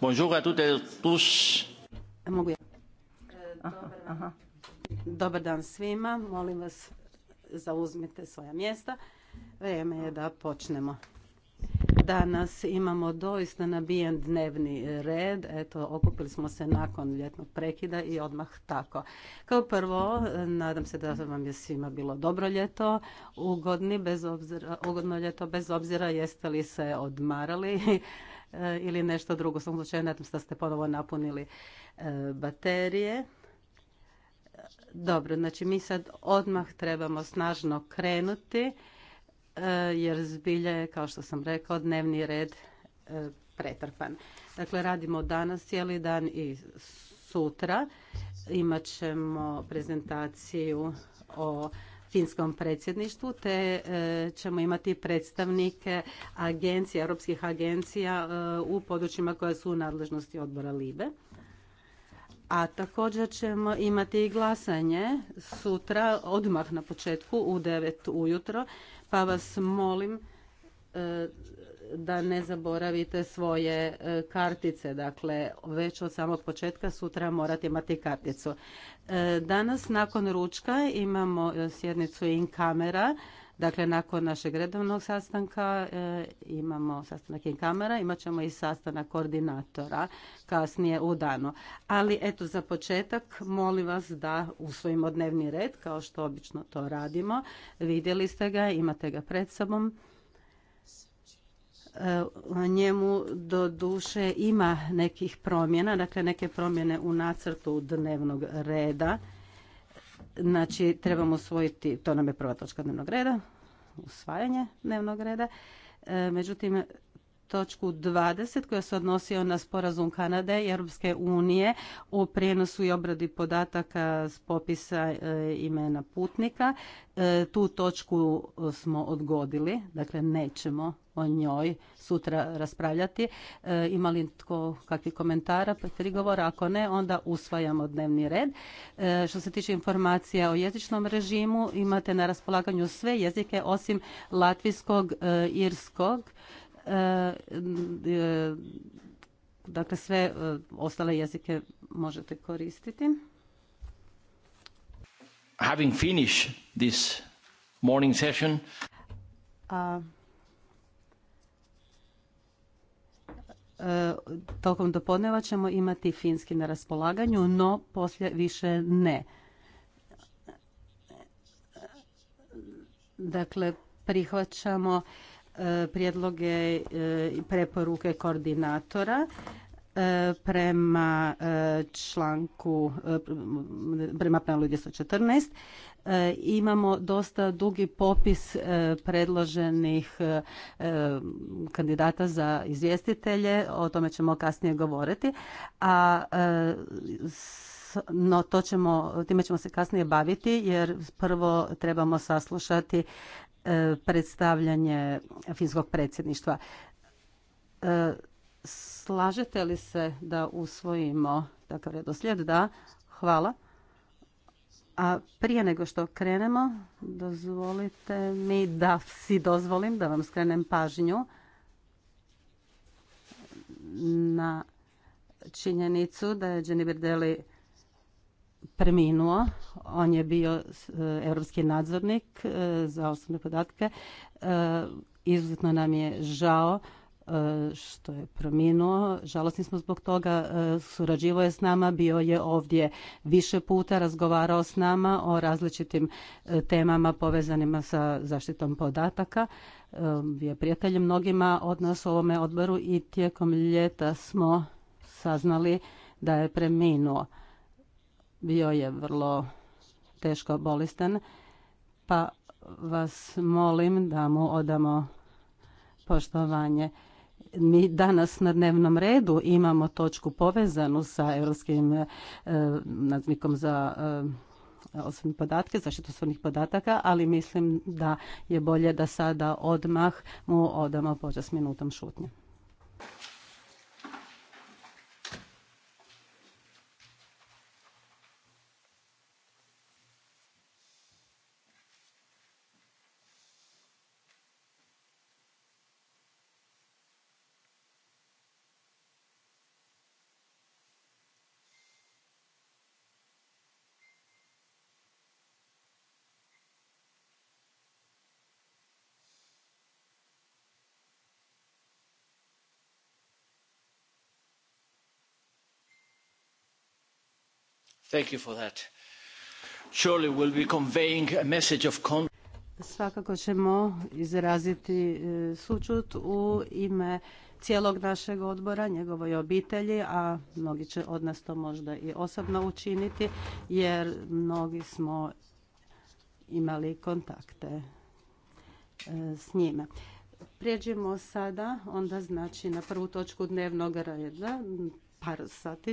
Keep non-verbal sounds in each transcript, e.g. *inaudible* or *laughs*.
Bonjour à toutes et Dobar dan svima, molim vas zauzmite svoja mjesta. Vrijeme je da počnemo. Danas imamo doista nabijen dnevni red, eto okupili smo se nakon ljetnog prekida i odmah tako. Kao prvo, nadam se da vam je svima bilo dobro ljeto, ugodni bez ugodno ljeto bez obzira jeste li se odmarali E, ili nešto drugo. U svom slučaju nadam se da ste ponovo napunili e, baterije. Dobro, znači mi sad odmah trebamo snažno krenuti e, jer zbilja je, kao što sam rekao, dnevni red pretrpan. Dakle, radimo danas cijeli dan i sutra. Imat ćemo prezentaciju o finskom predsjedništvu, te e, ćemo imati predstavnike agencija, europskih agencija e, u područjima koja su u nadležnosti odbora LIBE. A također ćemo imati i glasanje sutra, odmah na početku u 9 ujutro, pa vas molim e, da ne zaboravite svoje e, kartice. Dakle, već od samog početka sutra morate imati karticu. E, danas nakon ručka imamo e, sjednicu in kamera. Dakle, nakon našeg redovnog sastanka imamo sastanak in kamera, imat ćemo i sastanak koordinatora kasnije u danu. Ali eto, za početak molim vas da usvojimo dnevni red, kao što obično to radimo. Vidjeli ste ga, imate ga pred sobom. U e, njemu do duše ima nekih promjena, dakle neke promjene u nacrtu dnevnog reda. Znači, trebamo usvojiti, to nam je prva točka dnevnog reda, usvajanje dnevnog reda. E, međutim, točku 20 koja se odnosio na sporazum Kanade i Europske unije o prijenosu i obradi podataka s popisa e, imena putnika. E, tu točku smo odgodili, dakle nećemo o njoj sutra raspravljati. E, ima li tko kakvih komentara, prigovora? Ako ne, onda usvajamo dnevni red. Što se tiče informacija o jezičnom režimu, imate na raspolaganju sve jezike osim latvijskog, irskog, E, e, dakle, sve e, ostale jezike možete koristiti. Having finished this morning session, tokom dopodneva ćemo imati finski na raspolaganju, no poslije više ne. Dakle, prihvaćamo prijedloge e, i preporuke koordinatora e, prema e, članku prema pravilu 214 imamo dosta dugi popis predloženih kandidata za izvjestitelje, o tome ćemo kasnije govoriti, a no to ćemo, time ćemo se kasnije baviti jer prvo trebamo saslušati E, predstavljanje finskog predsjedništva. E, slažete li se da usvojimo takav redoslijed? Da. Hvala. A prije nego što krenemo, dozvolite mi da si dozvolim da vam skrenem pažnju na činjenicu da je Jenny Berdeli preminuo, on je bio europski eh, nadzornik eh, za osobne podatke. Eh, izuzetno nam je žao što je preminuo. Žalosni smo zbog toga. Surađivo je s nama, bio je ovdje više puta, razgovarao s nama o različitim temama povezanima sa zaštitom podataka. Bio je prijatelj mnogima od nas u ovome odboru i tijekom ljeta smo saznali da je preminuo bio je vrlo teško bolestan, pa vas molim da mu odamo poštovanje. Mi danas na dnevnom redu imamo točku povezanu sa Europskim eh, za e, osobne podatke, zaštitu osobnih podataka, ali mislim da je bolje da sada odmah mu odamo počas minutom šutnje. Svakako ćemo izraziti e, sućut u ime cijelog našeg odbora, njegovoj obitelji, a mnogi će od nas to možda i osobno učiniti, jer mnogi smo imali kontakte e, s njime. Prijeđimo sada, onda znači na prvu točku dnevnog reda, par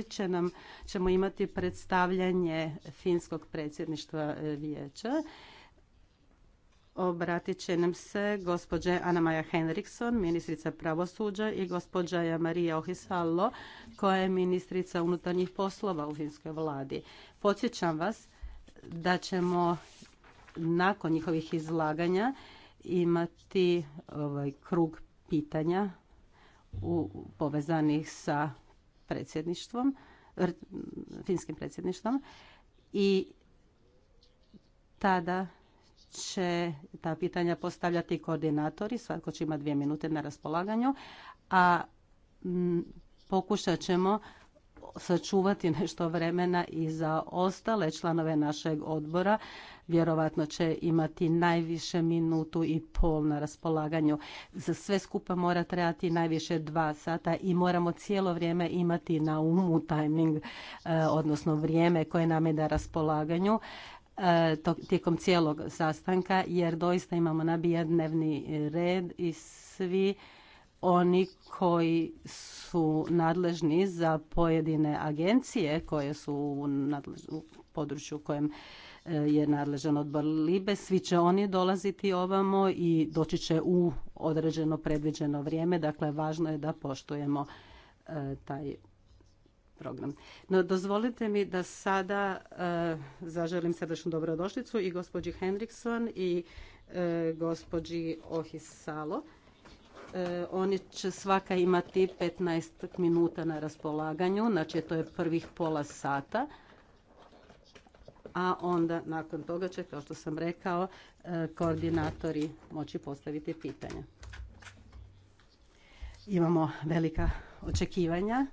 će nam, ćemo imati predstavljanje finskog predsjedništva e, vijeća. Obratit će nam se gospođe Maja Henriksson, ministrica pravosuđa i gospođa Marija Ohisalo, koja je ministrica unutarnjih poslova u finskoj vladi. Podsjećam vas da ćemo nakon njihovih izlaganja imati ovaj krug pitanja u, povezanih sa predsjedništvom, finskim predsjedništvom i tada će ta pitanja postavljati koordinatori, svatko će imati dvije minute na raspolaganju, a pokušat ćemo sačuvati nešto vremena i za ostale članove našeg odbora. Vjerovatno će imati najviše minutu i pol na raspolaganju. Za sve skupa mora trebati najviše dva sata i moramo cijelo vrijeme imati na umu tajming, e, odnosno vrijeme koje nam je na raspolaganju e, tijekom cijelog sastanka jer doista imamo nabijan dnevni red i svi oni koji su nadležni za pojedine agencije koje su u, području u kojem e, je nadležan odbor Libe, svi će oni dolaziti ovamo i doći će u određeno predviđeno vrijeme, dakle važno je da poštujemo e, taj program. No, dozvolite mi da sada e, zaželim srdečnu dobrodošlicu i gospođi Henrikson i gospođi Ohisalo. E, oni će svaka imati 15 minuta na raspolaganju, znači to je prvih pola sata. A onda nakon toga će, kao što sam rekao, e, koordinatori moći postaviti pitanja. Imamo velika očekivanja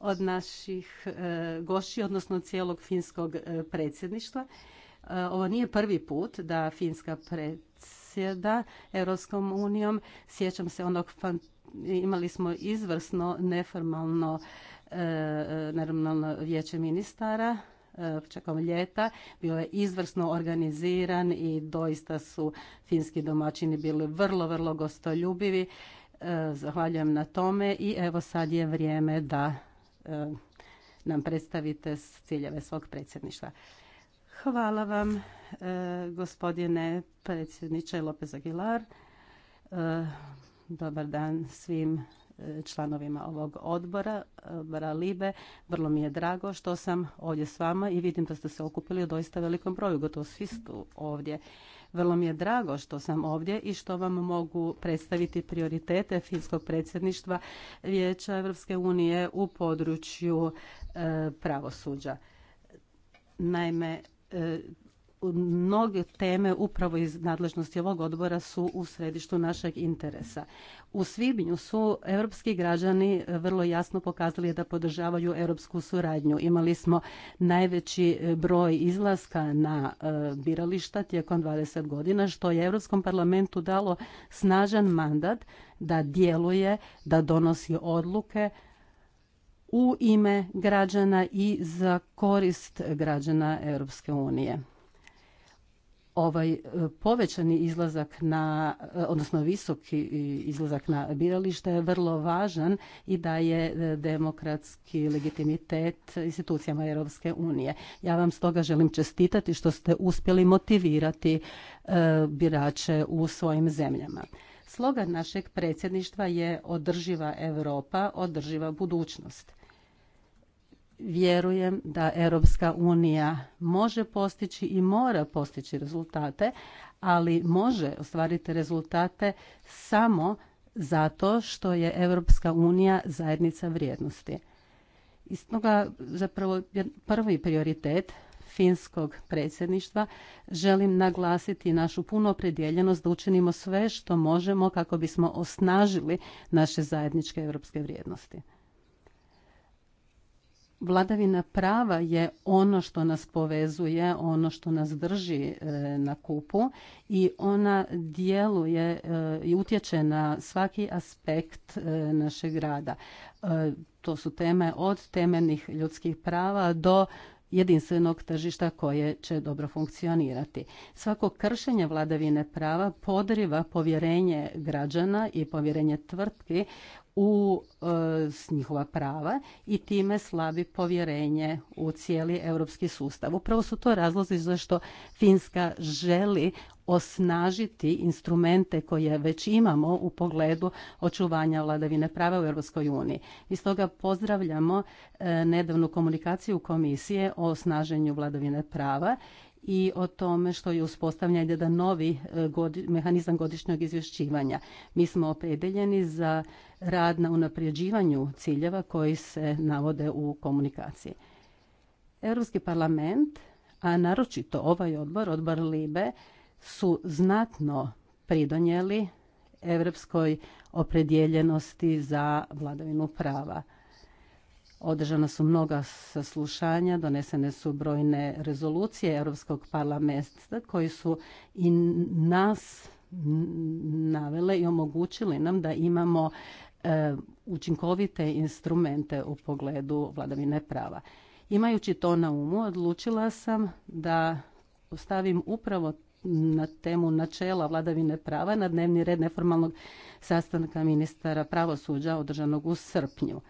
od naših e, goši, odnosno cijelog finskog predsjedništva. Ovo nije prvi put da finska predsjedništva da Europskom unijom. Sjećam se onog imali smo izvrsno neformalno e, normalno vijeće ministara e, čakom ljeta. Bio je izvrsno organiziran i doista su finski domaćini bili vrlo, vrlo gostoljubivi. E, zahvaljujem na tome i evo sad je vrijeme da nam predstavite ciljeve svog predsjedništva. Hvala vam, e, gospodine predsjedniče Lopez Aguilar. E, dobar dan svim e, članovima ovog odbora, odbora Libe. Vrlo mi je drago što sam ovdje s vama i vidim da ste se okupili u doista velikom broju, gotovo svi su ovdje. Vrlo mi je drago što sam ovdje i što vam mogu predstaviti prioritete finskog predsjedništva Vijeća Europske unije u području pravosuđa. Naime, E, mnoge teme upravo iz nadležnosti ovog odbora su u središtu našeg interesa. U svibnju su europski građani vrlo jasno pokazali da podržavaju europsku suradnju. Imali smo najveći broj izlaska na e, birališta tijekom 20 godina što je Europskom parlamentu dalo snažan mandat da djeluje, da donosi odluke, u ime građana i za korist građana Europske unije. Ovaj e, povećani izlazak na, e, odnosno visoki izlazak na biralište je vrlo važan i daje e, demokratski legitimitet institucijama Europske unije. Ja vam stoga želim čestitati što ste uspjeli motivirati birače u svojim zemljama. Slogan našeg predsjedništva je održiva Europa, održiva budućnost. Vjerujem da Europska unija može postići i mora postići rezultate, ali može ostvariti rezultate samo zato što je Europska unija zajednica vrijednosti. Istoga, zapravo prvi prioritet finskog predsjedništva želim naglasiti našu punu opredjeljenost da učinimo sve što možemo kako bismo osnažili naše zajedničke europske vrijednosti. Vladavina prava je ono što nas povezuje, ono što nas drži e, na kupu i ona djeluje e, i utječe na svaki aspekt e, našeg rada. To su teme od temeljnih ljudskih prava do jedinstvenog tržišta koje će dobro funkcionirati. Svako kršenje vladavine prava podriva povjerenje građana i povjerenje tvrtki u e, njihova prava i time slabi povjerenje u cijeli europski sustav. Upravo su to razlozi zašto Finska želi osnažiti instrumente koje već imamo u pogledu očuvanja vladavine prava u Europskoj uniji. I stoga pozdravljamo e, nedavnu komunikaciju komisije o osnaženju vladavine prava i o tome što je uspostavljen jedan novi e, mehanizam godišnjeg izvješćivanja. Mi smo opredeljeni za rad na unapređivanju ciljeva koji se navode u komunikaciji. Europski parlament, a naročito ovaj odbor, odbor LIBE, su znatno pridonijeli europskoj opredjeljenosti za vladavinu prava. Održana su mnoga saslušanja, donesene su brojne rezolucije Europskog parlamenta koji su i nas navele i omogućili nam da imamo e, učinkovite instrumente u pogledu vladavine prava. Imajući to na umu, odlučila sam da postavim upravo na temu načela vladavine prava na dnevni red neformalnog sastanka ministara pravosuđa održanog u srpnju.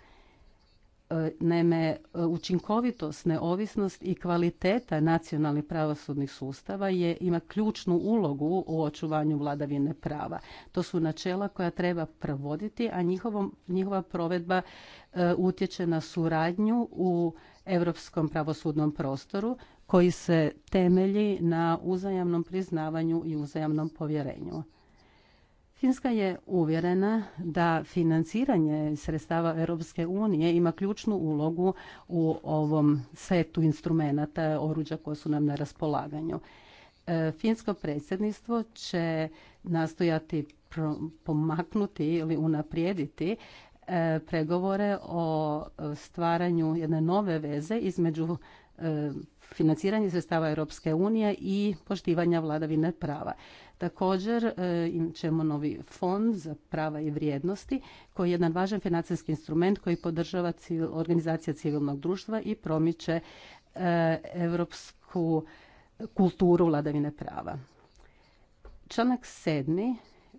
Naime, učinkovitost, neovisnost i kvaliteta nacionalnih pravosudnih sustava je, ima ključnu ulogu u očuvanju vladavine prava. To su načela koja treba provoditi, a njihova provedba e, utječe na suradnju u europskom pravosudnom prostoru koji se temelji na uzajamnom priznavanju i uzajamnom povjerenju. Finska je uvjerena da financiranje sredstava Europske unije ima ključnu ulogu u ovom setu instrumenata, oruđa koje su nam na raspolaganju. E, finsko predsjedništvo će nastojati pomaknuti ili unaprijediti e, pregovore o stvaranju jedne nove veze između e, financiranje sredstava Europske unije i poštivanja vladavine prava. Također e, imat ćemo novi fond za prava i vrijednosti koji je jedan važan financijski instrument koji podržava civil, organizacija civilnog društva i promiče europsku kulturu vladavine prava. Članak sedmi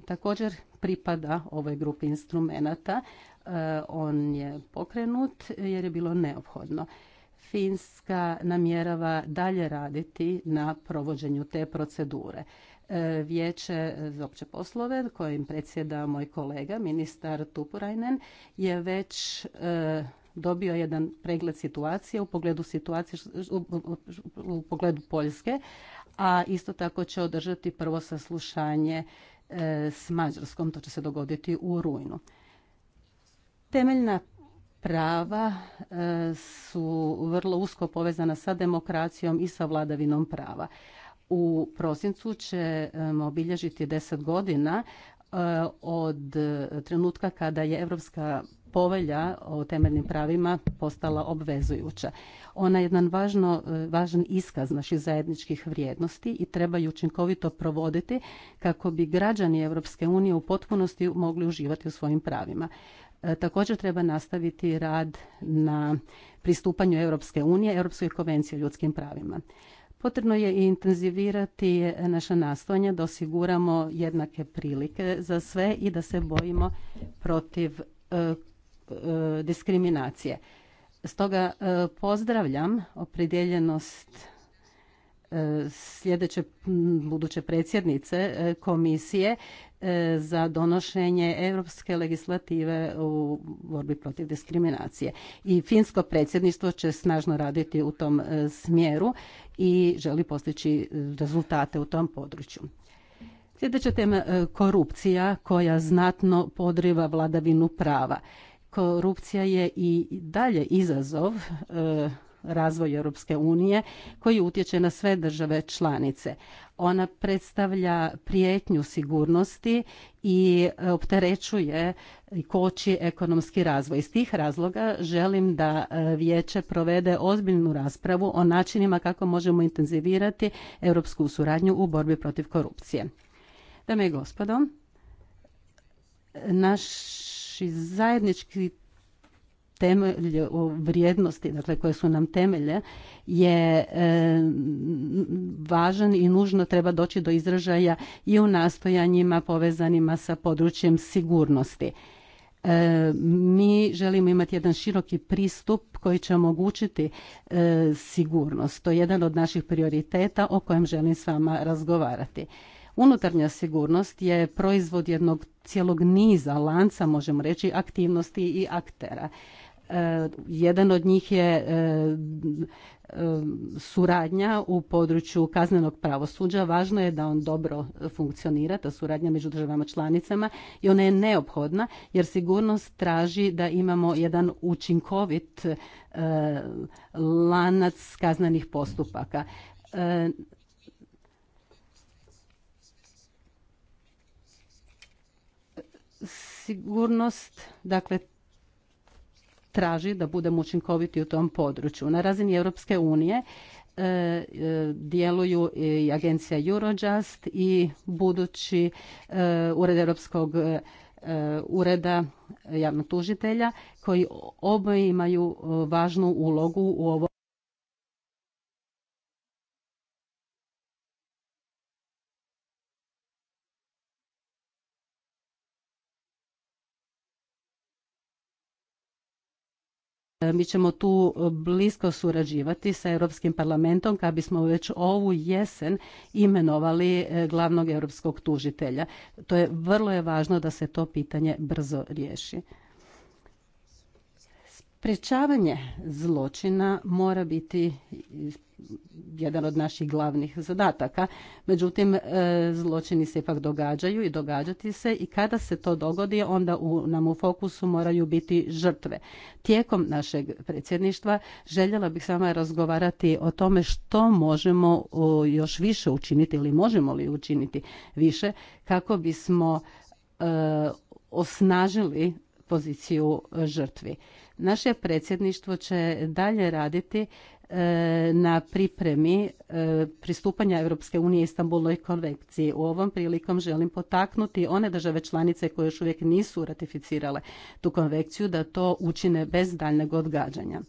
također pripada ovoj grupi instrumenata. E, on je pokrenut jer je bilo neophodno. Finska namjerava dalje raditi na provođenju te procedure. E, Vijeće za opće poslove kojim predsjeda moj kolega, ministar Tupurajnen, je već e, dobio jedan pregled situacije u pogledu situacije u pogledu Poljske, a isto tako će održati prvo saslušanje e, s Mađarskom, to će se dogoditi u rujnu. Temeljna prava e, su vrlo usko povezana sa demokracijom i sa vladavinom prava. U prosincu ćemo obilježiti deset godina e, od trenutka kada je Europska povelja o temeljnim pravima postala obvezujuća. Ona je jedan e, važan iskaz naših zajedničkih vrijednosti i treba ju učinkovito provoditi kako bi građani Europske unije u potpunosti mogli uživati u svojim pravima. E, također treba nastaviti rad na pristupanju Europske unije, Europskoj konvenciji o ljudskim pravima. Potrebno je i intenzivirati naša nastojanja da osiguramo jednake prilike za sve i da se bojimo protiv e, e, diskriminacije. Stoga pozdravljam opredjeljenost sljedeće buduće predsjednice komisije E, za donošenje europske legislative u borbi protiv diskriminacije. I finsko predsjedništvo će snažno raditi u tom e, smjeru i želi postići e, rezultate u tom području. Sljedeća tema korupcija koja znatno podriva vladavinu prava. Korupcija je i dalje izazov razvoj Europske unije koji utječe na sve države članice. Ona predstavlja prijetnju sigurnosti i e, opterećuje i koči ekonomski razvoj. Iz tih razloga želim da e, vijeće provede ozbiljnu raspravu o načinima kako možemo intenzivirati europsku suradnju u borbi protiv korupcije. Dame i gospodo, naši zajednički temelj vrijednosti, dakle koje su nam temelje, je e, važan i nužno treba doći do izražaja i u nastojanjima povezanima sa područjem sigurnosti. E, mi želimo imati jedan široki pristup koji će omogućiti e, sigurnost. To je jedan od naših prioriteta o kojem želim s vama razgovarati. Unutarnja sigurnost je proizvod jednog cijelog niza lanca, možemo reći, aktivnosti i aktera. E, jedan od njih je e, e, suradnja u području kaznenog pravosuđa. Važno je da on dobro funkcionira, ta suradnja među državama članicama i ona je neophodna jer sigurnost traži da imamo jedan učinkovit lanac kaznenih postupaka. Sigurnost, dakle, traži da budemo učinkoviti u tom području. Na razini Europske unije e, e, djeluju i agencija Eurojust i budući e, ured Europskog ureda javnog tužitelja koji oboje imaju važnu ulogu u ovom E, mi ćemo tu e, blisko surađivati sa Europskim parlamentom kad bismo već ovu jesen imenovali e, glavnog europskog tužitelja. To je vrlo je važno da se to pitanje brzo riješi. Sprečavanje zločina mora biti jedan od naših glavnih zadataka. Međutim, e, zločini se ipak događaju i događati se i kada se to dogodi, onda u, nam u fokusu moraju biti žrtve. Tijekom našeg predsjedništva željela bih sama razgovarati o tome što možemo još više učiniti ili možemo li učiniti više kako bismo e, osnažili poziciju žrtvi. Naše predsjedništvo će dalje raditi e, na pripremi e, pristupanja Europske unije Istanbulnoj konvenciji. U ovom prilikom želim potaknuti one države članice koje još uvijek nisu ratificirale tu konvenciju da to učine bez daljnjeg odgađanja.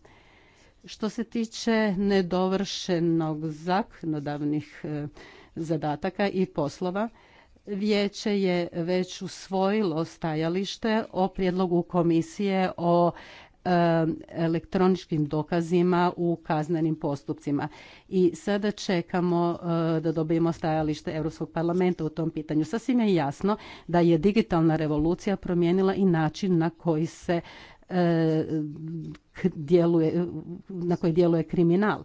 Što se tiče nedovršenog zakonodavnih e, zadataka i poslova, Vijeće je već usvojilo stajalište o prijedlogu komisije o Eh, elektroničkim dokazima u kaznenim postupcima. I sada čekamo eh, da dobijemo stajalište Europskog parlamenta u tom pitanju. Sasvim je jasno da je digitalna revolucija promijenila i način na koji se eh, djeluje, na koji djeluje kriminal.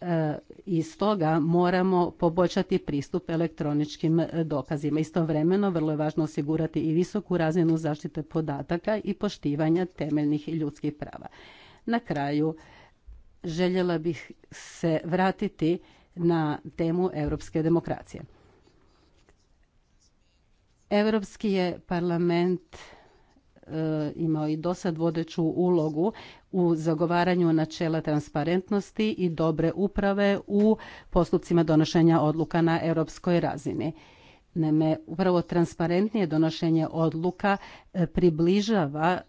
E, i stoga moramo poboljšati pristup elektroničkim e, dokazima. Istovremeno vrlo je važno osigurati i visoku razinu zaštite podataka i poštivanja temeljnih ljudskih prava. Na kraju željela bih se vratiti na temu europske demokracije. Europski je parlament e, imao i dosad vodeću ulogu u zagovaranju načela transparentnosti i dobre uprave u postupcima donošenja odluka na europskoj razini. Naime, upravo transparentnije donošenje odluka e, približava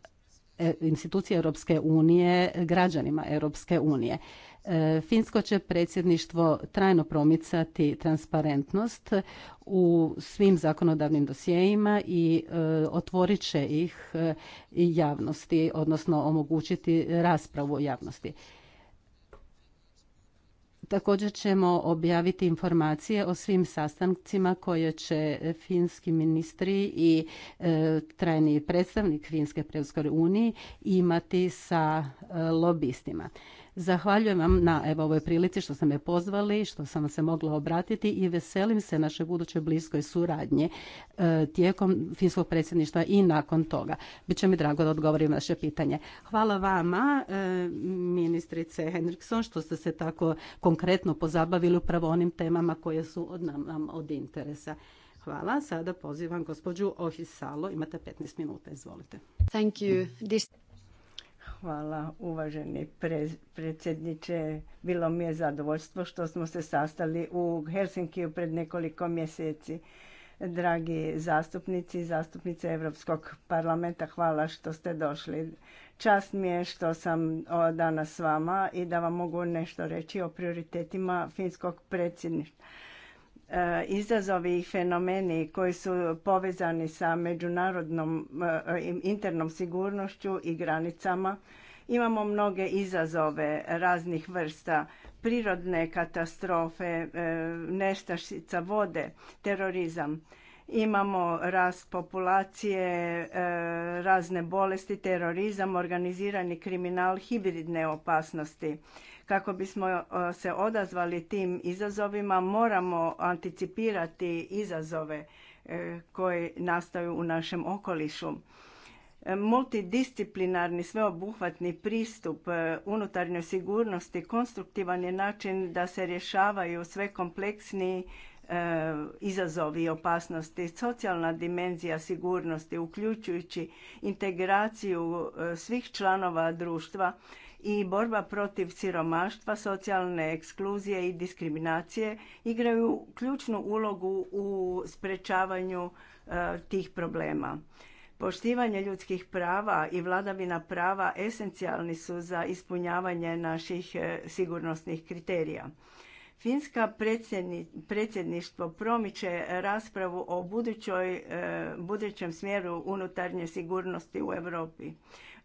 E, institucije Europske unije građanima Europske unije. E, Finsko će predsjedništvo trajno promicati transparentnost u svim zakonodavnim dosjejima i e, otvorit će ih javnosti, odnosno omogućiti raspravu javnosti. Također ćemo objaviti informacije o svim sastancima koje će finski ministri i e, trajni predstavnik Finske Prevskoj uniji imati sa e, lobistima. Zahvaljujem vam na evo, ovoj prilici što ste me pozvali, što sam se mogla obratiti i veselim se našoj budućoj bliskoj suradnji e, tijekom finskog predsjedništva i nakon toga. Biće mi drago da odgovorim vaše pitanje. Hvala vama, e, ministrice Henriksson, što ste se tako konkretno pozabavili upravo onim temama koje su od nam od interesa. Hvala. Sada pozivam gospođu Ohisalo. Imate 15 minuta. Izvolite. Thank you. Hvala uvaženi predsjedniče. Bilo mi je zadovoljstvo što smo se sastali u Helsinkiju pred nekoliko mjeseci. Dragi zastupnici i zastupnice Europskog parlamenta, hvala što ste došli. Čast mi je što sam danas s vama i da vam mogu nešto reći o prioritetima finskog predsjedništva E, izazovi i fenomeni koji su povezani sa međunarodnom e, internom sigurnošću i granicama. Imamo mnoge izazove raznih vrsta, prirodne katastrofe, e, nestašica vode, terorizam. Imamo rast populacije, razne bolesti, terorizam, organizirani kriminal, hibridne opasnosti. Kako bismo e, se odazvali tim izazovima, moramo anticipirati izazove e, koji nastaju u našem okolišu. E, multidisciplinarni, sveobuhvatni pristup unutarnjoj sigurnosti konstruktivan je način da se rješavaju sve kompleksni izazovi i opasnosti. Socijalna dimenzija sigurnosti, uključujući integraciju svih članova društva, i borba protiv siromaštva, socijalne ekskluzije i diskriminacije igraju ključnu ulogu u sprečavanju e, tih problema. Poštivanje ljudskih prava i vladavina prava esencijalni su za ispunjavanje naših e, sigurnosnih kriterija. Finska predsjedništvo promiče raspravu o budućoj, e, budućem smjeru unutarnje sigurnosti u Europi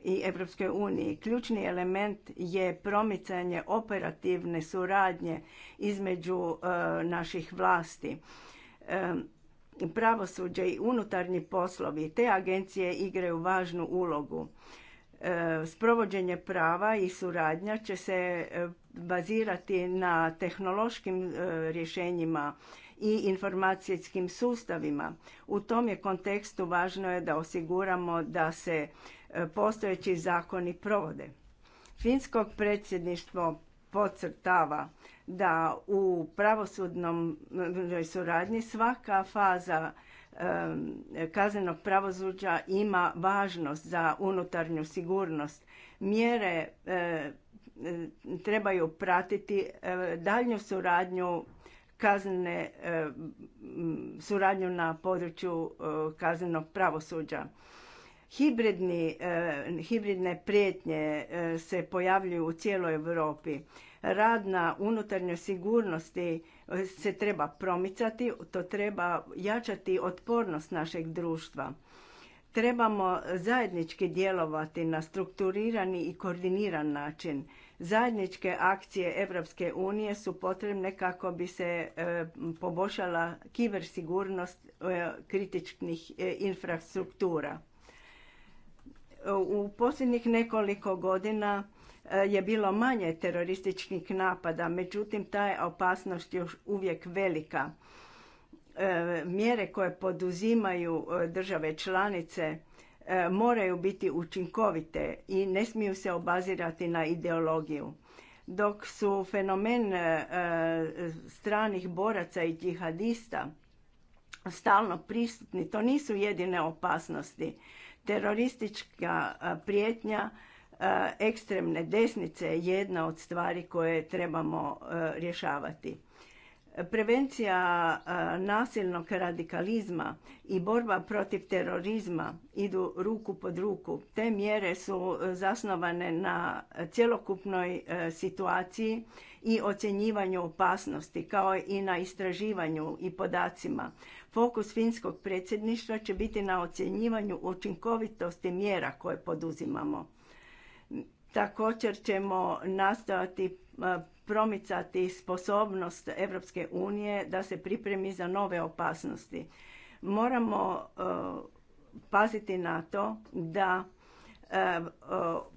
i Europskoj uniji. Ključni element je promicanje operativne suradnje između e, naših vlasti. E, pravosuđe i unutarnji poslovi te agencije igraju važnu ulogu. E, sprovođenje prava i suradnja će se bazirati na tehnološkim rješenjima i informacijskim sustavima. U tom je kontekstu važno je da osiguramo da se postojeći zakoni provode. Finskog predsjedništvo podcrtava da u pravosudnom suradnji svaka faza kaznenog pravosuđa ima važnost za unutarnju sigurnost. Mjere trebaju pratiti daljnju suradnju kaznene suradnju na području kaznenog pravosuđa. E, hibridne prijetnje e, se pojavljuju u cijeloj Europi. Rad na unutarnjoj sigurnosti e, se treba promicati, to treba jačati otpornost našeg društva. Trebamo zajednički djelovati na strukturirani i koordiniran način. Zajedničke akcije Europske unije su potrebne kako bi se poboljšala kibersigurnost kritičnih infrastruktura. U posljednjih nekoliko godina e, je bilo manje terorističkih napada, međutim ta je opasnost još uvijek velika. E, mjere koje poduzimaju e, države članice moraju biti učinkovite i ne smiju se obazirati na ideologiju. Dok su fenomen stranih boraca i džihadista stalno prisutni, to nisu jedine opasnosti. Teroristička prijetnja ekstremne desnice je jedna od stvari koje trebamo rješavati. Prevencija nasilnog radikalizma i borba protiv terorizma idu ruku pod ruku. Te mjere su zasnovane na cjelokupnoj situaciji i ocjenjivanju opasnosti kao i na istraživanju i podacima. Fokus finskog predsjedništva će biti na ocjenjivanju učinkovitosti mjera koje poduzimamo. Također ćemo nastojati e, promicati sposobnost Europske unije da se pripremi za nove opasnosti. Moramo e, paziti na to da e,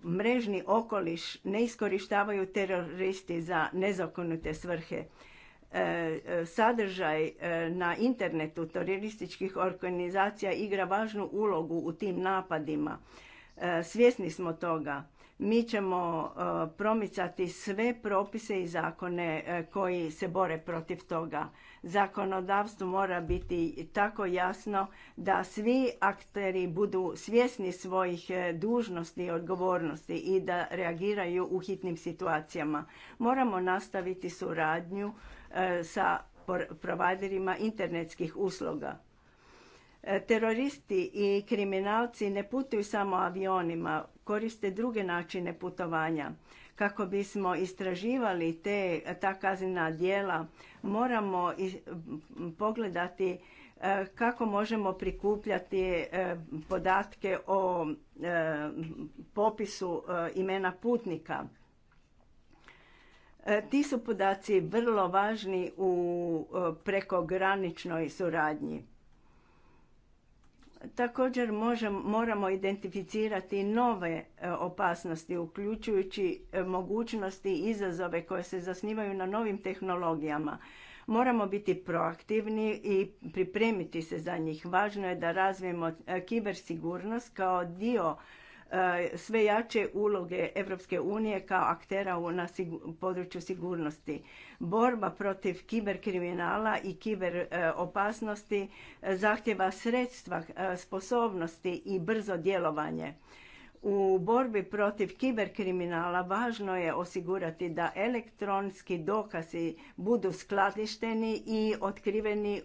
mrežni okoliš ne iskorištavaju teroristi za nezakonite svrhe. E, sadržaj e, na internetu terorističkih organizacija igra važnu ulogu u tim napadima. E, svjesni smo toga. Mi ćemo promicati sve propise i zakone koji se bore protiv toga. Zakonodavstvo mora biti tako jasno da svi akteri budu svjesni svojih dužnosti i odgovornosti i da reagiraju u hitnim situacijama. Moramo nastaviti suradnju E, sa providerima internetskih usluga. E, teroristi i kriminalci ne putuju samo avionima, koriste druge načine putovanja. Kako bismo istraživali te, ta kaznena djela, moramo pogledati e, kako možemo prikupljati podatke o popisu imena putnika E, ti su podaci vrlo važni u e, prekograničnoj suradnji. Također moramo identificirati nove e, opasnosti, uključujući mogućnosti i izazove koje se zasnivaju na novim tehnologijama. Moramo biti proaktivni i pripremiti se za njih. Važno je da razvijemo kibersigurnost kao dio E, sve jače uloge Europske unije kao aktera na području sigurnosti. Borba protiv kiberkriminala i kiberopasnosti e, e, zahtjeva sredstva, sposobnosti i brzo djelovanje. U borbi protiv kiberkriminala važno je osigurati da elektronski dokazi budu skladišteni i otkriveni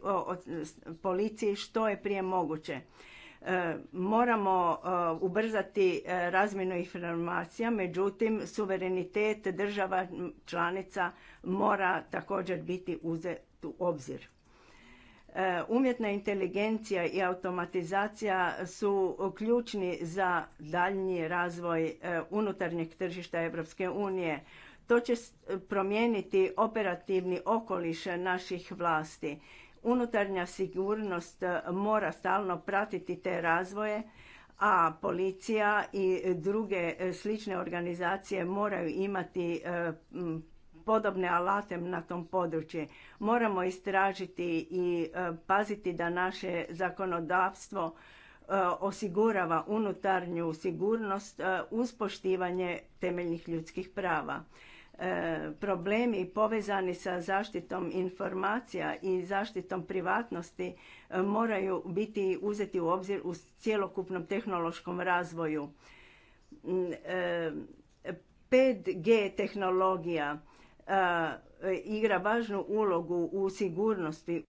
policiji što je prije moguće. E, moramo e, ubrzati e, razmjenu informacija, međutim suverenitet država članica mora također biti uzet u obzir. Umjetna inteligencija i automatizacija su ključni za daljnji razvoj unutarnjeg tržišta Europske unije. To će promijeniti operativni okoliš naših vlasti Unutarnja sigurnost eh, mora stalno pratiti te razvoje, a policija i druge eh, slične organizacije moraju imati eh, podobne alate na tom području. Moramo istražiti i paziti da naše zakonodavstvo osigurava unutarnju sigurnost uz poštivanje temeljnih ljudskih prava. E, problemi povezani sa zaštitom informacija i zaštitom privatnosti e, moraju biti uzeti u obzir u cjelokupnom tehnološkom razvoju. 5G mm, e, tehnologija igra važnu ulogu u sigurnosti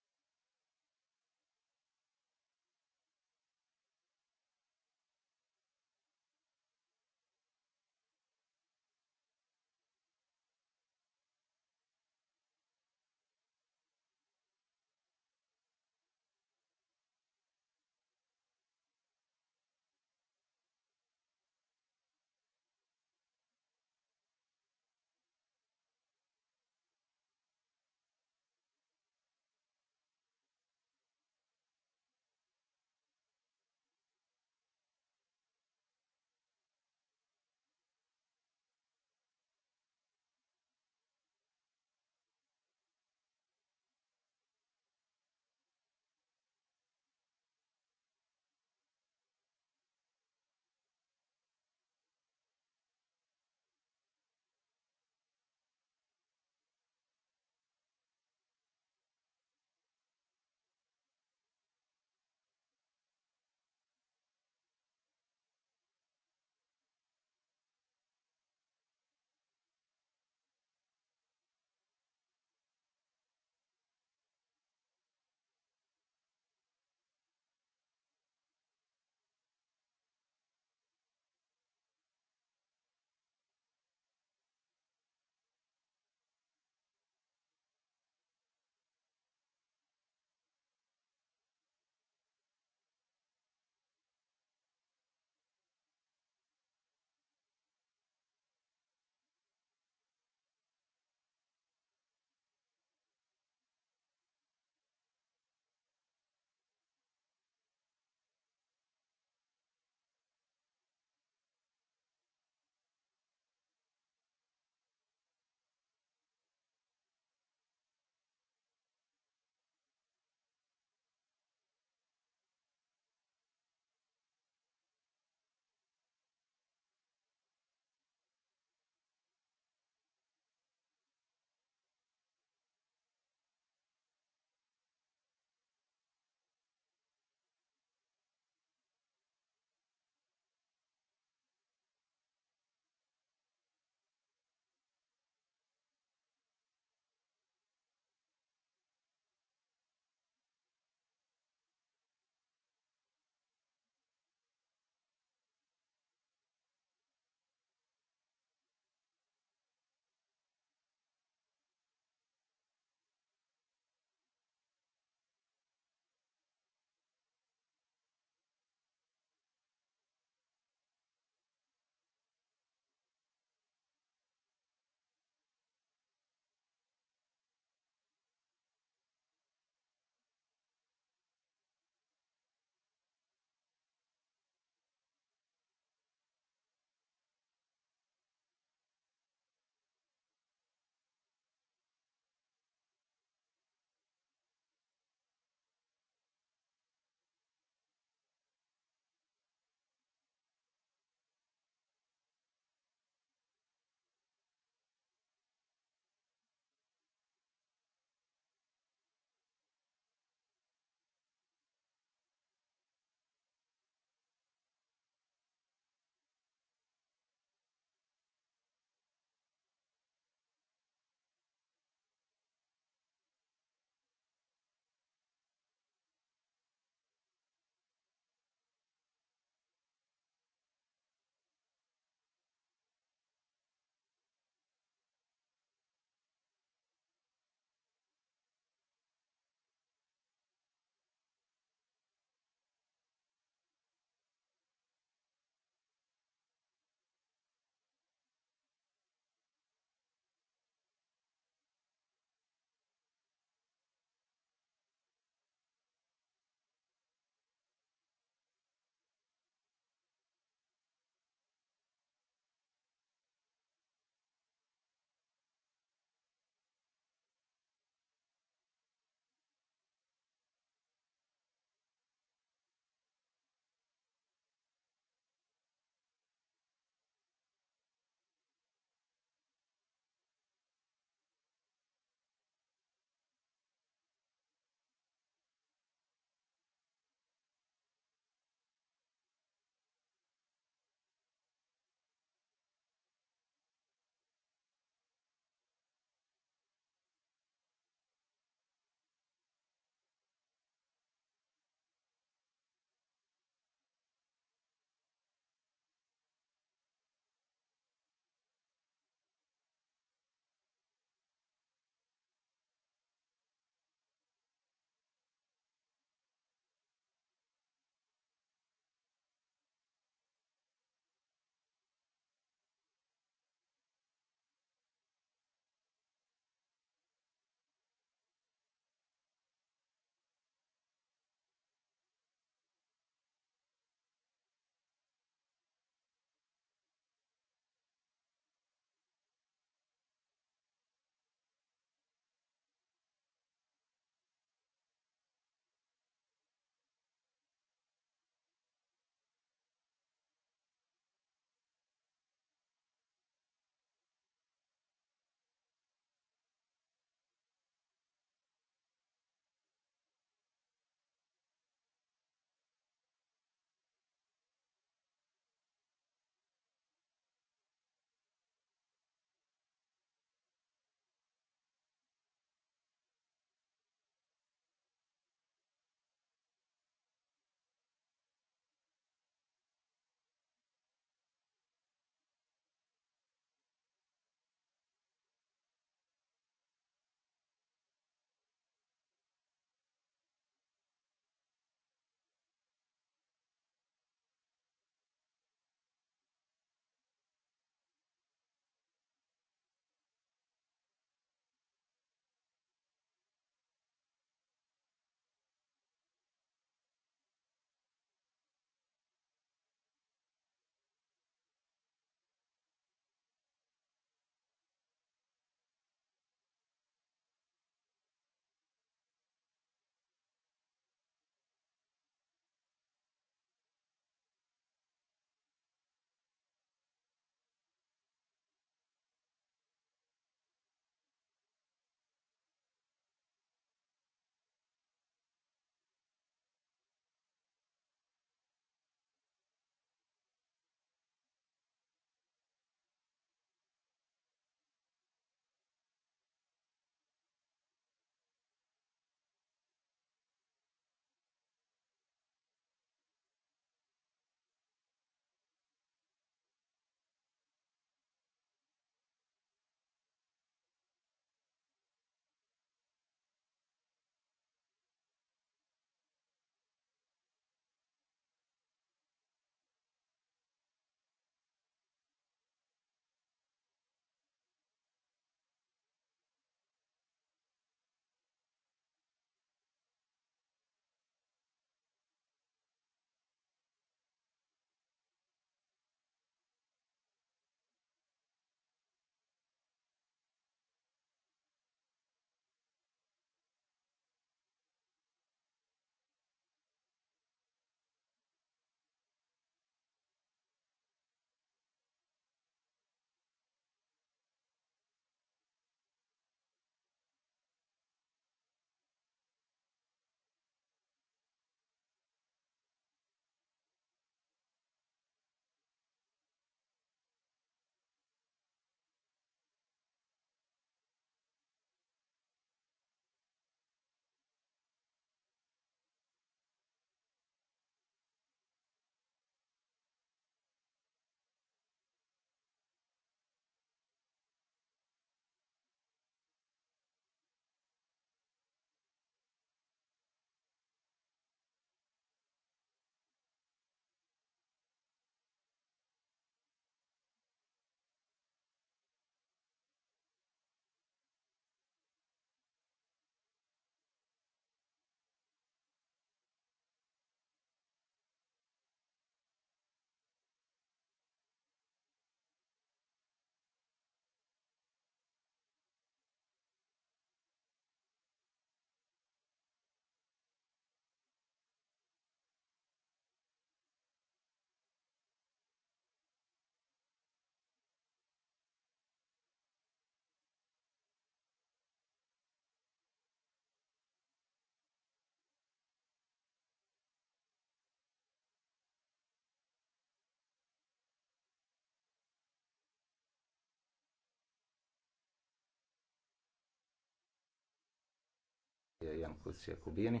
Kucija Kubini.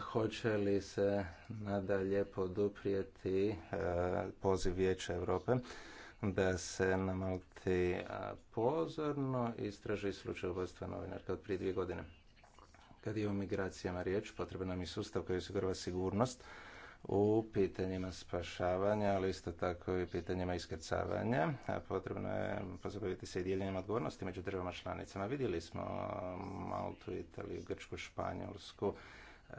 hoće li se nadalje poduprijeti e, poziv Vijeća Europe da se na Malti e, pozorno istraži slučaj ubojstva novinarka od prije dvije godine? Kad je o migracijama riječ, potreban nam je sustav koji osigurava sigurnost, u pitanjima spašavanja, ali isto tako i pitanjima iskrcavanja. potrebno je pozabaviti se i dijeljenjem odgovornosti među državama članicama. Vidjeli smo Maltu, Italiju, Grčku, Španjolsku, e,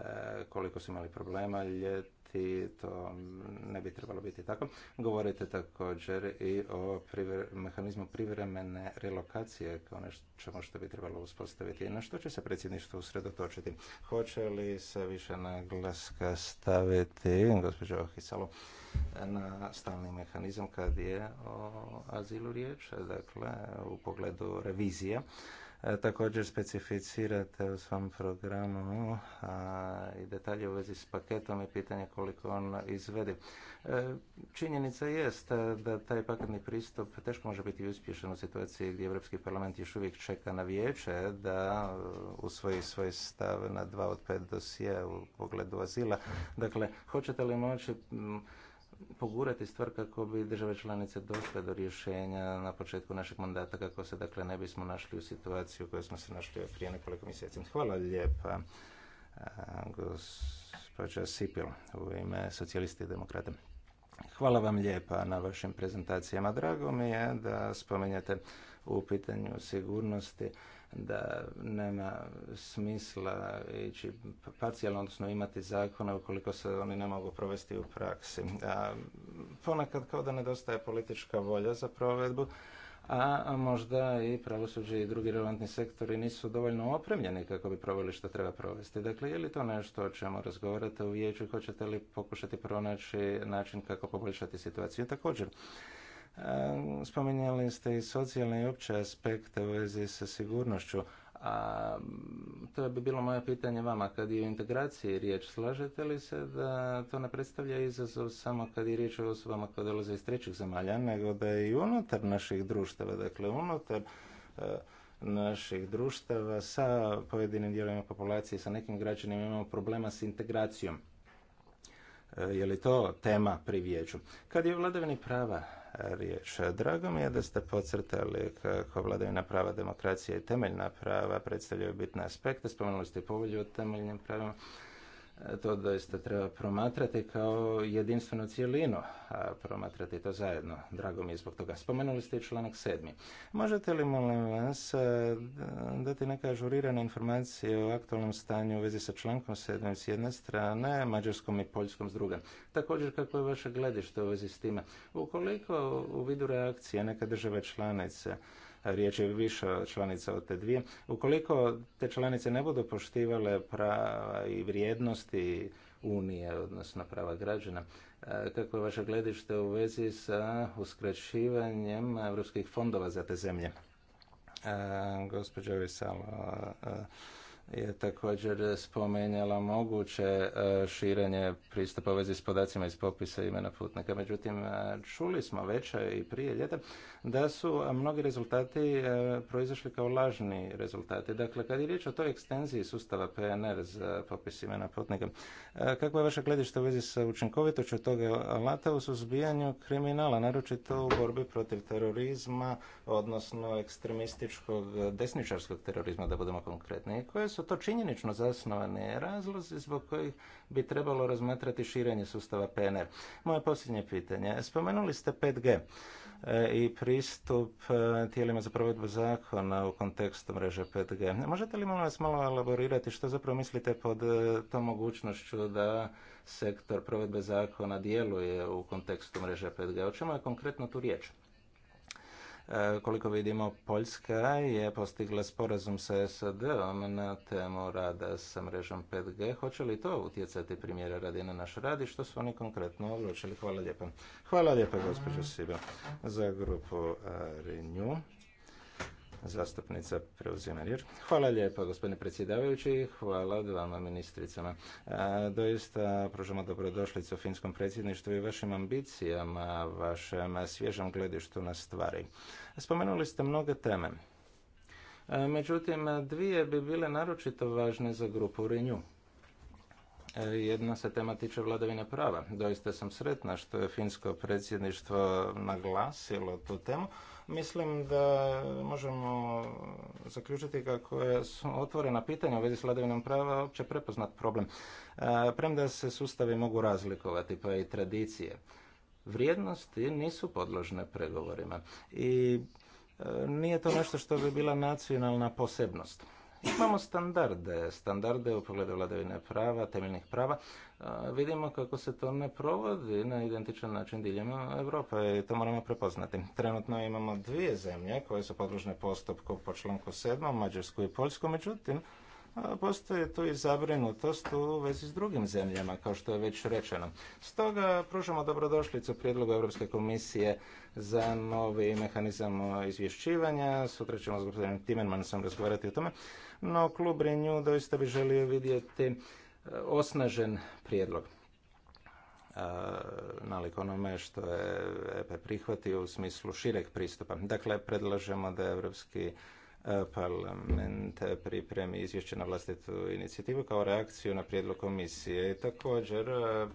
koliko su imali problema ljet biti, to ne bi trebalo biti tako. Govorite također i o mehanizmu privremene relokacije kao nešto što bi trebalo uspostaviti. Na što će se predsjedništvo usredotočiti? Hoće li se više naglaska staviti, gospođo Hisalo, na stalni mehanizam kad je o azilu riječ, dakle u pogledu revizija E, također specificirate u svom programu a, i detalje u vezi s paketom i pitanje koliko on izvedi. E, činjenica jest da taj paketni pristup teško može biti uspješan u situaciji gdje Europski parlament još uvijek čeka na vijeće da e, usvoji svoj stav na dva od pet dosije u pogledu azila. Dakle, hoćete li moći pogurati stvar kako bi države članice došle do rješenja na početku našeg mandata kako se dakle ne bismo našli u situaciju u kojoj smo se našli prije nekoliko mjeseci. Hvala lijepa gospođa Sipil u ime socijalisti i demokrata. Hvala vam lijepa na vašim prezentacijama. Drago mi je da spomenjate u pitanju sigurnosti da nema smisla ići parcijalno, odnosno imati zakone ukoliko se oni ne mogu provesti u praksi. A, ponekad kao da nedostaje politička volja za provedbu, a možda i pravosuđe i drugi relevantni sektori nisu dovoljno opremljeni kako bi proveli što treba provesti. Dakle, je li to nešto o čemu razgovarate u vijeću i hoćete li pokušati pronaći način kako poboljšati situaciju? Također, Spominjali ste i socijalne i opće aspekte u vezi sa sigurnošću. A to bi bilo moje pitanje vama, kad je u integraciji riječ, slažete li se da to ne predstavlja izazov samo kad je riječ o osobama koje dolaze iz trećih zemalja, nego da je i unutar naših društava, dakle unutar e, naših društava sa pojedinim dijelovima populacije, sa nekim građanima imamo problema s integracijom. E, je li to tema pri vijeću? Kad je vladavini prava riječ. Drago mi je da ste pocrtali kako vladavina prava, demokracija i temeljna prava predstavljaju bitne aspekte. Spomenuli ste povelju o temeljnim pravima E, to doista treba promatrati kao jedinstvenu cijelinu, a promatrati to zajedno. Drago mi je zbog toga. Spomenuli ste i članak sedmi. Možete li, molim vas, e, dati neka ažurirana informacije o aktualnom stanju u vezi sa člankom sedmim s jedne strane, mađarskom i poljskom s druge? Također, kako je vaše gledište u vezi s time? Ukoliko u vidu reakcije neka država članice riječ je više članica od te dvije. Ukoliko te članice ne budu poštivale prava i vrijednosti Unije, odnosno prava građana, e, kako je vaše gledište u vezi sa uskraćivanjem Europskih fondova za te zemlje? E, Gospođa Vesala, e, je također spomenjala moguće e, širenje pristupa vezi s podacima iz popisa imena putnika. Međutim, e, čuli smo već i prije ljeta da su mnogi rezultati e, proizašli kao lažni rezultati. Dakle, kad je riječ o toj ekstenziji sustava PNR za popis imena putnika, kako je vaše gledište u vezi sa učinkovitoću toga alata u suzbijanju kriminala, naročito u borbi protiv terorizma, odnosno ekstremističkog desničarskog terorizma, da budemo konkretni? Koje su su to činjenično zasnovane razlozi zbog kojih bi trebalo razmatrati širenje sustava PNR. Moje posljednje pitanje. Spomenuli ste 5G e, i pristup e, tijelima za provedbu zakona u kontekstu mreže 5G. Možete li molim vas malo elaborirati što zapravo mislite pod e, tom mogućnošću da sektor provedbe zakona djeluje u kontekstu mreže 5G? O čemu je konkretno tu riječ? Koliko vidimo, Poljska je postigla sporazum sa SAD-om na temu rada sa mrežom 5G. Hoće li to utjecati primjera radi na naš rad i što su oni konkretno odlučili? Hvala lijepa. Hvala lijepa, gospođo Siba, za grupu e, Renew. Zastupnica preuzima riječ. Hvala lijepa gospodine predsjedavajući hvala dvama ministricama. Doista pružamo dobrodošlicu finskom predsjedništvu i vašim ambicijama, vašem svježem gledištu na stvari. Spomenuli ste mnoge teme. Međutim, dvije bi bile naročito važne za grupu Renju. E, jedna se tema tiče vladavine prava. Doista sam sretna što je finsko predsjedništvo naglasilo tu temu, Mislim da možemo zaključiti kako je otvorena pitanja u vezi s vladavinom prava opće prepoznat problem. E, premda se sustavi mogu razlikovati, pa i tradicije. Vrijednosti nisu podložne pregovorima i e, nije to nešto što bi bila nacionalna posebnost imamo standarde, standarde u pogledu vladavine prava, temeljnih prava. Vidimo kako se to ne provodi na identičan način diljem Europe i to moramo prepoznati. Trenutno imamo dvije zemlje koje su podružne postupku po članku 7, Mađarsku i Poljsku, međutim, Postoje tu i zabrinutost u vezi s drugim zemljama, kao što je već rečeno. Stoga pružamo dobrodošlicu prijedlogu Europske komisije za novi mehanizam izvješćivanja. Sutra ćemo s gospodinom sam razgovarati o tome. No, klub Renju doista bi želio vidjeti e, osnažen prijedlog e, nalik onome što je e prihvatio u smislu šireg pristupa. Dakle, predlažemo da Europski parlament pripremi izvješće na vlastitu inicijativu kao reakciju na prijedlog komisije. Također, e,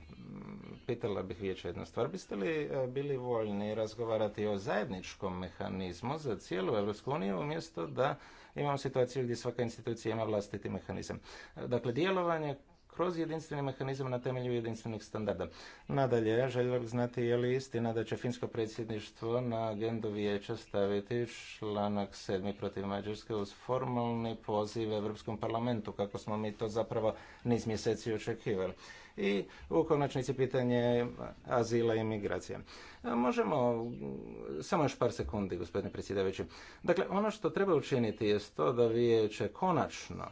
pitala bih vijeća jednu stvar. Biste li e, bili voljni razgovarati o zajedničkom mehanizmu za cijelu EU uniju umjesto da imamo situaciju gdje svaka institucija ima vlastiti mehanizam. Dakle, djelovanje kroz jedinstveni mehanizam na temelju jedinstvenih standarda. Nadalje, željela bih znati je li istina da će finsko predsjedništvo na agendu vijeća staviti članak 7. protiv Mađarske uz formalni poziv Europskom parlamentu, kako smo mi to zapravo niz mjeseci očekivali. I u konačnici pitanje azila i migracije. E, možemo, samo još par sekundi, gospodine predsjedavajući. Dakle, ono što treba učiniti je to da vijeće konačno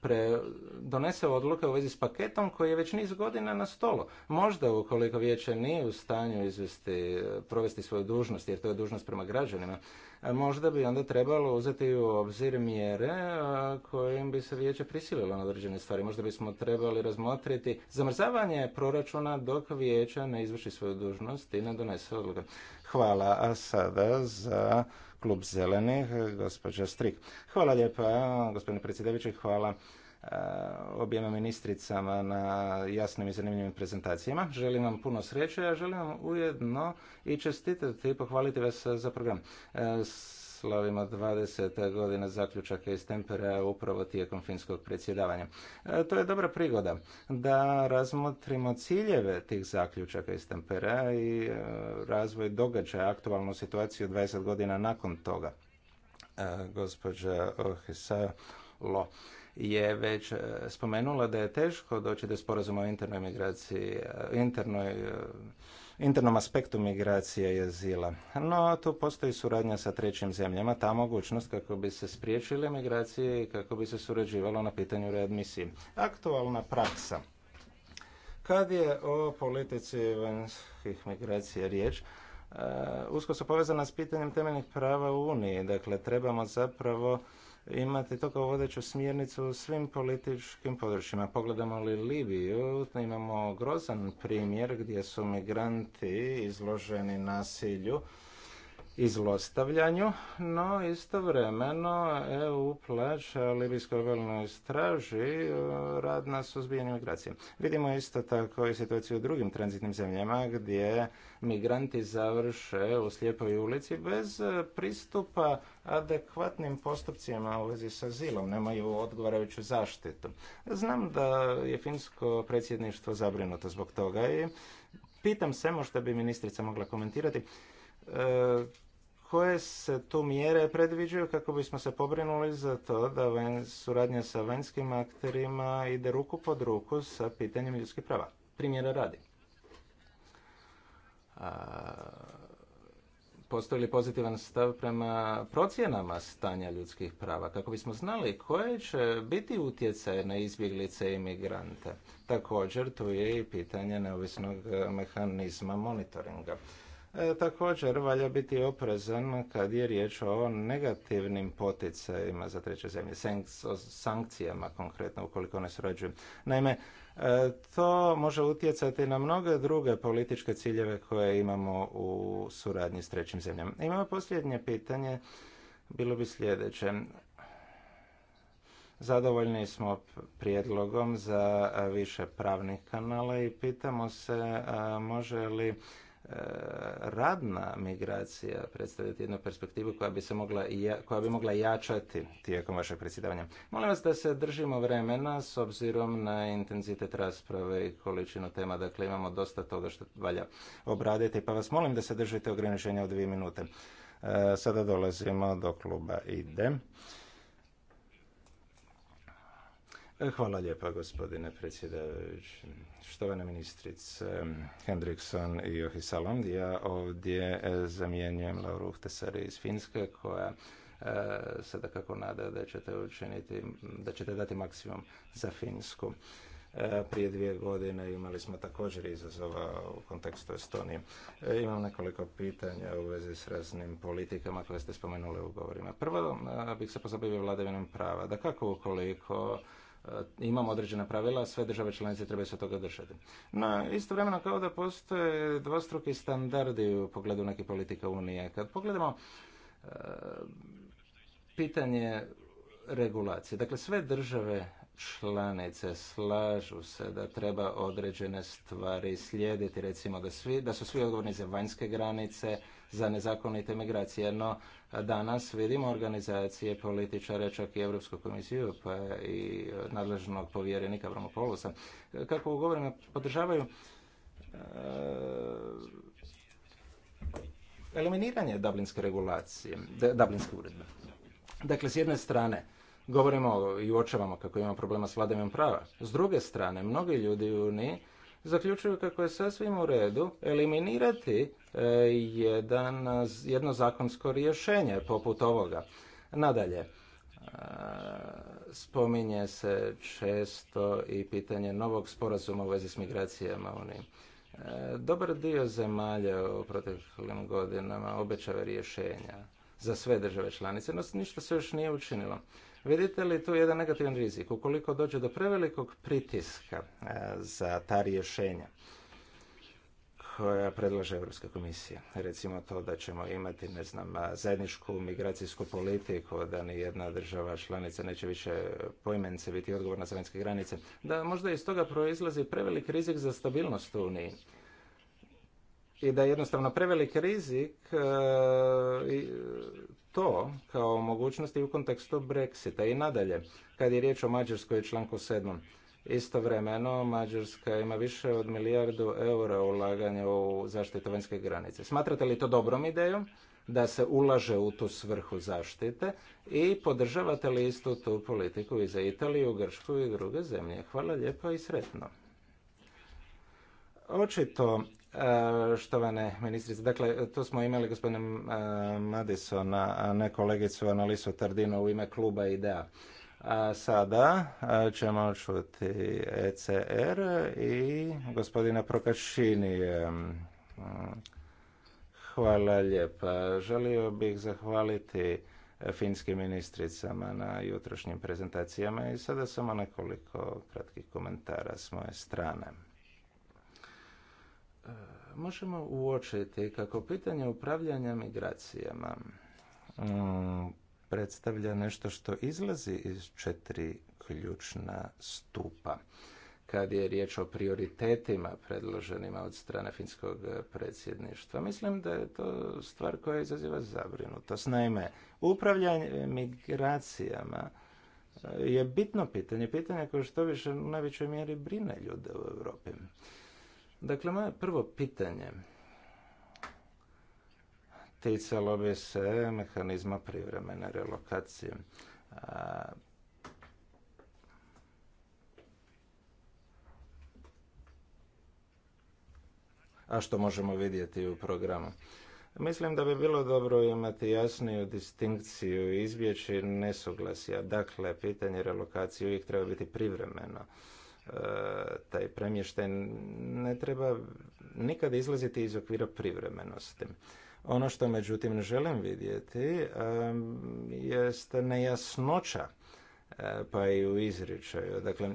pre, donese odluke u vezi s paketom koji je već niz godina na stolu. Možda ukoliko vijeće nije u stanju izvesti, provesti svoju dužnost, jer to je dužnost prema građanima, možda bi onda trebalo uzeti u obzir mjere kojim bi se vijeće prisililo na određene stvari. Možda bismo trebali razmotriti zamrzavanje proračuna dok vijeće ne izvrši svoju dužnost i ne donese odluke. Hvala, a sada za klub zelenih, gospođa Strik. Hvala lijepa, gospodine predsjedavajući. hvala eh, objema ministricama na jasnim i zanimljivim prezentacijama. Želim vam puno sreće, a želim vam ujedno i čestitati i pohvaliti vas za program. S eh, slavimo 20 godina zaključaka iz Tempera upravo tijekom finskog predsjedavanja. E, to je dobra prigoda da razmotrimo ciljeve tih zaključaka iz Tempera i e, razvoj događaja, aktualnu situaciju 20 godina nakon toga. E, gospođa lo je već spomenula da je teško doći do sporazuma o internoj migraciji, internoj internom aspektu migracije i zila. No, tu postoji suradnja sa trećim zemljama, ta mogućnost kako bi se spriječile migracije i kako bi se surađivalo na pitanju readmisije. Aktualna praksa. Kad je o politici vanjskih migracija riječ, e, usko su povezana s pitanjem temeljnih prava u Uniji. Dakle, trebamo zapravo imati to kao vodeću smjernicu u svim političkim područjima. Pogledamo li Libiju, imamo grozan primjer gdje su migranti izloženi nasilju i zlostavljanju, no istovremeno EU plaća Libijskoj obalnoj straži e, rad na suzbijanju migracije. Vidimo isto tako i situaciju u drugim tranzitnim zemljama gdje migranti završe u slijepoj ulici bez pristupa adekvatnim postupcima u vezi sa zilom, nemaju odgovarajuću zaštitu. Znam da je finsko predsjedništvo zabrinuto zbog toga i pitam se, možda bi ministrica mogla komentirati, e, koje se tu mjere predviđaju kako bismo se pobrinuli za to da suradnja sa vanjskim akterima ide ruku pod ruku sa pitanjem ljudskih prava. Primjera radi. postoji li pozitivan stav prema procjenama stanja ljudskih prava, kako bismo znali koje će biti utjecaj na izbjeglice i migrante. Također, tu je i pitanje neovisnog mehanizma monitoringa. E, također valja biti oprezan kad je riječ o negativnim poticajima za treće zemlje, sankcijama konkretno ukoliko ne surađuju. Naime, e, to može utjecati na mnoge druge političke ciljeve koje imamo u suradnji s trećim zemljama. Imamo posljednje pitanje, bilo bi sljedeće. Zadovoljni smo prijedlogom za više pravnih kanala i pitamo se može li radna migracija predstaviti jednu perspektivu koja bi, se mogla, koja bi mogla jačati tijekom vašeg predsjedavanja. Molim vas da se držimo vremena s obzirom na intenzitet rasprave i količinu tema. Dakle, imamo dosta toga što valja obraditi, pa vas molim da se držite ograničenja od dvije minute. E, sada dolazimo do kluba IDE. E, hvala lijepa gospodine predsjedavajući. Štovana ministrice Hendrikson i Johi Salond, ja ovdje e, zamjenjujem Lauru tesari iz Finske koja e, sada kako nada da ćete učiniti, da ćete dati maksimum za Finsku. Prije dvije godine imali smo također izazova u kontekstu Estonije. Imam nekoliko pitanja u vezi s raznim politikama koje ste spomenuli u govorima. Prvo bih se pozabavio vladavinom prava. Da kako ukoliko E, imamo određena pravila, sve države članice trebaju se toga držati. No, istovremeno kao da postoje dvostruki standardi u pogledu neke politike Unije. Kad pogledamo e, pitanje regulacije, dakle sve države članice slažu se da treba određene stvari slijediti, recimo da, svi, da su svi odgovorni za vanjske granice, za nezakonite migracije, no danas vidimo organizacije političare, čak i Europsku komisiju pa i nadležnog povjerenika Bramopolusa, kako ugovorima podržavaju eh, eliminiranje dublinske regulacije, dublinske uredbe. Dakle, s jedne strane, govorimo i uočavamo kako imamo problema s vladavinom prava. S druge strane, mnogi ljudi u Uniji zaključuju kako je sasvim u redu eliminirati e, jedan, jedno zakonsko rješenje poput ovoga. Nadalje, e, spominje se često i pitanje novog sporazuma u vezi s migracijama Unije. Dobar dio zemalja u proteklim godinama obećava rješenja za sve države članice, no ništa se još nije učinilo. Vidite li tu jedan negativan rizik? Ukoliko dođe do prevelikog pritiska e, za ta rješenja koja predlaže Europska komisija, recimo to da ćemo imati, ne znam, zajedničku migracijsku politiku, da ni jedna država članica neće više poimence biti odgovorna za vanjske granice, da možda iz toga proizlazi prevelik rizik za stabilnost u Uniji i da jednostavno prevelik rizik e, to kao mogućnosti u kontekstu Brexita i nadalje, kad je riječ o Mađarskoj članku 7. Istovremeno, Mađarska ima više od milijardu eura ulaganja u zaštitu vanjske granice. Smatrate li to dobrom idejom da se ulaže u tu svrhu zaštite i podržavate li istu tu politiku i za Italiju, Grčku i druge zemlje? Hvala lijepo i sretno. Očito E, štovane ministrice, dakle tu smo imali gospodine e, Madison, a ne kolegicu Analisu Tardino u ime kluba IDEA. A sada e, ćemo čuti ECR i gospodina Prokašini. Hvala lijepa. Želio bih zahvaliti finskim ministricama na jutrošnjim prezentacijama i sada samo nekoliko kratkih komentara s moje strane možemo uočiti kako pitanje upravljanja migracijama mm, predstavlja nešto što izlazi iz četiri ključna stupa. Kad je riječ o prioritetima predloženima od strane finskog predsjedništva, mislim da je to stvar koja izaziva zabrinutost. Naime, upravljanje migracijama e, je bitno pitanje, pitanje koje što više u najvećoj mjeri brine ljude u Europi. Dakle, moje prvo pitanje ticalo bi se mehanizma privremene relokacije. A što možemo vidjeti u programu. Mislim da bi bilo dobro imati jasniju distinkciju i izbjeći nesuglasja. Dakle, pitanje relokacije uvijek treba biti privremeno E, taj premještaj ne treba nikada izlaziti iz okvira privremenosti. Ono što međutim ne želim vidjeti e, jest nejasnoća e, pa i u izričaju. Dakle,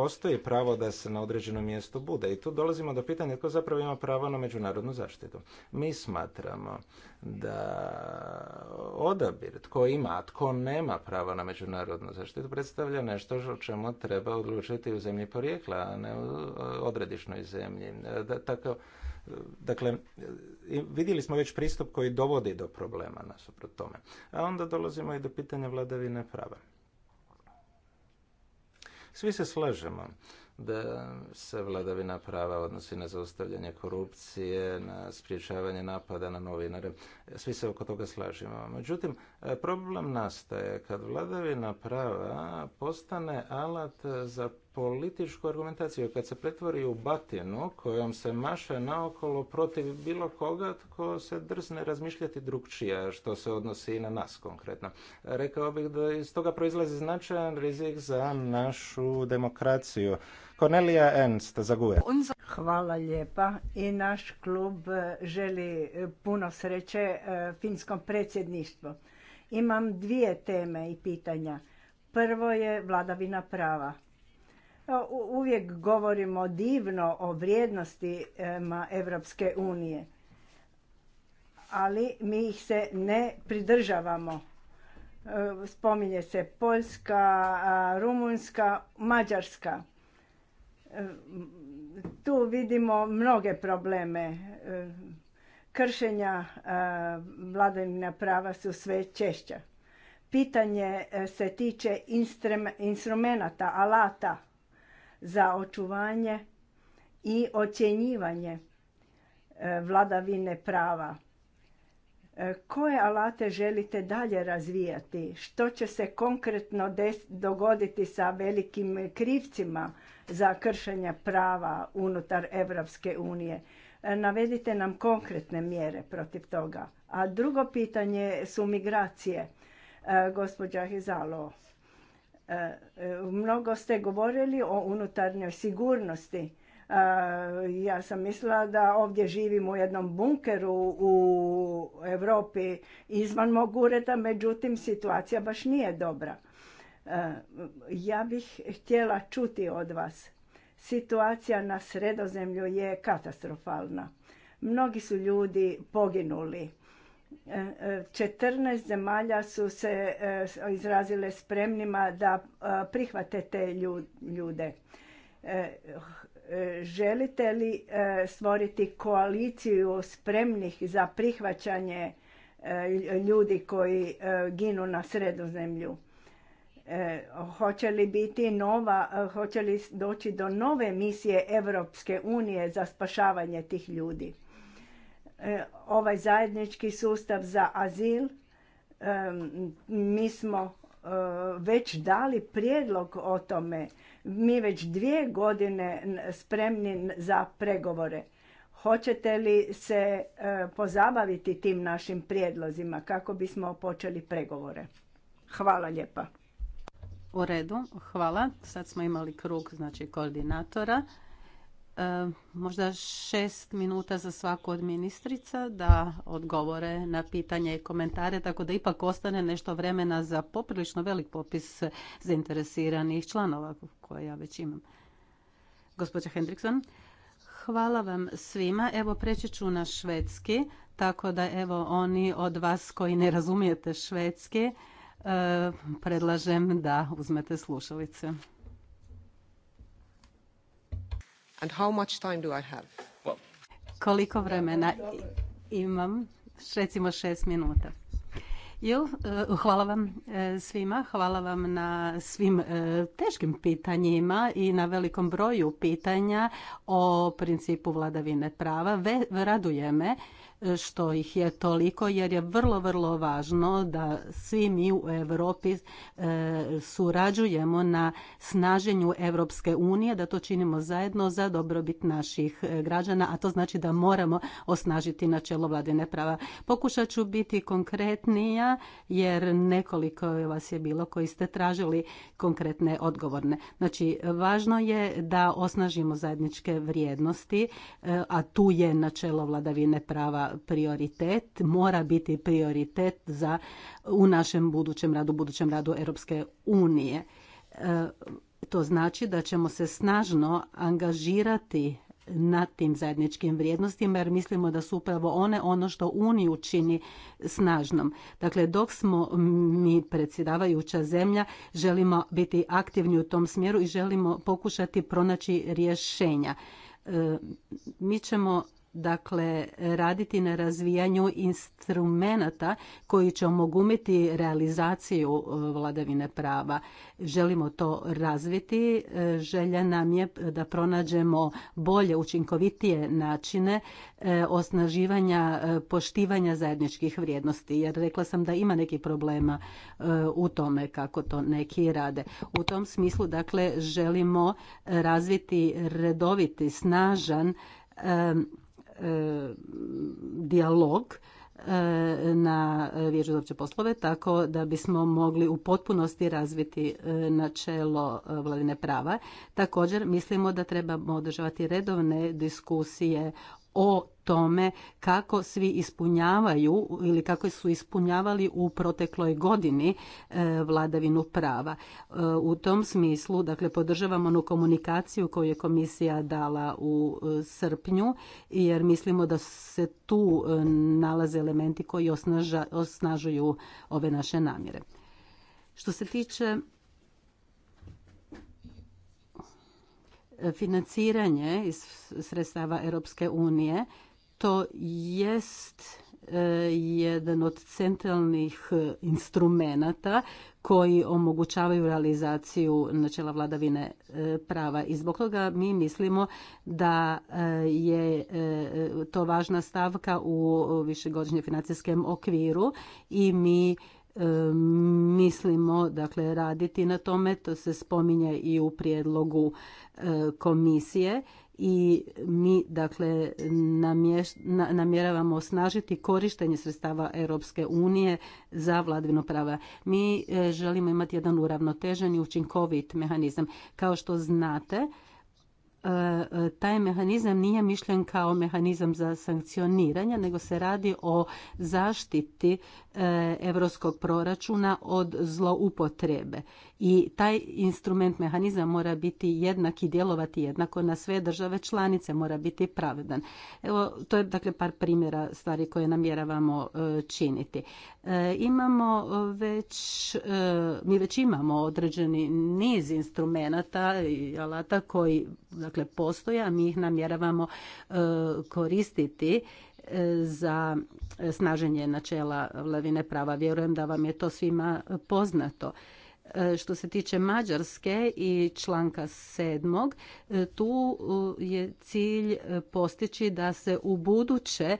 postoji pravo da se na određenom mjestu bude. I tu dolazimo do pitanja tko zapravo ima pravo na međunarodnu zaštitu. Mi smatramo da odabir tko ima, a tko nema pravo na međunarodnu zaštitu predstavlja nešto o čemu treba odlučiti u zemlji porijekla, a ne u e, odredišnoj zemlji. Da, tako, Dakle, vidjeli smo već pristup koji dovodi do problema nasuprot tome. A onda dolazimo i do pitanja vladavine prava. Svi se slažemo da se vladavina prava odnosi na zaustavljanje korupcije, na spriječavanje napada na novinare. Svi se oko toga slažemo. Međutim, problem nastaje kad vladavina prava postane alat za političku argumentaciju, kad se pretvori u batinu kojom se maše naokolo protiv bilo koga tko se drzne razmišljati drugčije, što se odnosi i na nas konkretno. Rekao bih da iz toga proizlazi značajan rizik za našu demokraciju. Cornelia Ernst za Hvala lijepa i naš klub želi puno sreće e, finskom predsjedništvu. Imam dvije teme i pitanja. Prvo je vladavina prava Uvijek govorimo divno o vrijednostima Evropske unije, ali mi ih se ne pridržavamo. E, spominje se Poljska, Rumunjska, Mađarska. E, tu vidimo mnoge probleme. E, kršenja vladavina prava su sve češća. Pitanje se tiče instrumenata, alata za očuvanje i ocjenjivanje e, vladavine prava. E, koje alate želite dalje razvijati? Što će se konkretno dogoditi sa velikim krivcima za kršenje prava unutar Evropske unije? E, navedite nam konkretne mjere protiv toga. A drugo pitanje su migracije. Gospođa Hizalo Eh, mnogo ste govorili o unutarnjoj sigurnosti. Eh, ja sam mislila da ovdje živim u jednom bunkeru u Europi izvan mog ureda, međutim situacija baš nije dobra. Eh, ja bih htjela čuti od vas. Situacija na sredozemlju je katastrofalna. Mnogi su ljudi poginuli 14 zemalja su se eh, izrazile spremnima da eh, prihvate te ljude. Eh, želite li stvoriti koaliciju spremnih za prihvaćanje ljudi koji ginu na sredozemlju? Hoće li biti nova, hoće li doći do nove misije Europske unije za spašavanje tih ljudi? E, ovaj zajednički sustav za azil. Mi smo e, već dali prijedlog o tome. Mi već dvije godine spremni za pregovore. Hoćete li se e, pozabaviti tim našim prijedlozima kako bismo počeli pregovore? Hvala lijepa. U redu, hvala. Sad smo imali krug znači koordinatora. E, možda šest minuta za svaku od ministrica da odgovore na pitanje i komentare, tako da ipak ostane nešto vremena za poprilično velik popis zainteresiranih članova koje ja već imam. Gospođa Hendrikson. Hvala vam svima. Evo preći ću na švedski, tako da evo oni od vas koji ne razumijete švedski, e, predlažem da uzmete slušalice. And how much time do I have? Koliko vremena imam? Recimo šest minuta. Jel, eh, hvala vam eh, svima, hvala vam na svim eh, teškim pitanjima i na velikom broju pitanja o principu vladavine prava. Raduje me što ih je toliko jer je vrlo, vrlo važno da svi mi u Europi e, surađujemo na snaženju Europske unije, da to činimo zajedno za dobrobit naših e, građana, a to znači da moramo osnažiti načelo vladine prava. Pokušat ću biti konkretnija jer nekoliko vas je bilo koji ste tražili konkretne odgovorne. Znači, važno je da osnažimo zajedničke vrijednosti, e, a tu je načelo vladavine prava prioritet, mora biti prioritet za, u našem budućem radu, budućem radu Europske unije. E, to znači da ćemo se snažno angažirati na tim zajedničkim vrijednostima jer mislimo da su upravo one ono što Uniju čini snažnom. Dakle, dok smo mi predsjedavajuća zemlja, želimo biti aktivni u tom smjeru i želimo pokušati pronaći rješenja. E, mi ćemo dakle raditi na razvijanju instrumenata koji će omogumiti realizaciju e, vladavine prava. Želimo to razviti, e, želja nam je da pronađemo bolje, učinkovitije načine e, osnaživanja, poštivanja zajedničkih vrijednosti. Jer rekla sam da ima neki problema u tome kako to neki rade. U tom smislu dakle želimo razviti redoviti, snažan dijalog e, na Vijeću za opće poslove, tako da bismo mogli u potpunosti razviti e, načelo e, vladine prava. Također mislimo da trebamo održavati redovne diskusije o tome kako svi ispunjavaju ili kako su ispunjavali u protekloj godini e, vladavinu prava. E, u tom smislu, dakle, podržavam onu komunikaciju koju je komisija dala u e, srpnju, jer mislimo da se tu nalaze elementi koji osnažuju ove naše namjere. Što se tiče financiranje iz sredstava Europske unije. To jest e, jedan od centralnih e, instrumenata koji omogućavaju realizaciju načela vladavine e, prava. I zbog toga mi mislimo da je to važna stavka u višegodišnjem financijskom okviru i mi E, mislimo dakle raditi na tome, to se spominje i u prijedlogu e, komisije i mi dakle namjeravamo osnažiti korištenje sredstava Europske unije za vladavinu prava. Mi e, želimo imati jedan uravnotežen i učinkovit mehanizam. Kao što znate, E, e, taj mehanizam nije mišljen kao mehanizam za sankcioniranje, nego se radi o zaštiti europskog proračuna od zloupotrebe i taj instrument mehanizam mora biti jednak i djelovati jednako na sve države članice, mora biti pravedan. Evo, to je dakle par primjera stvari koje namjeravamo e, činiti. E, imamo već, e, mi već imamo određeni niz instrumenata i alata koji dakle postoje, a mi ih namjeravamo koristiti za snaženje načela vladine prava. Vjerujem da vam je to svima poznato. E, što se tiče Mađarske i članka sedmog, e, tu je cilj e, postići da se u buduće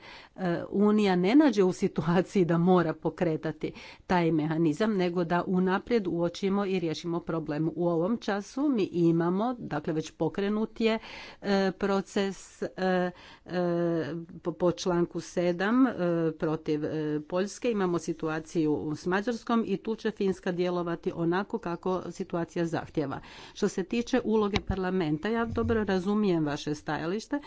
Unija ne nađe u situaciji da mora pokretati taj mehanizam, nego da unaprijed uočimo i riješimo problem. U ovom času mi imamo, dakle već pokrenut je proces po članku sedam protiv Poljske. Imamo situaciju s Mađarskom i tu će Finska djelovati onako onako kako situacija zahtjeva. Što se tiče uloge parlamenta, ja dobro razumijem vaše stajalište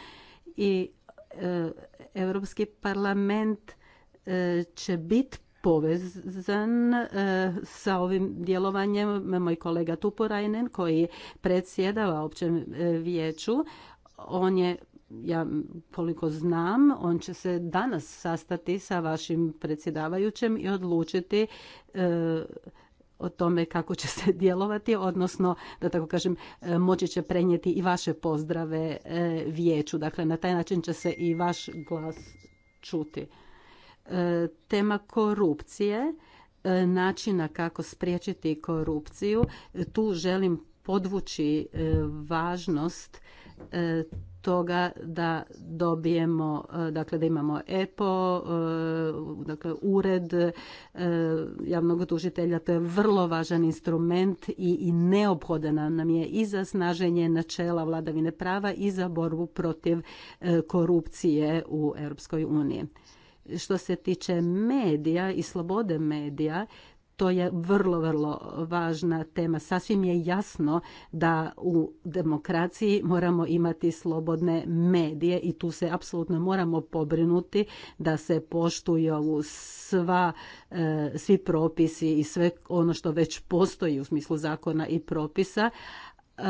i e, Europski parlament e, će biti povezan e, sa ovim djelovanjem moj kolega Tuporajnen koji predsjedava općem vijeću. On je ja koliko znam, on će se danas sastati sa vašim predsjedavajućem i odlučiti o tome kako će se *laughs* djelovati, odnosno, da tako kažem, e, moći će prenijeti i vaše pozdrave e, vijeću. Dakle, na taj način će se i vaš glas čuti. E, tema korupcije, načina kako spriječiti korupciju, tu želim podvući važnost toga da dobijemo, e, dakle da imamo EPO, e, dakle ured e, javnog tužitelja, to je vrlo važan instrument i, i neophodan nam je i za snaženje načela vladavine prava i za borbu protiv korupcije u Europskoj Što se tiče medija i slobode medija, to je vrlo, vrlo važna tema. Sasvim je jasno da u demokraciji moramo imati slobodne medije i tu se apsolutno moramo pobrinuti da se poštuju sva, e, svi propisi i sve ono što već postoji u smislu zakona i propisa, e,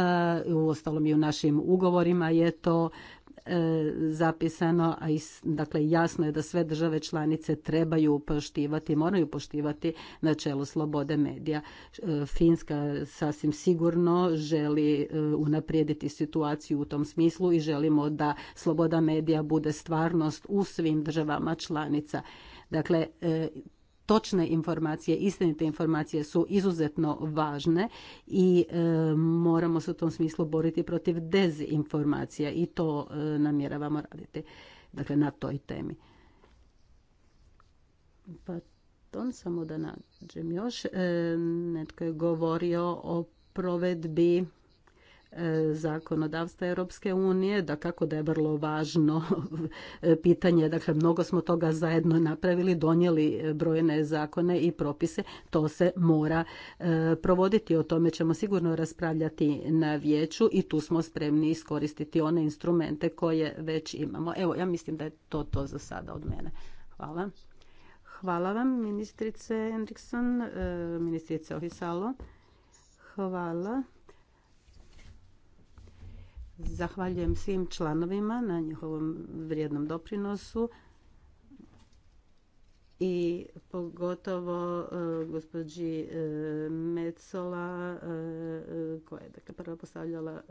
u ostalom i u našim ugovorima je to E, zapisano, a dakle jasno je da sve države članice trebaju poštivati, moraju poštivati načelo slobode medija. E, Finska sasvim sigurno želi e, unaprijediti situaciju u tom smislu i želimo da sloboda medija bude stvarnost u svim državama članica. Dakle, točne informacije, istinite informacije su izuzetno važne i e, moramo se u tom smislu boriti protiv dezinformacija i to e, namjeravamo raditi dakle, na toj temi. Pa to samo da nađem još. E, netko je govorio o provedbi E, zakonodavstva Europske unije, da kako da je vrlo važno *laughs* e, pitanje, dakle mnogo smo toga zajedno napravili, donijeli brojne zakone i propise, to se mora e, provoditi, o tome ćemo sigurno raspravljati na vijeću i tu smo spremni iskoristiti one instrumente koje već imamo. Evo, ja mislim da je to to za sada od mene. Hvala. Hvala vam, ministrice Hendrikson, ministrice Ohisalo. Hvala. Zahvaljujem svim članovima na njihovom vrijednom doprinosu i pogotovo e, gospođi e, Mecola e, koja je dakle, prvo postavljala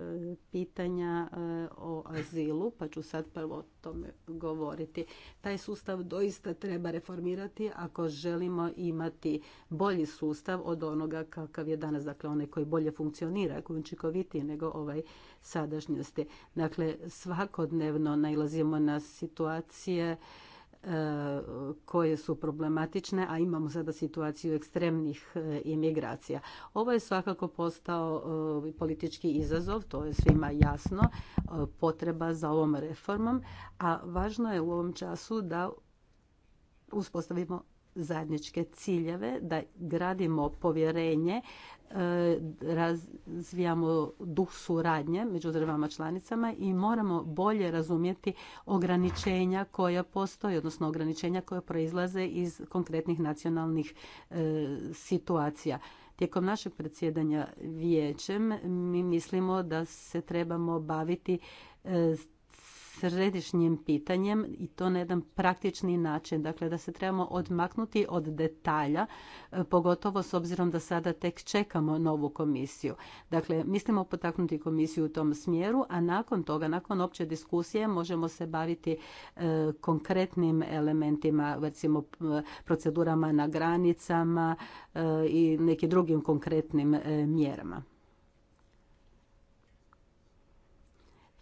pitanja o azilu, pa ću sad prvo o tome govoriti. Taj sustav doista treba reformirati ako želimo imati bolji sustav od onoga kakav je danas, dakle onaj koji bolje funkcionira, koji je učinkovitiji nego ovaj sadašnjosti. Dakle, svakodnevno nailazimo na situacije E, koje su problematične, a imamo sada situaciju ekstremnih e, imigracija. Ovo je svakako postao e, politički izazov, to je svima jasno, potreba za ovom reformom, a važno je u ovom času da uspostavimo zajedničke ciljeve, da gradimo povjerenje, e, razvijamo duh suradnje među državama članicama i moramo bolje razumjeti ograničenja koja postoje, odnosno ograničenja koja proizlaze iz konkretnih nacionalnih e, situacija. Tijekom našeg predsjedanja vijećem mi mislimo da se trebamo baviti e, središnjim pitanjem i to na jedan praktični način. Dakle, da se trebamo odmaknuti od detalja, e, pogotovo s obzirom da sada tek čekamo novu komisiju. Dakle, mislimo potaknuti komisiju u tom smjeru, a nakon toga, nakon opće diskusije, možemo se baviti e, konkretnim elementima, recimo e, procedurama na granicama i nekim drugim konkretnim mjerama.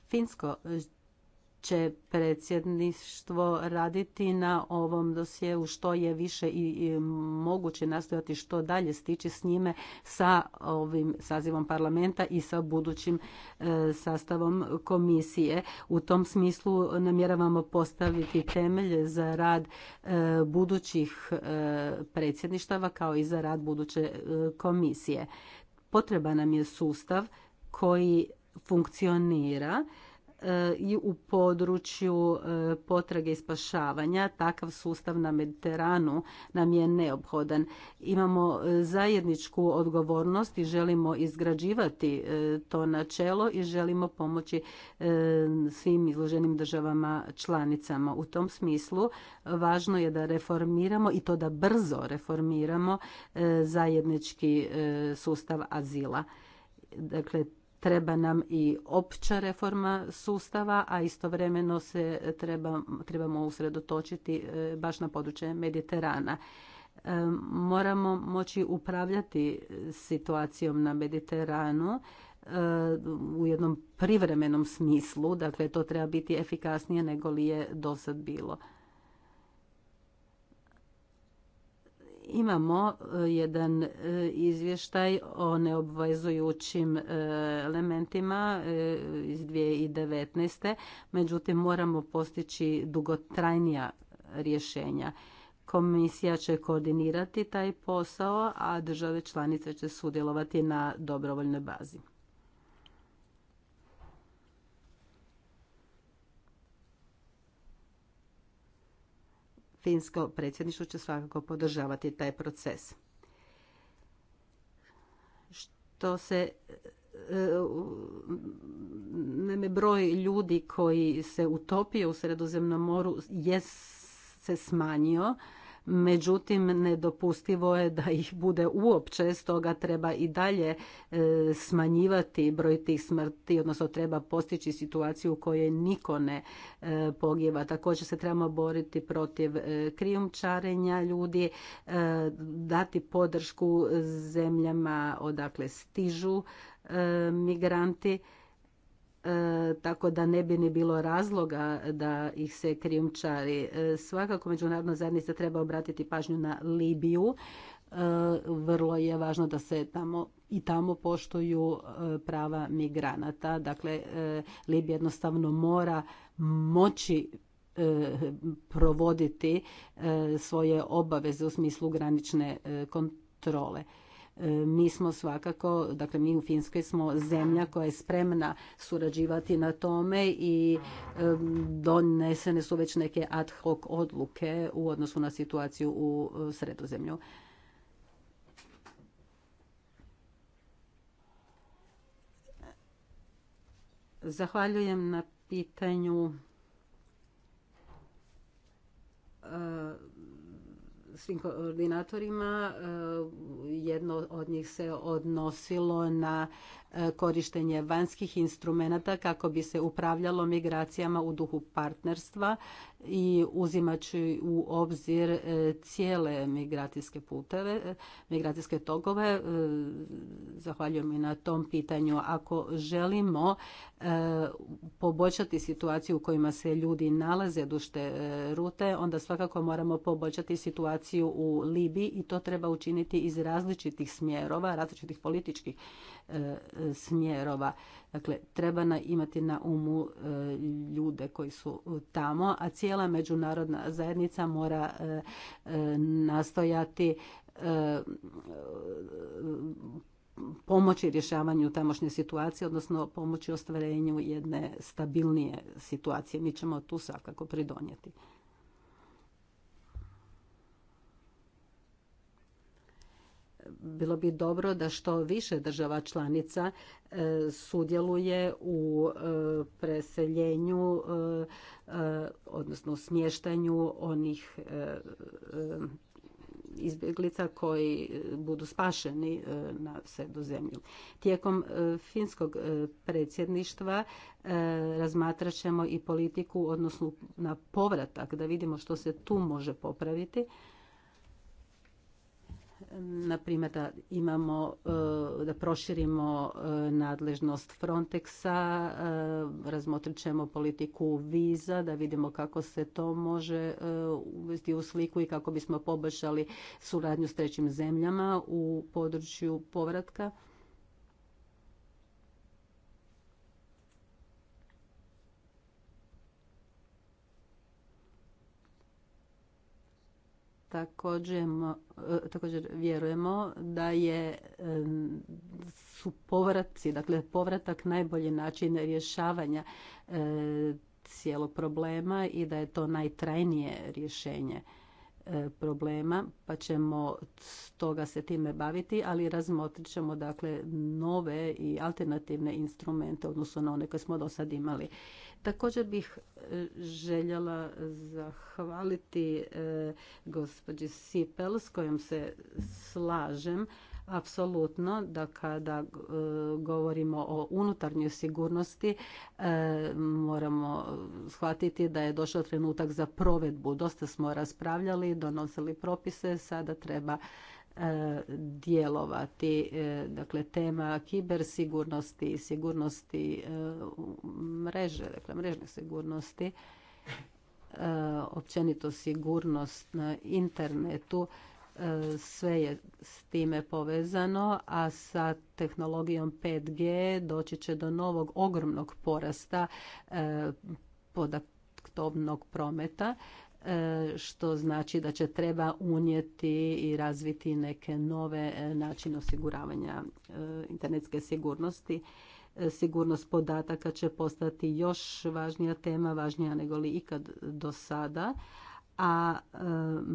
Finsko će predsjedništvo raditi na ovom dosjeu što je više i moguće nastojati što dalje stići s njime sa ovim sazivom parlamenta i sa budućim e, sastavom komisije. U tom smislu namjeravamo postaviti temelje za rad e, budućih e, predsjedništava kao i za rad buduće komisije. Potreba nam je sustav koji funkcionira E, i u području e, potrage i spašavanja. Takav sustav na Mediteranu nam je neophodan. Imamo e, zajedničku odgovornost i želimo izgrađivati to načelo i želimo pomoći svim izloženim državama članicama. U tom smislu važno je da reformiramo i to da brzo reformiramo zajednički sustav azila. Dakle, Treba nam i opća reforma sustava, a istovremeno se treba, trebamo usredotočiti e, baš na područje Mediterana. E, moramo moći upravljati situacijom na Mediteranu e, u jednom privremenom smislu, dakle to treba biti efikasnije nego li je do sad bilo. Imamo e, jedan e, izvještaj o neobvezujućim e, elementima iz 2019. Međutim, moramo postići dugotrajnija rješenja. Komisija će koordinirati taj posao, a države članice će sudjelovati na dobrovoljnoj bazi. finsko predsjedništvo će svakako podržavati taj proces. Što se e, Naime, broj ljudi koji se utopio u Sredozemnom moru je se smanjio međutim nedopustivo je da ih bude uopće, stoga treba i dalje e, smanjivati broj tih smrti, odnosno treba postići situaciju u kojoj niko ne e, pogijeva. Također se trebamo boriti protiv e, krijumčarenja ljudi, dati podršku zemljama odakle stižu migranti E, tako da ne bi ni bilo razloga da ih se krijumčari. E, svakako međunarodna zajednica treba obratiti pažnju na Libiju. E, vrlo je važno da se tamo i tamo poštuju prava migranata. Dakle, Libija jednostavno mora moći provoditi svoje obaveze u smislu granične kontrole. Mi smo svakako, dakle mi u Finskoj smo zemlja koja je spremna surađivati na tome i donesene su već neke ad hoc odluke u odnosu na situaciju u e, sredozemlju. Zahvaljujem na pitanju e, svim koordinatorima. Eh, jedno od njih se odnosilo na eh, korištenje vanjskih instrumenata kako bi se upravljalo migracijama u duhu partnerstva i uzimaći u obzir e, cijele migracijske puteve, e, migracijske togove. E, zahvaljujem i na tom pitanju. Ako želimo poboljšati situaciju u kojima se ljudi nalaze dušte rute, onda svakako moramo poboljšati situaciju u Libiji i to treba učiniti iz različitih smjerova, različitih političkih smjerova. Dakle, treba imati na umu e, ljude koji su e, tamo, a cijela međunarodna zajednica mora e, nastojati pomoći rješavanju tamošnje situacije, odnosno pomoći ostvarenju jedne stabilnije situacije. Mi ćemo tu svakako pridonijeti. bilo bi dobro da što više država članica e, sudjeluje u e, preseljenju e, odnosno smještanju onih izbjeglica koji budu spašeni na zemlju. Tijekom finskog predsjedništva razmatrat ćemo i politiku odnosno na povratak da vidimo što se tu može popraviti na primjer da imamo, e, da proširimo e, nadležnost Frontexa, e, razmotrit ćemo politiku viza, da vidimo kako se to može uvesti u sliku i kako bismo poboljšali suradnju s trećim zemljama u području povratka. Također, e, također vjerujemo da je su povratci, dakle povratak najbolji način rješavanja e, cijelog problema i da je to najtrajnije rješenje e, problema, pa ćemo stoga se time baviti, ali razmotrit ćemo dakle nove i alternativne instrumente odnosno na one koje smo do sad imali. Također bih e, željela zahvaliti e, gospođi Sipel s kojom se slažem apsolutno da kada e, govorimo o unutarnjoj sigurnosti moramo shvatiti da je došao trenutak za provedbu. Dosta smo raspravljali, donosili propise, sada treba E, djelovati. E, dakle, tema kibersigurnosti i sigurnosti e, mreže, dakle mrežne sigurnosti, općenito sigurnost na internetu, sve je s time povezano, a sa tehnologijom 5G doći će do novog ogromnog porasta podatkovnog prometa E, što znači da će treba unijeti i razviti neke nove e, načine osiguravanja e, internetske sigurnosti. Sigurnost podataka će postati još važnija tema, važnija nego li ikad do sada, a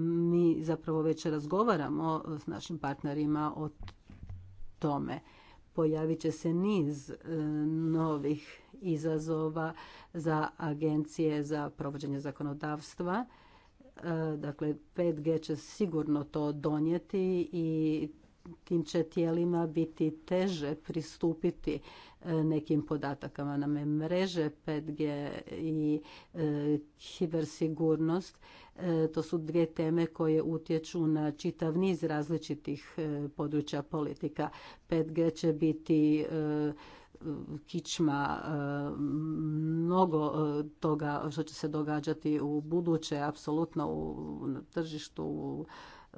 mi zapravo već razgovaramo s našim partnerima o tome. Pojavit će se niz novih izazova za agencije za provođenje zakonodavstva. E, dakle, 5G će sigurno to donijeti i tim će tijelima biti teže pristupiti e, nekim podatakama. Nam mreže 5G i e, hibersigurnost, to su dvije teme koje utječu na čitav niz različitih područja politika. 5G će biti kičma e, mnogo e, toga što će se događati u buduće, apsolutno u tržištu, e,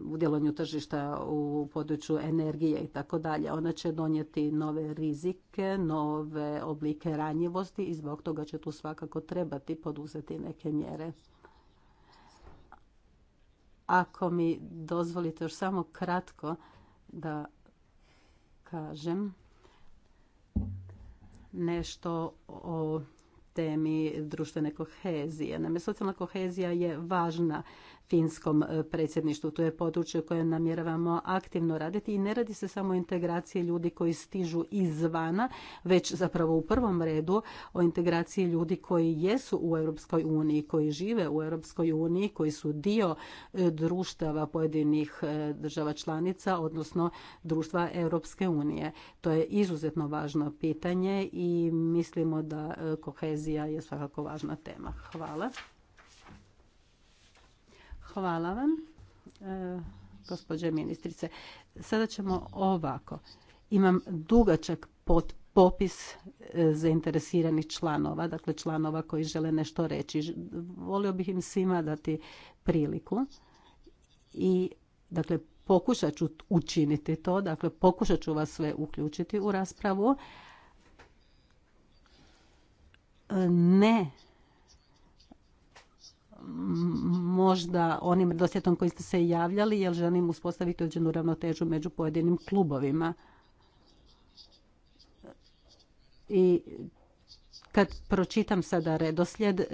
u djelovanju tržišta u području energije i tako dalje. Ona će donijeti nove rizike, nove oblike ranjivosti i zbog toga će tu svakako trebati poduzeti neke mjere. Ako mi dozvolite još samo kratko da kažem nešto o temi društvene kohezije. Naime, socijalna kohezija je važna finskom e, predsjedništvu. To je područje koje namjeravamo aktivno raditi i ne radi se samo o integraciji ljudi koji stižu izvana, već zapravo u prvom redu o integraciji ljudi koji jesu u Europskoj uniji, koji žive u Europskoj uniji, koji su dio e, društava pojedinih e, država članica, odnosno društva Europske unije. To je izuzetno važno pitanje i mislimo da kohezija je svakako važna tema. Hvala. Hvala vam, e, gospođe ministrice. Sada ćemo ovako. Imam dugačak popis e, zainteresiranih članova, dakle članova koji žele nešto reći. Volio bih im svima dati priliku i dakle pokušat ću učiniti to, dakle pokušat ću vas sve uključiti u raspravu. E, ne možda onim dosjetom koji ste se javljali, jer želim uspostaviti određenu ravnotežu među pojedinim klubovima. I kad pročitam sada redoslijed, e,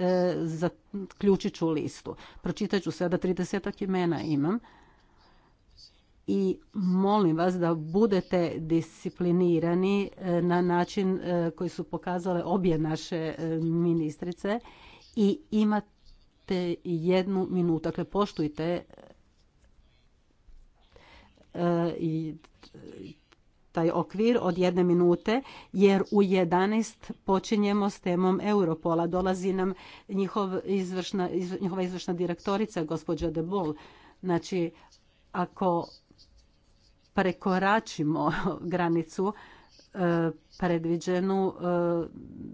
zaključit ću listu. Pročitat ću sada 30 imena imam i molim vas da budete disciplinirani e, na način e, koji su pokazale obje naše ministrice i imate imate jednu minutu. Dakle, poštujte e, i taj okvir od jedne minute, jer u 11 počinjemo s temom Europola. Dolazi nam njihova izvršna direktorica, gospođa De Bol. Znači, ako prekoračimo *laughs* granicu, E, predviđenu, e,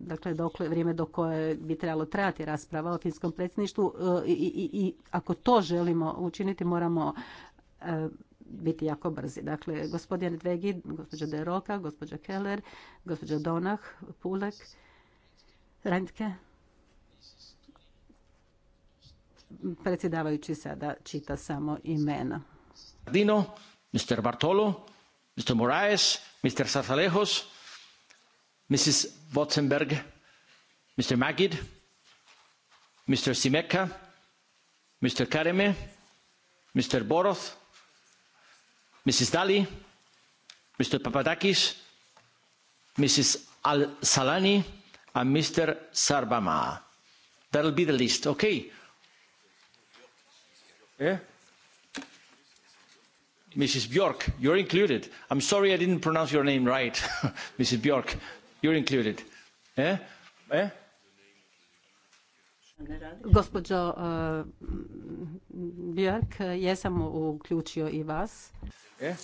dakle dokle vrijeme do koje bi trebalo trajati rasprava o finskom predsjedništvu e, i, i, i ako to želimo učiniti moramo biti jako brzi. Dakle, gospodin Dvegi, gospođa De Roka, gospođa Keller, gospođa Donah, Pulek, Rentke. Predsjedavajući sada čita samo imena. Dino, Mr. Bartolo, mr moraes mr Zarzalejos, mrs vozemberg mr magid mr Simeka, mr Kareme, mr Boroth, mrs dalli mr papadakis mrs al salani and mr Sarbama. that will be the list okay? Mrs. Bjork, you're included. I'm sorry I didn't pronounce your name right. Mrs. *laughs* Bjork, you're included. Eh? eh? Gospođo uh, Bjork, jesam uključio i vas. Eh?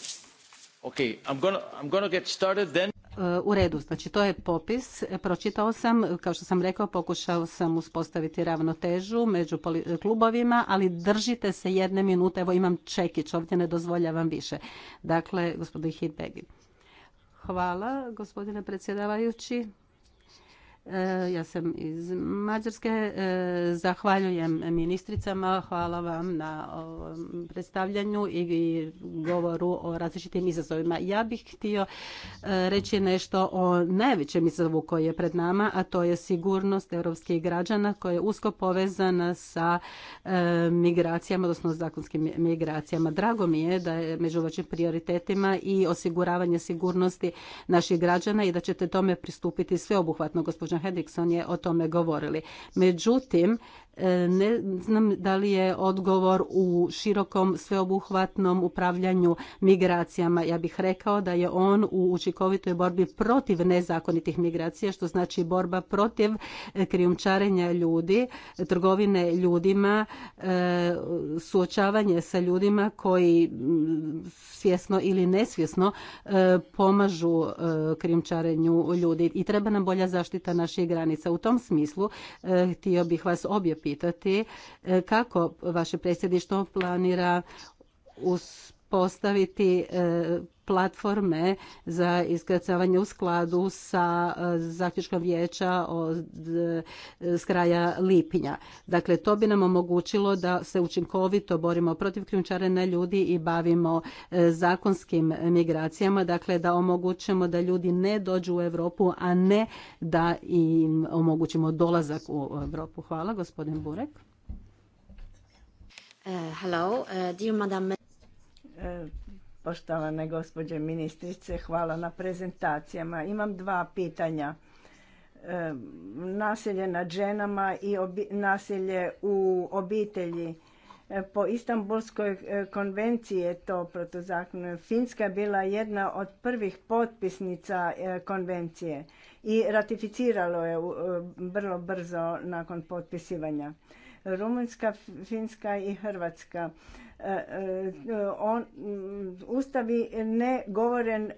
Okay, I'm gonna, I'm gonna get started then. E, u redu. Znači to je popis. E, pročitao sam, kao što sam rekao, pokušao sam uspostaviti ravnotežu među e, klubovima, ali držite se jedne minute. Evo imam čekić, ovdje ne dozvoljavam više. Dakle, gospodin Hidbegi. Hvala, gospodine predsjedavajući. E, ja sam iz Mađarske. E, zahvaljujem ministricama. Hvala vam na predstavljanju i govoru o različitim izazovima. Ja bih htio e, reći nešto o najvećem izazovu koji je pred nama, a to je sigurnost europskih građana koja je usko povezana sa migracijama, odnosno zakonskim migracijama. Drago mi je da je među vašim prioritetima i osiguravanje sigurnosti naših građana i da ćete tome pristupiti sveobuhvatno, gospođo gospođa Hedrickson je o tome govorili. Međutim, E, ne znam da li je odgovor u širokom sveobuhvatnom upravljanju migracijama. Ja bih rekao da je on u učinkovitoj borbi protiv nezakonitih migracija, što znači borba protiv e, krijumčarenja ljudi, trgovine ljudima, e, suočavanje sa ljudima koji mm, svjesno ili nesvjesno pomažu krijumčarenju ljudi i treba nam bolja zaštita naših granica. U tom smislu htio bih vas obje pitati e, kako vaše predsjedništvo planira uspostaviti e, platforme za iskrcavanje u skladu sa e, zaključkom vijeća od, e, s kraja lipnja. Dakle, to bi nam omogućilo da se učinkovito borimo protiv krijumčarenja ljudi i bavimo e, zakonskim migracijama, dakle da omogućimo da ljudi ne dođu u Europu, a ne da im omogućimo dolazak u Europu. Hvala, gospodin Burek. Hvala, dear madam. Poštovane gospođe ministrice, hvala na prezentacijama. Imam dva pitanja. E, nasilje nad ženama i nasilje u obitelji. E, po Istanbulskoj e, konvenciji je to protuzakonno. Finska je bila jedna od prvih potpisnica konvencije i ratificiralo je vrlo brzo nakon potpisivanja. Rumunjska, Finska i Hrvatska on, ustavi ne govore e,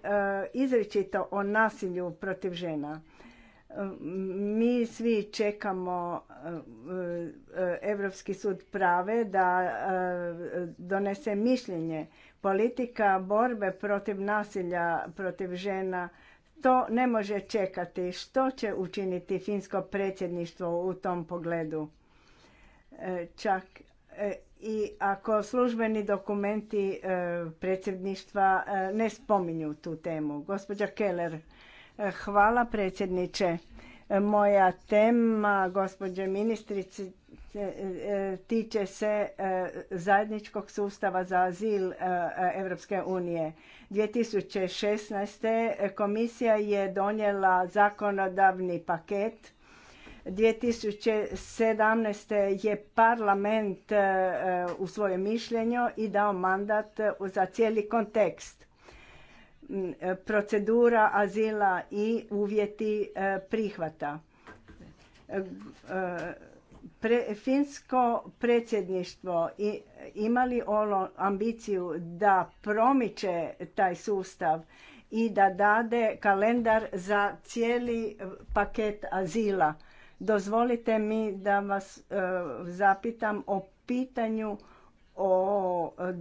izričito o nasilju protiv žena. Mi svi čekamo Europski e, sud prave da e, donese mišljenje. Politika borbe protiv nasilja protiv žena to ne može čekati. Što će učiniti finsko predsjedništvo u tom pogledu? Čak i ako službeni dokumenti e, predsjedništva e, ne spominju tu temu. Gospođa Keller, e, hvala predsjedniče. Moja tema, gospođe ministrici, tiče se zajedničkog sustava za azil Europske unije. 2016. komisija je donijela zakonodavni paket 2017. je parlament e, u svoje mišljenje i dao mandat e, za cijeli kontekst. Mm, e, procedura azila i uvjeti prihvata. finsko predsjedništvo i, ima li ono ambiciju da promiče taj sustav i da dade kalendar za cijeli paket azila Dozvolite mi da vas e, zapitam o pitanju o e,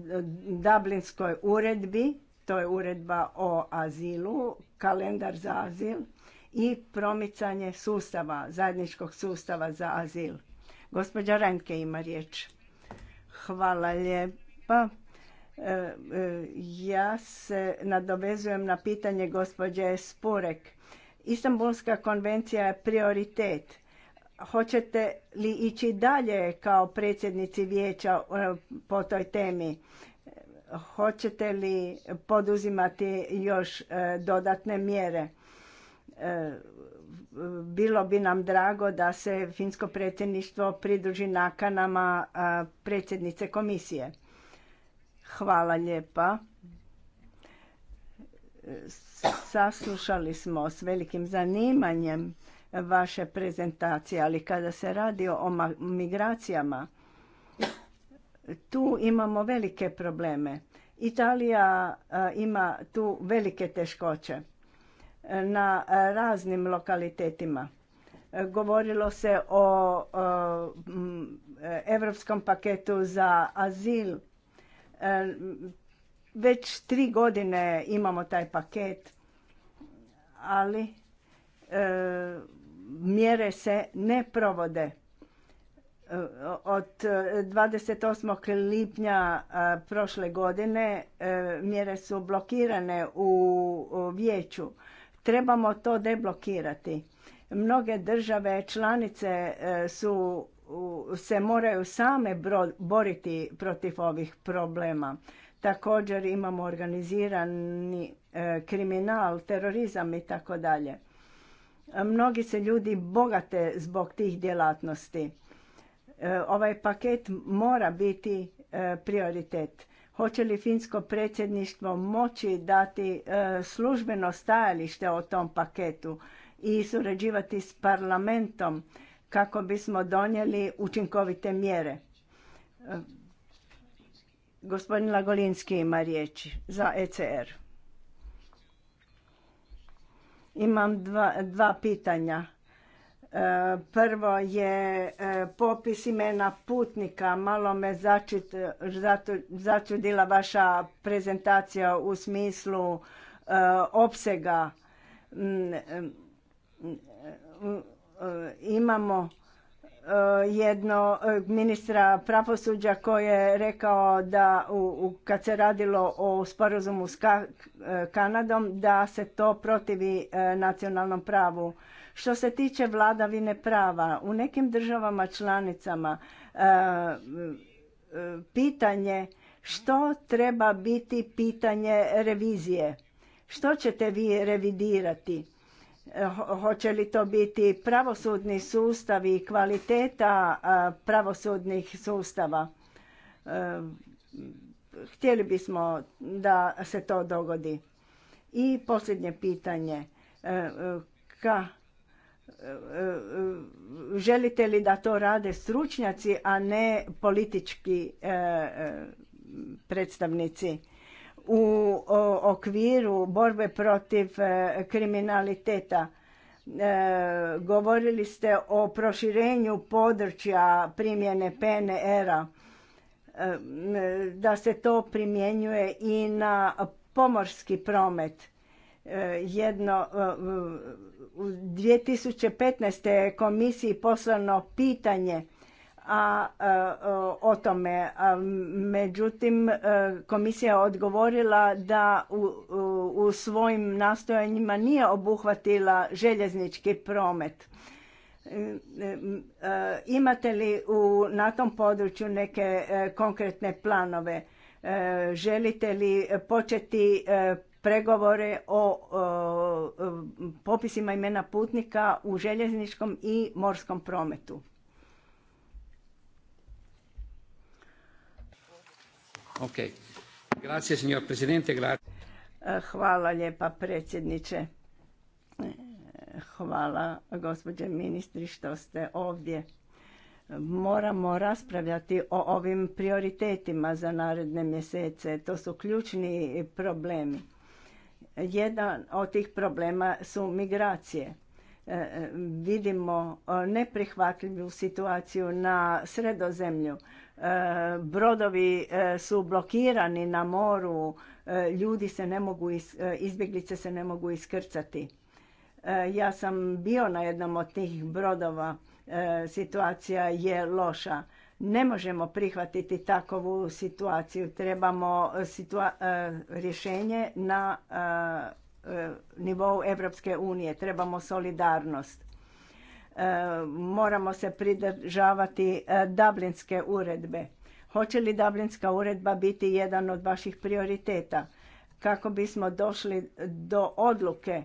Dublinskoj uredbi, to je uredba o azilu, kalendar za azil i promicanje sustava, zajedničkog sustava za azil. Gospođa Renke ima riječ. Hvala lijepa. E, ja se nadovezujem na pitanje gospođe Spurek. Istanbulska konvencija je prioritet hoćete li ići dalje kao predsjednici vijeća e, po toj temi? Hoćete li poduzimati još e, dodatne mjere? E, bilo bi nam drago da se finsko predsjedništvo pridruži nakanama predsjednice komisije. Hvala lijepa. Saslušali smo s velikim zanimanjem vaše prezentacije, ali kada se radi o migracijama, tu imamo velike probleme. Italija ima tu velike teškoće e, na raznim lokalitetima. E, govorilo se o europskom paketu za azil. E, već tri godine imamo taj paket, ali mjere se ne provode. E, od 28. E, lipnja e, prošle godine mjere su blokirane u vijeću. Trebamo to deblokirati. Mnoge države članice su se moraju same boriti protiv ovih problema. Također imamo organizirani kriminal, terorizam i tako dalje. Mnogi se ljudi bogate zbog tih djelatnosti. E, ovaj paket mora biti e, prioritet. Hoće li finsko predsjedništvo moći dati e, službeno stajalište o tom paketu i surađivati s parlamentom kako bismo donijeli učinkovite mjere? Gospodin Lagolinski ima riječ za ECR. Imam dva, pitanja. E, prvo je e, popis imena putnika. Malo me začudila vaša prezentacija u smislu e, opsega. Mm, mm, mm, imamo Eh, jedno eh, ministra pravosuđa koji je rekao da u, kad se radilo o sporazumu s eh, Kanadom da se to protivi nacionalnom pravu. Što se tiče vladavine prava, u nekim državama članicama pitanje što treba biti pitanje revizije. Što ćete vi revidirati? hoće li to biti pravosudni sustav i kvaliteta pravosudnih sustava. E, htjeli bismo da se to dogodi. I posljednje pitanje. E, ka, e, želite li da to rade stručnjaci, a ne politički predstavnici? u okviru borbe protiv e, kriminaliteta. E, govorili ste o proširenju područja primjene PNR-a, e, da se to primjenjuje i na pomorski promet. Jedno, u 2015. komisiji poslano pitanje a, e, o tome. međutim, e, komisija je odgovorila da u, svojim nastojanjima nije obuhvatila željeznički promet. E, imate li u, na tom području neke konkretne planove? Želite li početi pregovore o popisima imena putnika u željezničkom i morskom prometu? Eh, hvala lijepa predsjedniče. Eh, hvala gospođe ministri što ste ovdje. Moramo raspravljati o ovim prioritetima za naredne mjesece. To su ključni problemi. Jedan od tih problema su migracije. Eh, vidimo neprihvatljivu situaciju na sredozemlju E, brodovi e, su blokirani na moru, e, ljudi se ne mogu, izbjeglice se ne mogu iskrcati. Ja sam bio na jednom od tih brodova, situacija je loša. Ne možemo prihvatiti takovu situaciju, trebamo rješenje na nivou Evropske unije, trebamo solidarnost. E, moramo se pridržavati e, Dublinske uredbe. Hoće li Dublinska uredba biti jedan od vaših prioriteta? Kako bismo došli do odluke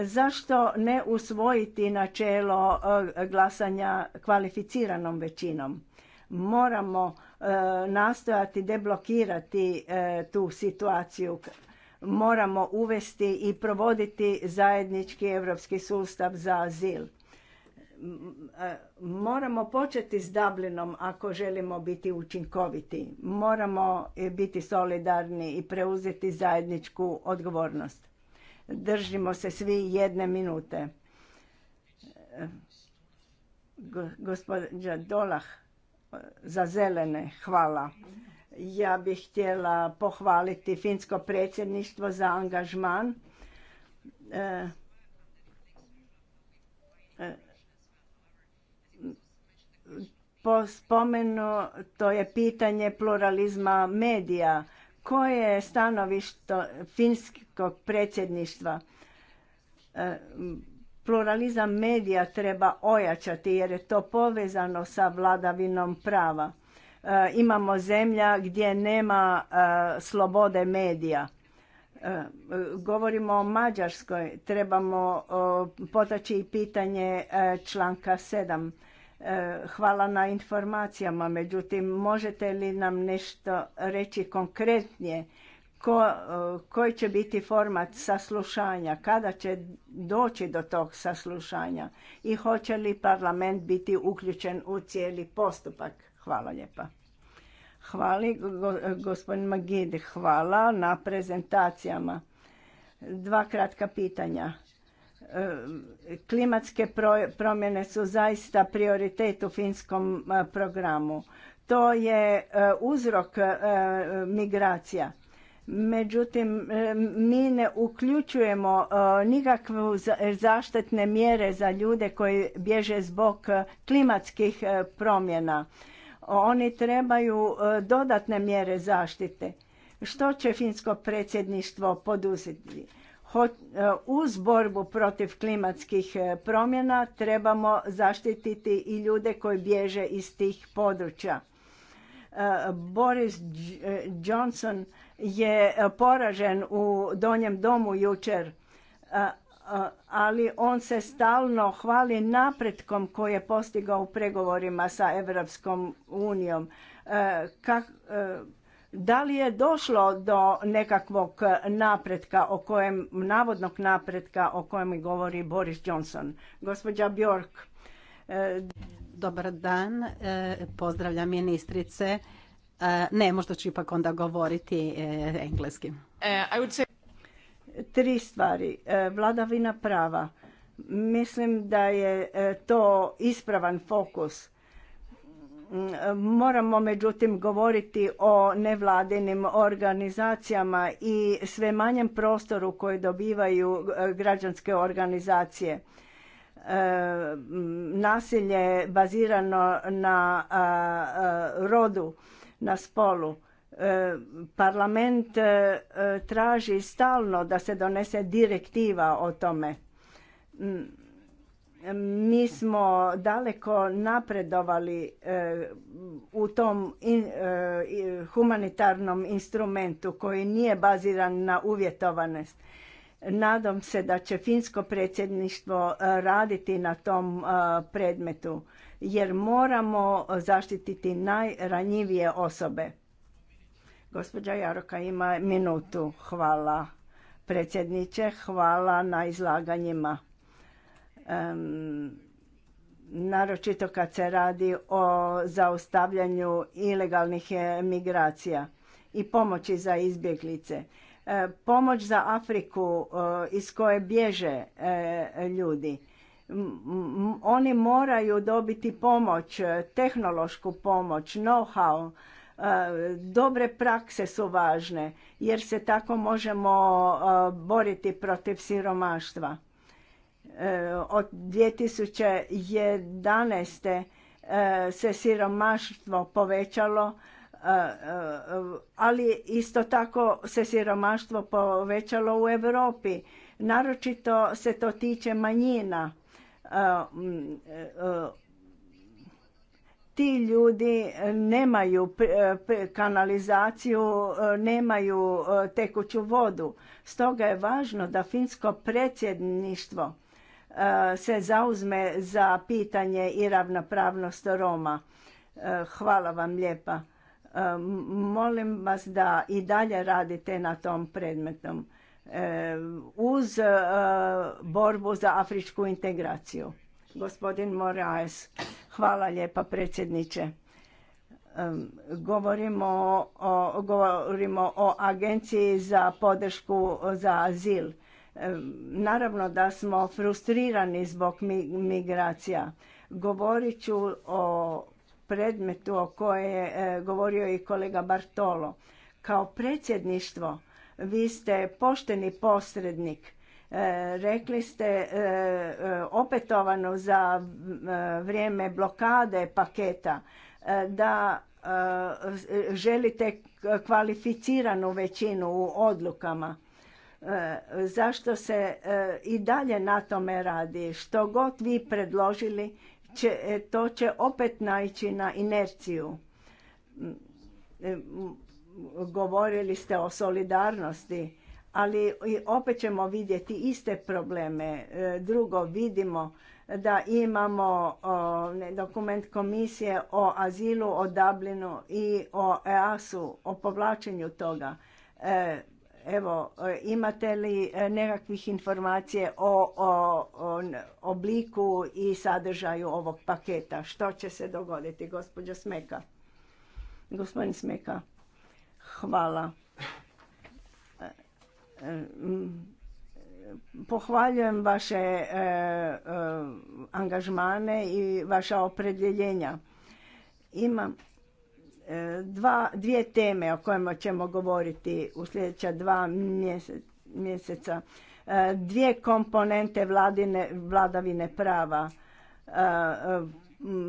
zašto ne usvojiti načelo e, glasanja kvalificiranom većinom? Moramo nastojati deblokirati tu situaciju. Moramo uvesti i provoditi zajednički europski sustav za azil moramo početi s Dublinom ako želimo biti učinkoviti. Moramo e, biti solidarni i preuzeti zajedničku odgovornost. Držimo se svi jedne minute. E, Gospodin Dolah e, za zelene, hvala. Ja bih htjela pohvaliti finsko predsjedništvo za angažman. spomenu, to je pitanje pluralizma medija. Koje je stanovišto finskog predsjedništva? E, pluralizam medija treba ojačati jer je to povezano sa vladavinom prava. E, imamo zemlja gdje nema e, slobode medija. Govorimo o Mađarskoj, trebamo potaći i pitanje članka 7 E, hvala na informacijama, međutim, možete li nam nešto reći konkretnije? Ko, e, koji će biti format saslušanja, kada će doći do tog saslušanja i hoće li parlament biti uključen u cijeli postupak? Hvala lijepa. Hvali, gospodin Magid, hvala na prezentacijama. Dva kratka pitanja klimatske promjene su zaista prioritet u finskom e, programu. To je e, uzrok e, migracija. Međutim, mi ne uključujemo nikakve zaštitne mjere za ljude koji bježe zbog klimatskih promjena. Oni trebaju dodatne mjere zaštite. Što će finsko predsjedništvo poduzeti? E, uz borbu protiv klimatskih e, promjena trebamo zaštititi i ljude koji bježe iz tih područja. E, Boris Johnson je poražen u Donjem domu jučer, ali on se stalno hvali napretkom koji je postigao u pregovorima sa Europskom unijom. Da li je došlo do nekakvog napretka o kojem, navodnog napretka o kojem govori Boris Johnson? Gospođa Bjork. E, Dobar dan, e, pozdravljam ministrice. E, ne, možda ću ipak onda govoriti engleski. Tri stvari. Vladavina prava. Mislim da je to ispravan fokus Moramo međutim govoriti o nevladinim organizacijama i sve manjem prostoru koji dobivaju e, građanske organizacije. E, nasilje bazirano na rodu, na spolu. E, parlament traži stalno da se donese direktiva o tome mi smo daleko napredovali e, u tom e, humanitarnom instrumentu koji nije baziran na uvjetovanost. Nadam se da će finsko predsjedništvo e, raditi na tom predmetu jer moramo zaštititi najranjivije osobe. Gospođa Jaroka ima minutu. Hvala predsjedniče, hvala na izlaganjima naročito kad se radi o zaustavljanju ilegalnih migracija i pomoći za izbjeglice. E, pomoć za Afriku e, iz koje bježe e, ljudi. Oni moraju dobiti pomoć, tehnološku pomoć, know-how. Dobre prakse su važne jer se tako možemo boriti protiv siromaštva E, od 2011. E, se siromaštvo povećalo, e, ali isto tako se siromaštvo povećalo u Europi. Naročito se to tiče manjina. Ti ljudi nemaju kanalizaciju, nemaju tekuću vodu. Stoga je važno da finsko predsjedništvo Eh, se zauzme za pitanje i ravnopravnost Roma. Eh, hvala vam lijepa. Eh, molim vas da i dalje radite na tom predmetom uz borbu za afričku integraciju. Gospodin Moraes, hvala lijepa predsjedniče. Govorimo o, govorimo o agenciji za podršku za azil Naravno da smo frustrirani zbog migracija. Govorit ću o predmetu o koje je e, govorio i kolega Bartolo. Kao predsjedništvo vi ste pošteni posrednik. E, rekli ste e, opetovano za vrijeme blokade paketa da želite kvalificiranu većinu u odlukama E, zašto se e, i dalje na tome radi. Što god vi predložili, će, e, to će opet naći na inerciju. Govorili ste o solidarnosti, ali opet ćemo vidjeti iste probleme. Drugo, vidimo da imamo dokument komisije o azilu, o Dublinu i o EAS-u, o povlačenju toga. Evo, e, imate li e, nekakvih informacije o, o, obliku i sadržaju ovog paketa? Što će se dogoditi, gospođa Smeka? Gospodin Smeka, hvala. E, pohvaljujem vaše angažmane i vaša opredjeljenja. Imam dvije teme o kojima ćemo govoriti u sljedeća dva mjeseca. E, dvije komponente vladine, vladavine prava. E,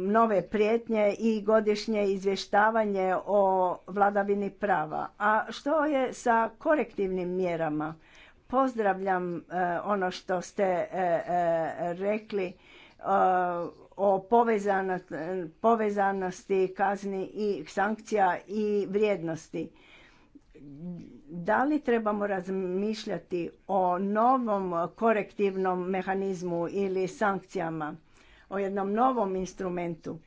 nove prijetnje i godišnje izvještavanje o vladavini prava. A što je sa korektivnim mjerama? Pozdravljam e, ono što ste rekli o povezanosti kazni i sankcija i vrijednosti. Da li trebamo razmišljati o novom korektivnom mehanizmu ili sankcijama, o jednom novom instrumentu?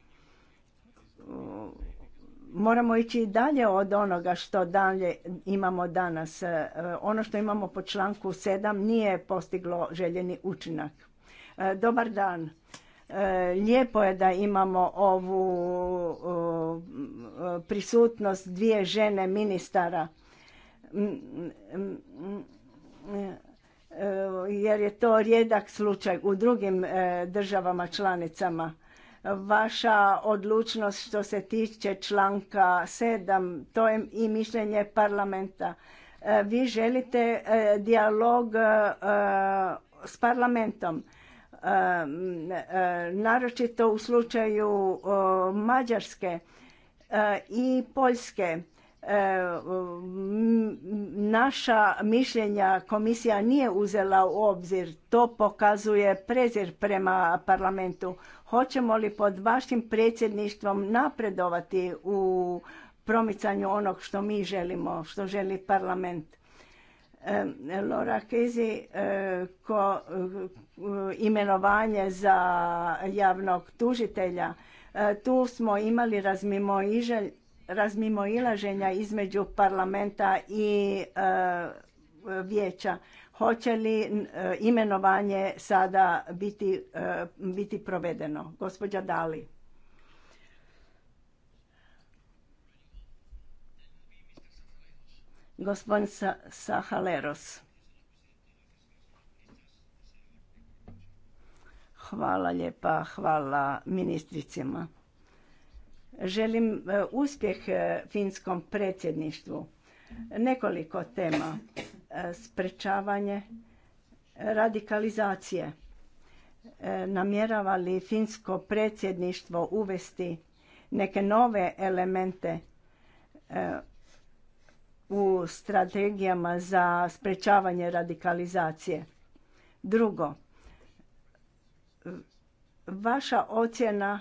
Moramo ići dalje od onoga što dalje imamo danas. E, ono što imamo po članku 7 nije postiglo željeni učinak. E, dobar dan. E, lijepo je da imamo ovu prisutnost dvije žene ministara e, jer je to rijedak slučaj u drugim e, državama članicama. Vaša odlučnost što se tiče članka 7, to je i mišljenje parlamenta. Vi želite dijalog s parlamentom Um, uh, naročito u slučaju uh, Mađarske uh, i Poljske. Naša mišljenja komisija nije uzela u obzir. To pokazuje prezir prema parlamentu. Hoćemo li pod vašim predsjedništvom napredovati u promicanju onog što mi želimo, što želi parlament? Um, Lora Kezi, E, imenovanje za javnog tužitelja. E, tu smo imali razmimoilaženja između parlamenta i e, vijeća. Hoće li imenovanje sada biti, provedeno? Gospođa Dali. Gospodin Sahaleros. Hvala lijepa, hvala ministricima. Želim e, uspjeh e, finskom predsjedništvu. Nekoliko tema. E, sprečavanje radikalizacije. Namjerava li finsko predsjedništvo uvesti neke nove elemente u strategijama za sprečavanje radikalizacije? Drugo, vaša ocjena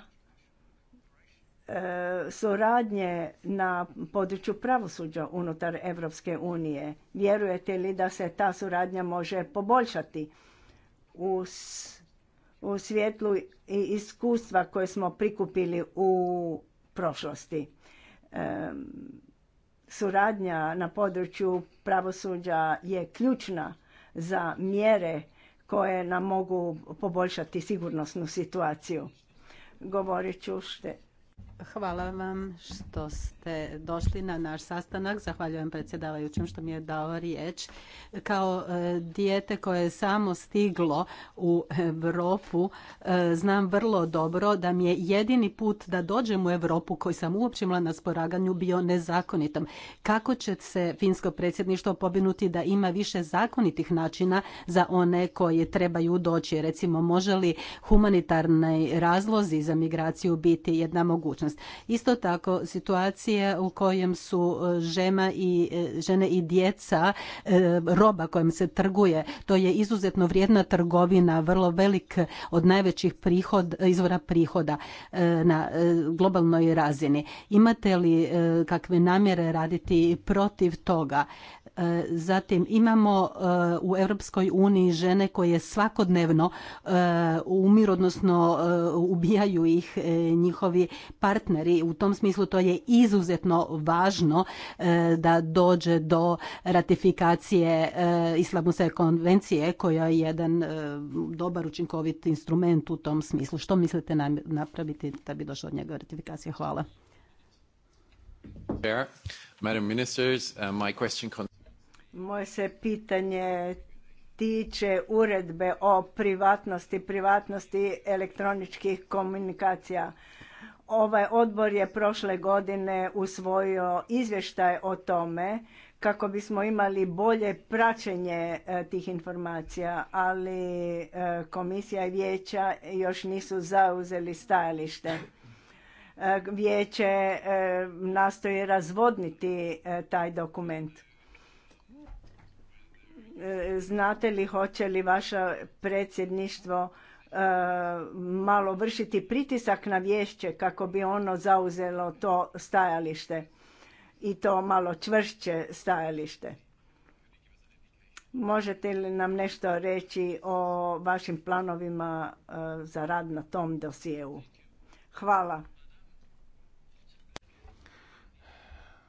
e, suradnje na području pravosuđa unutar Europske unije. Vjerujete li da se ta suradnja može poboljšati u, u svjetlu i iskustva koje smo prikupili u prošlosti? E, suradnja na području pravosuđa je ključna za mjere koje nam mogu poboljšati sigurnosnu situaciju. Govorit ću šte... Hvala vam što došli na naš sastanak. Zahvaljujem predsjedavajućem što mi je dao riječ. Kao e, dijete koje je samo stiglo u Europu, e, znam vrlo dobro da mi je jedini put da dođem u Europu koji sam uopće imala na sporaganju bio nezakonitom. Kako će se finsko predsjedništvo pobinuti da ima više zakonitih načina za one koje trebaju doći? Recimo, može li humanitarni razlozi za migraciju biti jedna mogućnost? Isto tako, situacija u kojem su e, žena i, e, žene i djeca e, roba kojom se trguje. To je izuzetno vrijedna trgovina, vrlo velik od najvećih prihod, izvora prihoda na globalnoj razini. Imate li kakve namjere raditi protiv toga? Zatim imamo e, u Europskoj uniji žene koje svakodnevno e, umiru, odnosno e, ubijaju ih njihovi partneri. U tom smislu to je izuzetno važno da dođe do ratifikacije Islamske konvencije koja je jedan dobar učinkovit instrument u tom smislu. Što mislite napraviti da bi došlo od njega ratifikacija? Hvala. Uh, moje se pitanje tiče uredbe o privatnosti, privatnosti elektroničkih komunikacija. Ovaj odbor je prošle godine usvojio izvještaj o tome kako bismo imali bolje praćenje e, tih informacija, ali e, komisija i vijeća još nisu zauzeli stajalište. E, vijeće nastoji razvodniti taj dokument E, znate li hoće li vaše predsjedništvo e, malo vršiti pritisak na vješće kako bi ono zauzelo to stajalište i to malo čvršće stajalište. Možete li nam nešto reći o vašim planovima e, za rad na tom dosijevu? Hvala.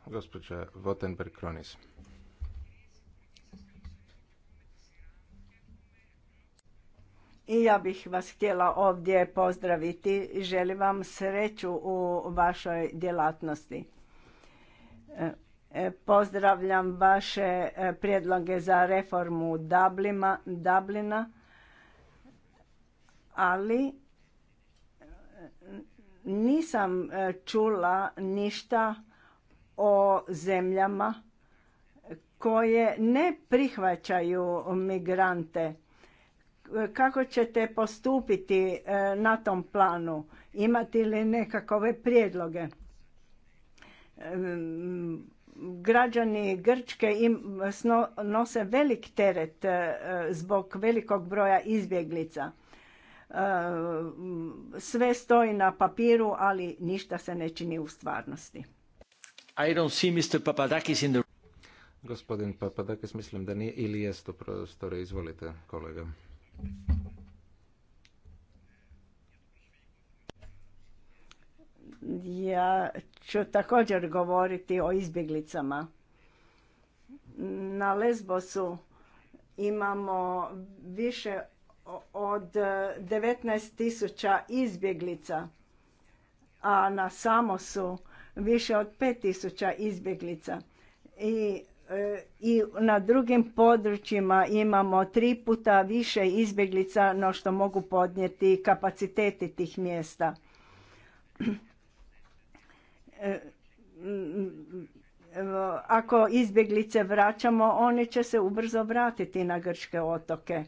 Gospođa Votenberg-Kronis. I ja bih vas htjela ovdje pozdraviti i želim vam sreću u vašoj djelatnosti. E, e, pozdravljam vaše e, prijedloge za reformu Dublina, ali nisam čula ništa o zemljama koje ne prihvaćaju migrante kako ćete postupiti e, na tom planu? Imate li nekakove prijedloge? Građani Grčke im nose velik teret e, zbog velikog broja izbjeglica. E, sve stoji na papiru, ali ništa se ne čini u stvarnosti. I Papadakis Gospodin Papadakis, mislim da nije, ili jest u prostoru, izvolite kolega. Ja ću također govoriti o izbjeglicama. Na Lesbosu imamo više od 19.000 izbjeglica, a na Samosu više od 5.000 izbjeglica. I E, i na drugim područjima imamo tri puta više izbjeglica no što mogu podnijeti kapaciteti tih mjesta. E, ako izbjeglice vraćamo, oni će se ubrzo vratiti na grčke otoke.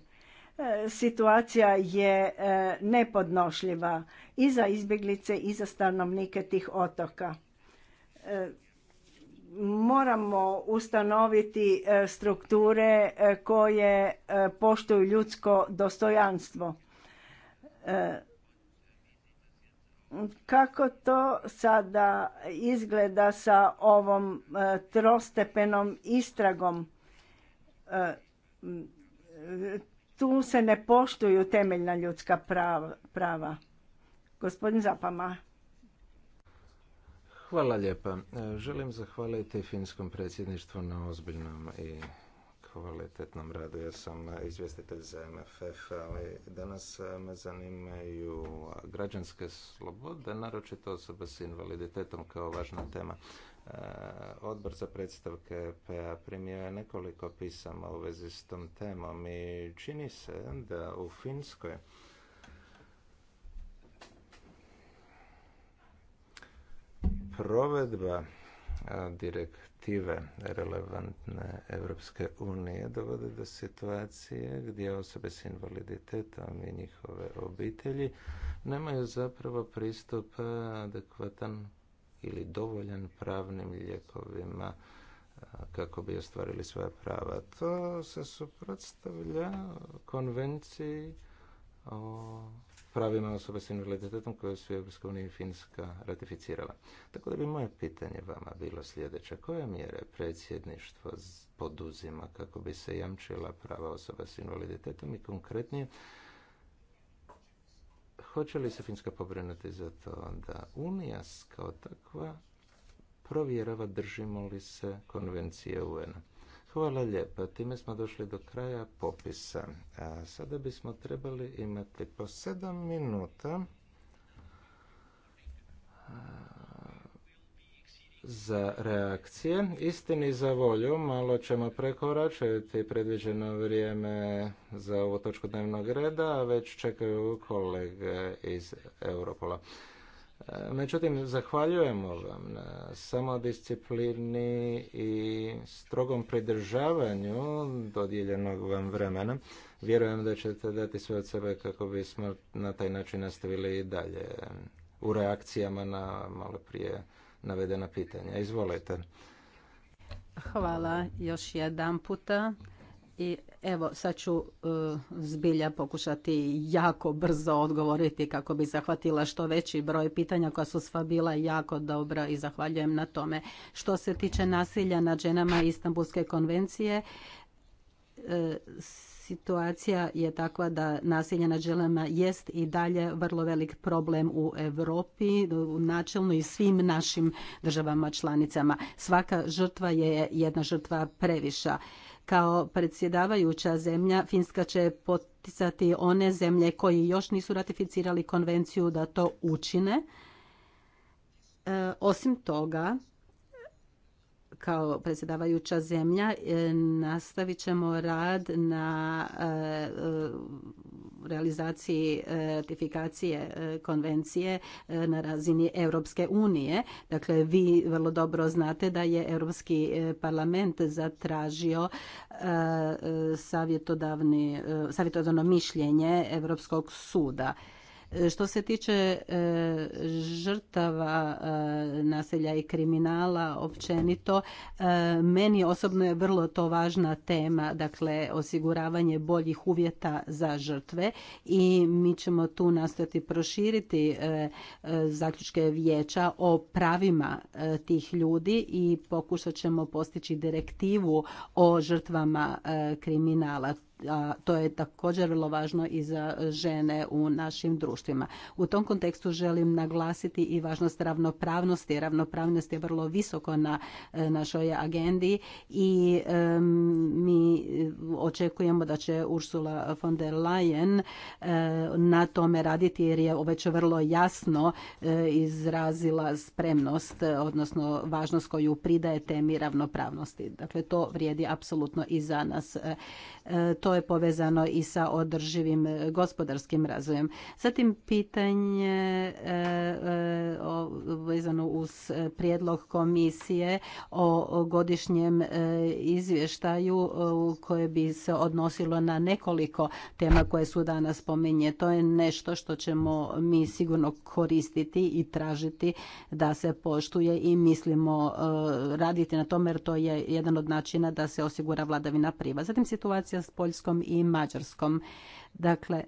E, situacija je nepodnošljiva i za izbjeglice i za stanovnike tih otoka moramo ustanoviti e, strukture e, koje e, poštuju ljudsko dostojanstvo. Kako to sada izgleda sa ovom trostepenom istragom? Tu se ne poštuju temeljna ljudska prava. Gospodin Zapama. Hvala lijepa. E, želim zahvaliti Finskom predsjedništvu na ozbiljnom i kvalitetnom radu. Ja sam izvjestitelj za MFF, ali danas e, me zanimaju građanske slobode, naročito osoba s invaliditetom kao važna tema. E, Odbor za predstavke PA primio je nekoliko pisama u vezi s tom temom i čini se da u Finskoj provedba direktive relevantne Europske unije dovode do situacije gdje osobe s invaliditetom i njihove obitelji nemaju zapravo pristup adekvatan ili dovoljan pravnim lijekovima kako bi ostvarili svoja prava. To se suprotstavlja konvenciji o pravima osoba s invaliditetom koje su Europska i Finska ratificirala. Tako da bi moje pitanje vama bilo sljedeće. Koje mjere predsjedništvo poduzima kako bi se jamčila prava osoba s invaliditetom i konkretnije hoće li se Finska pobrinuti za to da Unija kao takva provjerava držimo li se konvencije UN-a? Hvala lijepa. Time smo došli do kraja popisa. sada bismo trebali imati po sedam minuta za reakcije. Istini za volju, malo ćemo prekoračiti predviđeno vrijeme za ovu točku dnevnog reda, a već čekaju kolege iz Europola. Međutim, zahvaljujemo vam na samodisciplini i strogom pridržavanju dodijeljenog vam vremena. Vjerujem da ćete dati sve od sebe kako bismo na taj način nastavili i dalje u reakcijama na malo prije navedena pitanja. Izvolite. Hvala još jedan puta i Evo, sad ću e, zbilja pokušati jako brzo odgovoriti kako bi zahvatila što veći broj pitanja koja su sva bila jako dobra i zahvaljujem na tome. Što se tiče nasilja nad ženama Istanbulske konvencije, e, situacija je takva da nasilje nad ženama jest i dalje vrlo velik problem u Europi, načelno i svim našim državama članicama. Svaka žrtva je jedna žrtva previša. Kao predsjedavajuća zemlja Finska će poticati one zemlje koji još nisu ratificirali konvenciju da to učine. E, osim toga, kao predsjedavajuća zemlja e, nastavit ćemo rad na e, e, realizaciji ratifikacije konvencije na razini Europske unije. Dakle, vi vrlo dobro znate da je Europski parlament zatražio savjetodavno mišljenje Europskog suda. Što se tiče e, žrtava e, naselja i kriminala općenito, e, meni osobno je vrlo to važna tema, dakle osiguravanje boljih uvjeta za žrtve i mi ćemo tu nastojati proširiti zaključke vijeća o pravima tih ljudi i pokušat ćemo postići direktivu o žrtvama kriminala a to je također vrlo važno i za žene u našim društvima. U tom kontekstu želim naglasiti i važnost ravnopravnosti. Ravnopravnost je vrlo visoko na e, našoj agendi i mi očekujemo da će Ursula von der Leyen e, na tome raditi jer je već vrlo jasno e, izrazila spremnost, odnosno važnost koju pridaje temi ravnopravnosti. Dakle, to vrijedi apsolutno i za nas. To je povezano i sa održivim e, gospodarskim razvojem. Zatim pitanje e, e, vezano uz prijedlog komisije o godišnjem izvještaju koje bi se odnosilo na nekoliko tema koje su danas spominje. To je nešto što ćemo mi sigurno koristiti i tražiti da se poštuje i mislimo raditi na tome jer to je jedan od načina da se osigura vladavina priva. Zatim situacija s Poljskom Bugarskom i Mađarskom. Dakle,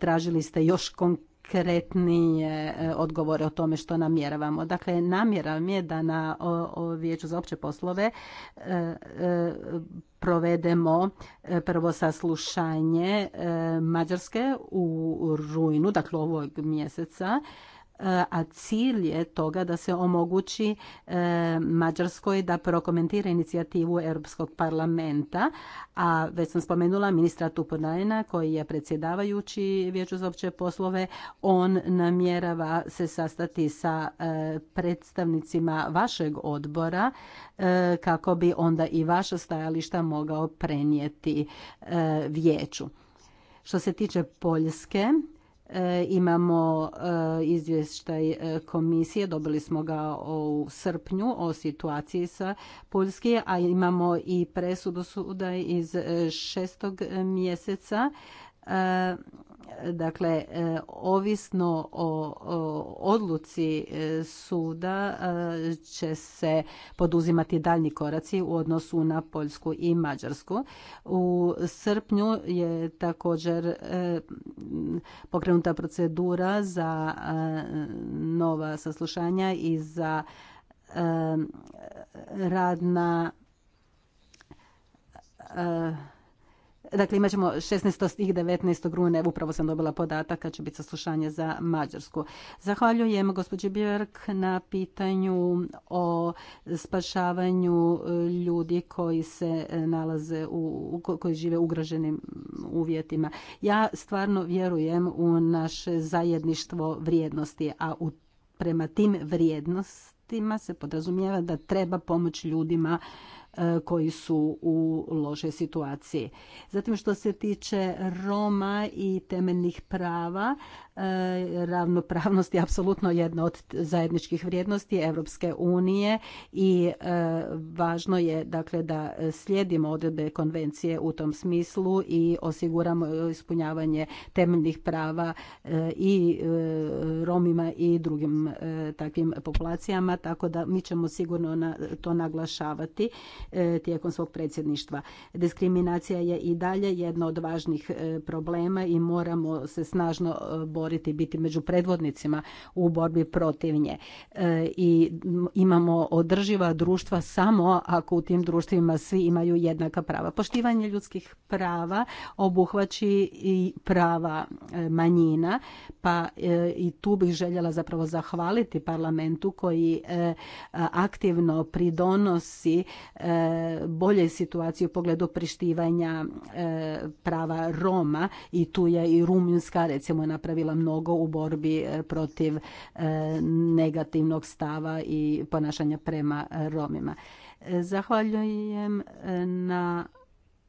tražili ste još konkretnije e, odgovore o tome što namjeravamo. Dakle, namjera mi je da na Vijeću za opće poslove e, e, provedemo prvo saslušanje Mađarske u rujnu, dakle ovog mjeseca, E, a cilj je toga da se omogući e, Mađarskoj da prokomentira inicijativu Europskog parlamenta, a već sam spomenula ministra Tupodajna koji je predsjedavajući Vijeću za opće poslove, on namjerava se sastati sa e, predstavnicima vašeg odbora kako bi onda i vaša stajališta mogao prenijeti vijeću. Što se tiče Poljske, E, imamo e, izvještaj e, komisije, dobili smo ga u srpnju o situaciji sa Poljske, a imamo i presudu suda iz šestog mjeseca E, dakle e, ovisno o odluci e, suda će se poduzimati daljnji koraci u odnosu na Poljsku i Mađarsku. U srpnju je također pokrenuta procedura za nova saslušanja i za radna Dakle, imat ćemo 16. i 19. rune, upravo sam dobila podatak kad će biti saslušanje za Mađarsku. Zahvaljujem gospođi Björk na pitanju o spašavanju e, ljudi koji se e, nalaze, u, koji žive u uvjetima. Ja stvarno vjerujem u naše zajedništvo vrijednosti, a u, prema tim vrijednostima se podrazumijeva da treba pomoć ljudima E, koji su u lošoj situaciji. Zatim što se tiče Roma i temeljnih prava, e, ravnopravnost je apsolutno jedna od zajedničkih vrijednosti Europske unije i e, važno je dakle da slijedimo odredbe konvencije u tom smislu i osiguramo ispunjavanje temeljnih prava i Romima i drugim takvim populacijama, tako da mi ćemo sigurno to naglašavati E, tijekom svog predsjedništva. Diskriminacija je i dalje jedno od važnih e, problema i moramo se snažno e, boriti, biti među predvodnicima u borbi protiv nje. I imamo održiva društva samo ako u tim društvima svi imaju jednaka prava. Poštivanje ljudskih prava obuhvaći i prava manjina, pa i tu bih željela zapravo zahvaliti parlamentu koji aktivno pridonosi bolje situacije u pogledu prištivanja e, prava Roma i tu je i Rumunjska recimo napravila mnogo u borbi e, protiv e, negativnog stava i ponašanja prema Romima. Zahvaljujem na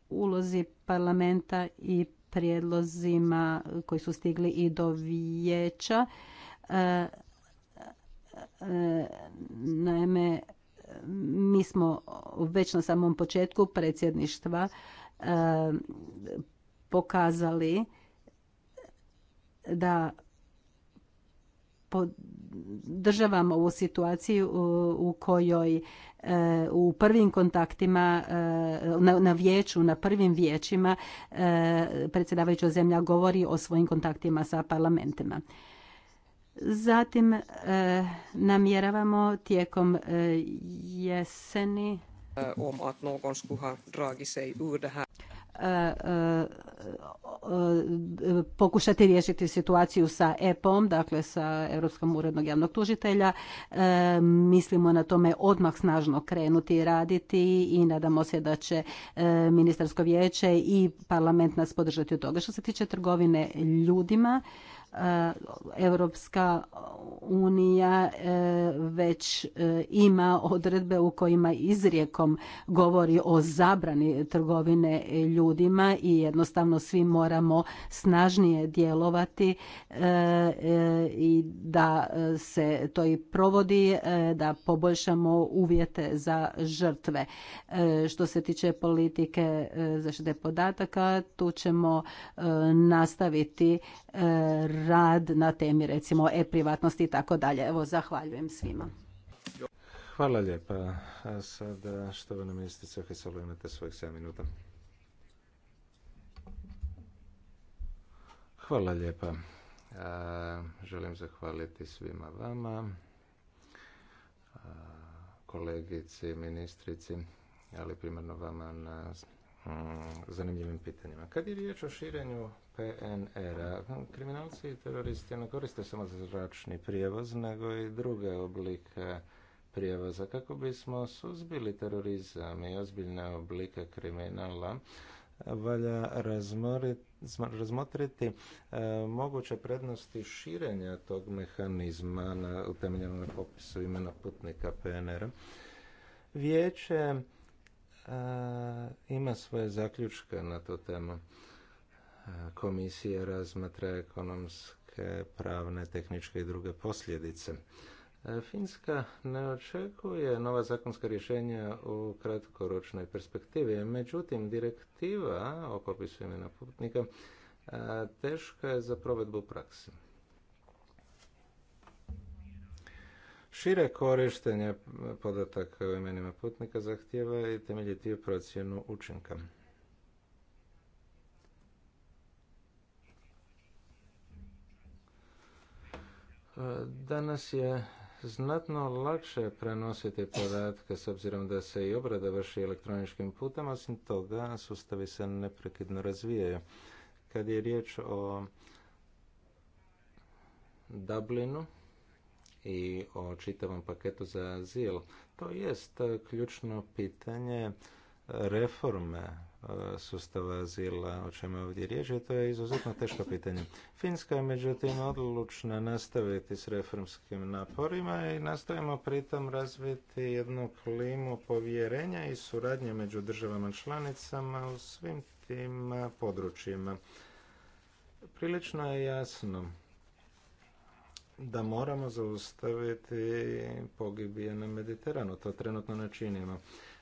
ulozi parlamenta i prijedlozima koji su stigli i do vijeća. Naime, mi smo već na samom početku predsjedništva e, pokazali da podržavamo ovu situaciju u kojoj e, u prvim kontaktima e, na vijeću, na prvim vijećima predsjedavajuća zemlja govori o svojim kontaktima sa parlamentima. Zatim e, namjeravamo tijekom e, jeseni e, Pokušati riješiti situaciju sa EPOM, dakle sa Europskom urednog javnog tužitelja. Mislimo na tome odmah snažno krenuti i raditi i nadamo se da će ministarsko vijeće i parlament nas podržati u toga. Što se tiče trgovine ljudima, Europska unija e, već e, ima odredbe u kojima izrijekom govori o zabrani trgovine ljudima i jednostavno svi moramo snažnije djelovati e, i da se to i provodi, da poboljšamo uvjete za žrtve. Što se tiče politike zaštite podataka, tu ćemo nastaviti rad na temi recimo e-privatnosti i tako dalje. Evo, zahvaljujem svima. Hvala lijepa. A sada, vam ministrica Hesalo, imate svojih 7 minuta. Hvala lijepa. Želim zahvaliti svima vama, kolegici, ministrici, ali primarno vama na mm, zanimljivim pitanjima. Kad je riječ o širenju PNR-a. Kriminalci i teroristi ne koriste samo zračni prijevoz, nego i druge oblike prijevoza. Kako bismo suzbili terorizam i ozbiljne oblike kriminala, valja razmotriti e, moguće prednosti širenja tog mehanizma na, utemeljenom popisu imena putnika PNR-a. Vijeće e, ima svoje zaključke na tu temu komisije razmatra ekonomske, pravne, tehničke i druge posljedice. E, Finska ne očekuje nova zakonska rješenja u kratkoročnoj perspektivi, međutim direktiva o popisu imena putnika e, teška je za provedbu u praksi. Šire korištenje podataka o imenima putnika zahtjeva i temeljitiju procjenu učinka. Danas je znatno lakše prenositi podatke s obzirom da se i obrada vrši elektroničkim putem, osim toga sustavi se neprekidno razvijaju. Kad je riječ o Dublinu i o čitavom paketu za azil, to jest ključno pitanje reforme E, sustava azila, o čemu je ovdje riječ, to je izuzetno teško pitanje. Finska je međutim odlučna nastaviti s reformskim naporima i nastavimo pritom razviti jednu klimu povjerenja i suradnje među državama članicama u svim tim područjima. Prilično je jasno da moramo zaustaviti pogibije na Mediteranu, to trenutno ne činimo.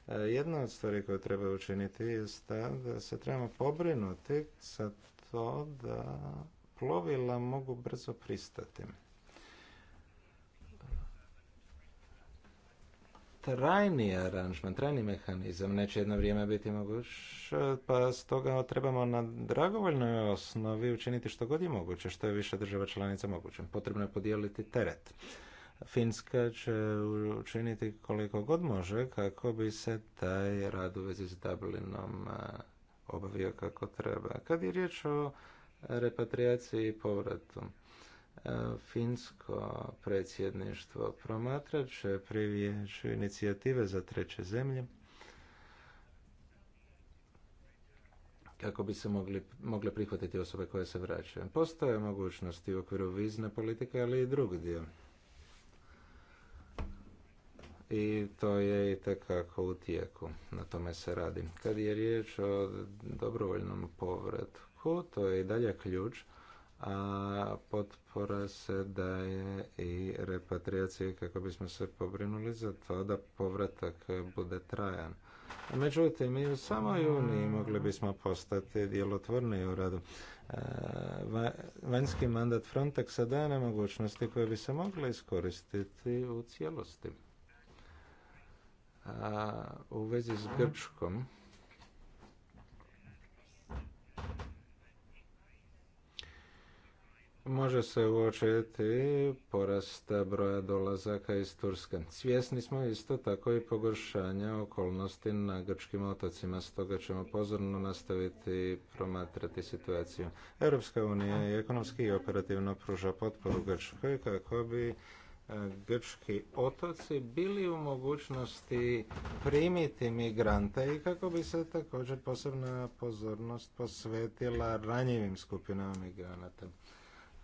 E, jedna od stvari koju treba učiniti je da se trebamo pobrinuti za to da plovila mogu brzo pristati. trajni aranžman, trajni mehanizam neće jedno vrijeme biti moguć, pa stoga trebamo na dragovoljnoj osnovi učiniti što god je moguće, što je više država članica moguće. Potrebno je podijeliti teret. Finska će učiniti koliko god može kako bi se taj rad u vezi s Dublinom e, obavio kako treba. Kad je riječ o repatriaciji i povratu, e, Finsko predsjedništvo promatrat će privijeću inicijative za treće zemlje kako bi se mogli, mogle prihvatiti osobe koje se vraćaju. Postoje mogućnosti u okviru vizne politike, ali i drugi dio i to je i tekako u tijeku. Na tome se radi. Kad je riječ o dobrovoljnom povratku, to je i dalje ključ, a potpora se daje i repatriacije kako bismo se pobrinuli za to da povratak bude trajan. Međutim, i u samoj Uniji mogli bismo postati djelotvorni u radu. E, vanjski mandat Frontexa daje nemogućnosti koje bi se mogle iskoristiti u cijelosti a, u vezi s Grčkom. Može se uočiti porast broja dolazaka iz Turske. Svjesni smo isto tako i pogoršanja okolnosti na grčkim otocima, stoga ćemo pozorno nastaviti promatrati situaciju. Europska unija je ekonomski i operativno pruža potporu Grčkoj kako bi grčki otoci bili u mogućnosti primiti migrante i kako bi se također posebna pozornost posvetila ranjivim skupinama migranata.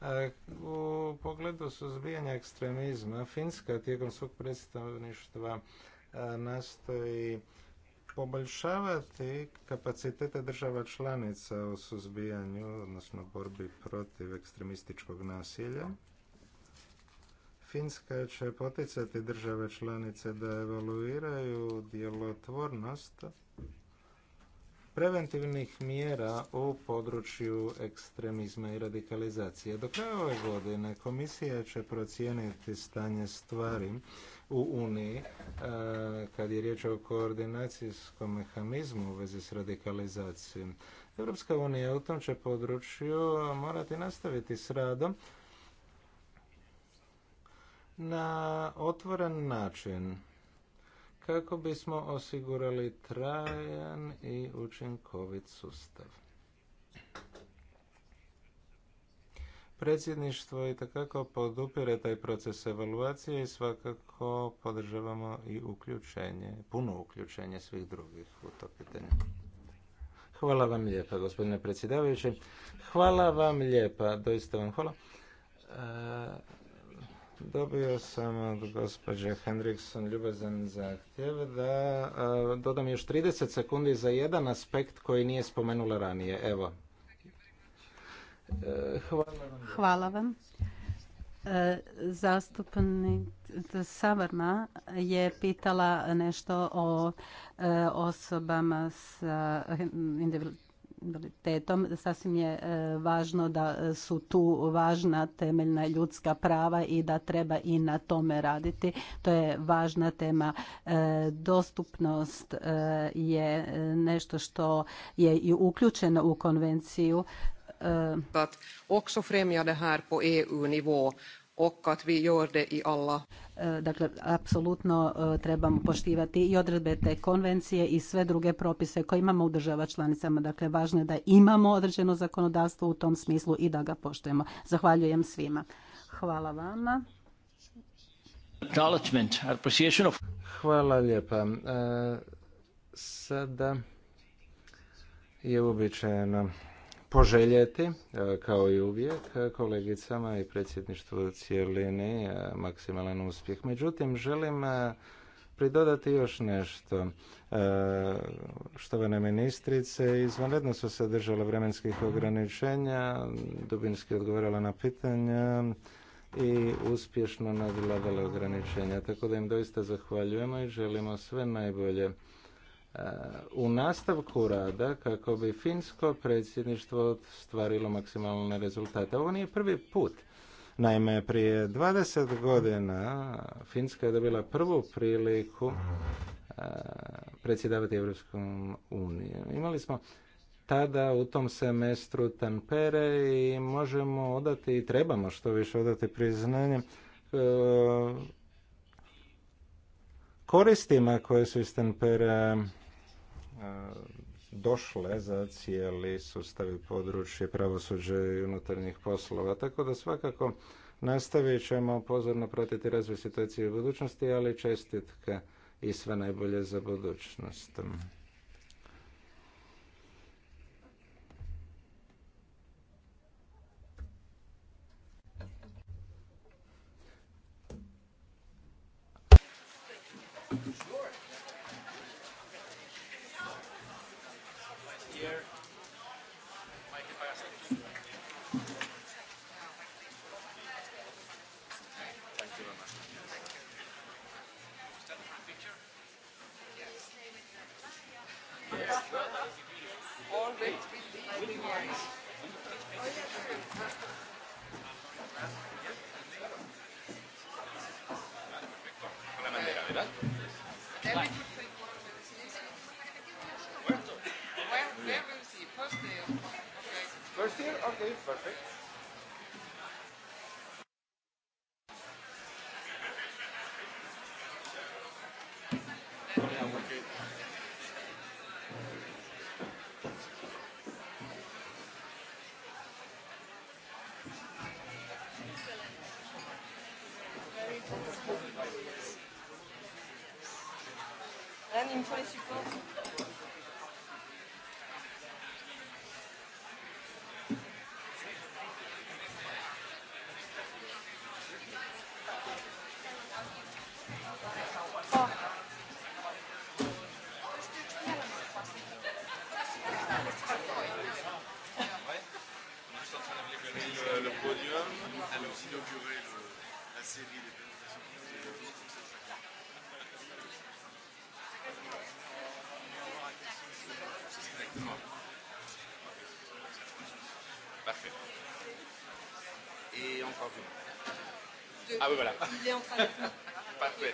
E, u pogledu suzbijanja ekstremizma, Finska tijekom svog predstavništva e, nastoji poboljšavati kapacitete država članica u suzbijanju, odnosno borbi protiv ekstremističkog nasilja. Finska će poticati države članice da evaluiraju djelotvornost preventivnih mjera u području ekstremizma i radikalizacije. Do kraja ove godine komisija će procijeniti stanje stvari u Uniji e, kad je riječ o koordinacijskom mehanizmu u vezi s radikalizacijom. Europska unija u tom će području morati nastaviti s radom na otvoren način kako bismo osigurali trajan i učinkovit sustav. Predsjedništvo i takako podupire taj proces evaluacije i svakako podržavamo i uključenje, puno uključenje svih drugih u to pitanje. Hvala vam lijepa, gospodine predsjedavajući. Hvala vam lijepa, doista vam hvala. E, Dobio sam od gospođe Hendrikson ljubazan zahtjev da dodam još 30 sekundi za jedan aspekt koji nije spomenula ranije. Evo. E, hvala vam. E, zastupnik Savarma je pitala nešto o e, osobama sa invaliditetom sasvim je e, važno da su tu važna temeljna ljudska prava i da treba i na tome raditi. To je važna tema. E, dostupnost e, je nešto što je i uključeno u konvenciju. Också främja det här på EU-nivå och i alla eh, Dakle, apsolutno eh, trebamo poštivati i odredbe te konvencije i sve druge propise koje imamo u država članicama. Dakle, važno je da imamo određeno zakonodavstvo u tom smislu i da ga poštujemo. Zahvaljujem svima. Hvala vama. Hvala lijepa. Eh, sada je uobičajeno poželjeti, e, kao i uvijek, kolegicama i predsjedništvu cijelini e, maksimalan uspjeh. Međutim, želim e, pridodati još nešto. Štovane ministrice, izvanredno su se držale vremenskih ograničenja, dubinski odgovarala na pitanja i uspješno nadvladale ograničenja. Tako da im doista zahvaljujemo i želimo sve najbolje u nastavku rada kako bi finsko predsjedništvo stvarilo maksimalne rezultate. Ovo nije prvi put. Naime, prije 20 godina Finska je dobila prvu priliku predsjedavati Europskom Imali smo tada u tom semestru Tampere i možemo odati i trebamo što više odati priznanje e, koristima koje su iz Tampere E, došle za cijeli sustav i područje pravosuđa i unutarnjih poslova. Tako da svakako nastavit ćemo pozorno pratiti razvoj situacije u budućnosti, ali čestitke i sve najbolje za budućnost. Anne, il me Ah oui, voilà. Il est en train de Parfait.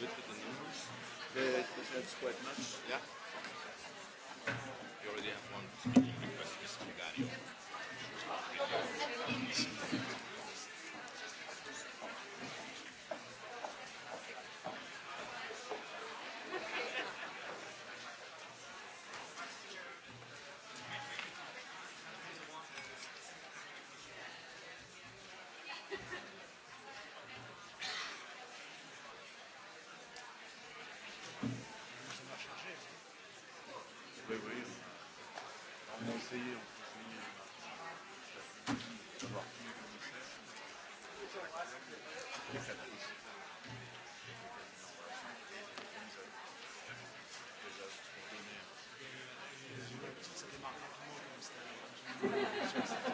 with the numbers. that's quite much. Yeah. You already have one speaking request, conseiller entre juillet et maintenant. Ça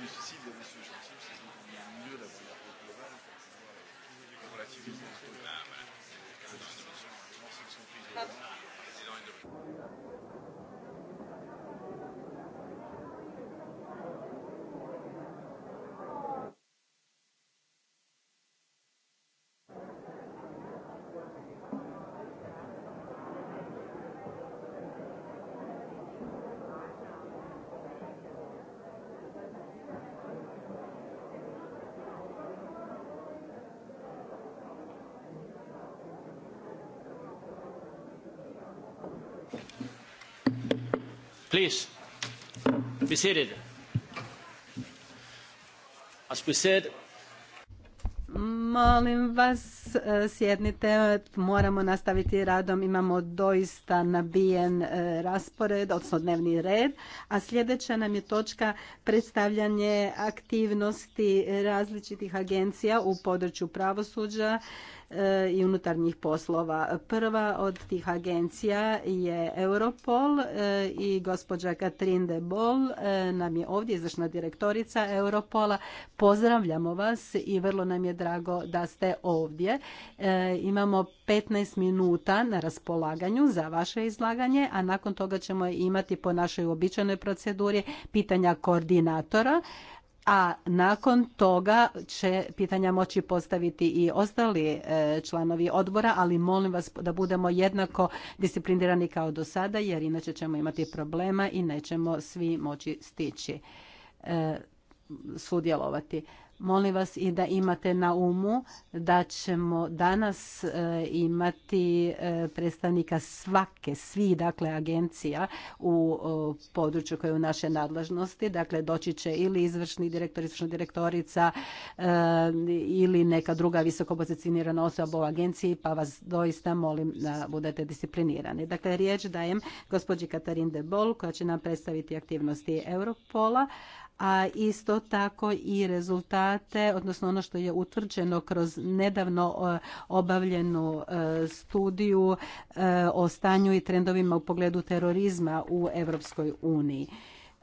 difficile d'aller sur les gentil, c'est mieux d'avoir euh, ah, euh, une globale pour pouvoir relativiser un peu la Please, be seated. Molim vas, e, sjednite, moramo nastaviti radom, imamo doista nabijen e, raspored, odnosno dnevni red, a sljedeća nam je točka predstavljanje aktivnosti različitih agencija u području pravosuđa, i unutarnjih poslova. Prva od tih agencija je Europol e, i gospođa Katrin de Bol e, nam je ovdje izvršna direktorica Europola. Pozdravljamo vas i vrlo nam je drago da ste ovdje. E, imamo 15 minuta na raspolaganju za vaše izlaganje, a nakon toga ćemo imati po našoj uobičajenoj proceduri pitanja koordinatora a nakon toga će pitanja moći postaviti i ostali e, članovi odbora, ali molim vas da budemo jednako disciplinirani kao do sada, jer inače ćemo imati problema i nećemo svi moći stići e, sudjelovati. Molim vas i da imate na umu da ćemo danas e, imati e, predstavnika svake, svih dakle agencija u području koje je u naše nadležnosti. Dakle, doći će ili izvršni direktor, izvršna direktorica e, ili neka druga visoko pozicionirana osoba u agenciji, pa vas doista molim da budete disciplinirani. Dakle, riječ dajem gospođi Katarin Debol koja će nam predstaviti aktivnosti Europola, a isto tako i rezultate, odnosno ono što je utvrđeno kroz nedavno e, obavljenu e, studiju e, o stanju i trendovima u pogledu terorizma u Europskoj uniji.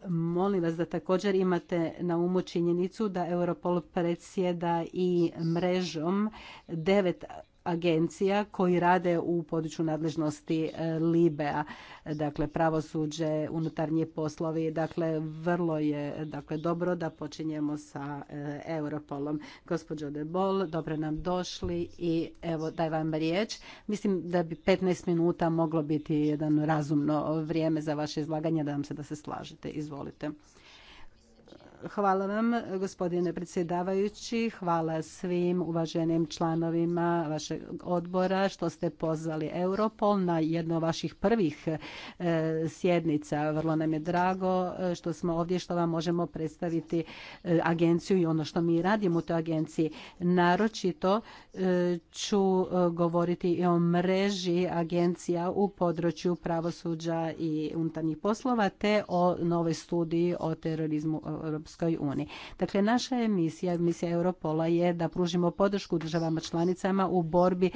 Molim vas da također imate na umu činjenicu da Europol predsjeda i mrežom devet agencija koji rade u području nadležnosti e, Libea, dakle pravosuđe, unutarnji poslovi, dakle vrlo je dakle, dobro da počinjemo sa e, Europolom. Gospođo Bol, dobro nam došli i evo daj vam riječ. Mislim da bi 15 minuta moglo biti jedan razumno vrijeme za vaše izlaganje, da se da se slažete. Izvolite. Hvala vam gospodine predsjedavajući, hvala svim uvaženim članovima vašeg odbora što ste pozvali Europol na jedno vaših prvih e, sjednica. Vrlo nam je drago e, što smo ovdje, što vam možemo predstaviti e, agenciju i ono što mi radimo u toj agenciji. Naročito ću govoriti i o mreži agencija u području pravosuđa i unutarnjih poslova te o novoj studiji o terorizmu Europskoj uniji. Dakle, naša emisija, misija, Europola je da pružimo podršku državama članicama u borbi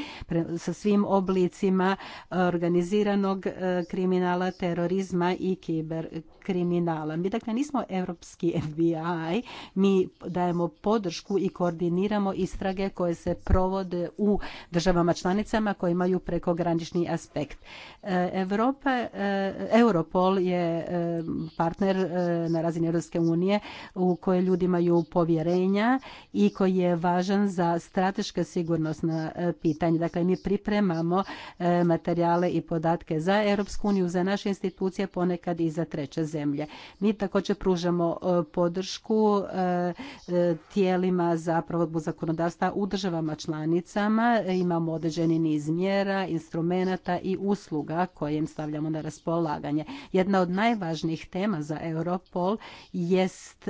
sa svim oblicima e, organiziranog e, kriminala, terorizma i kiberkriminala. Mi dakle nismo europski FBI, mi dajemo podršku i koordiniramo istrage koje se provode u državama članicama koje imaju prekogranični aspekt. Europa, e, Europol je partner na razini Europske unije u koje ljudi imaju povjerenja i koji je važan za strateška sigurnosna e, pitanja. Dakle, mi pripremamo e, materijale i podatke za Europsku uniju, za naše institucije, ponekad i za treće zemlje. Mi također pružamo e, podršku tijelima za provodbu zakonodavstva u državama članicama. Imamo određeni niz mjera, instrumenata i usluga koje im stavljamo na raspolaganje. Jedna od najvažnijih tema za Europol jest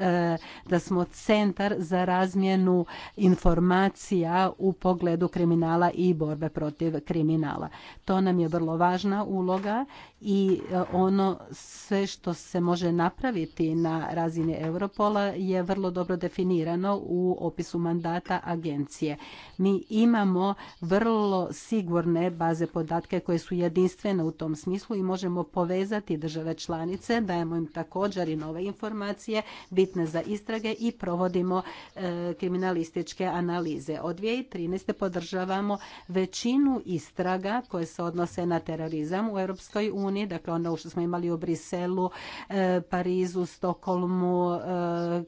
E, da smo centar za razmjenu informacija u pogledu kriminala i borbe protiv kriminala. To nam je vrlo važna uloga i e, ono sve što se može napraviti na razini Europola je vrlo dobro definirano u opisu mandata agencije. Mi imamo vrlo sigurne baze podatke koje su jedinstvene u tom smislu i možemo povezati države članice, dajemo im također i nove informacije, biti bitne za istrage i provodimo e, kriminalističke analize. Od 2013. podržavamo većinu istraga koje se odnose na terorizam u Europskoj uniji, dakle ono što smo imali u Briselu, e, Parizu, Stokholmu, e,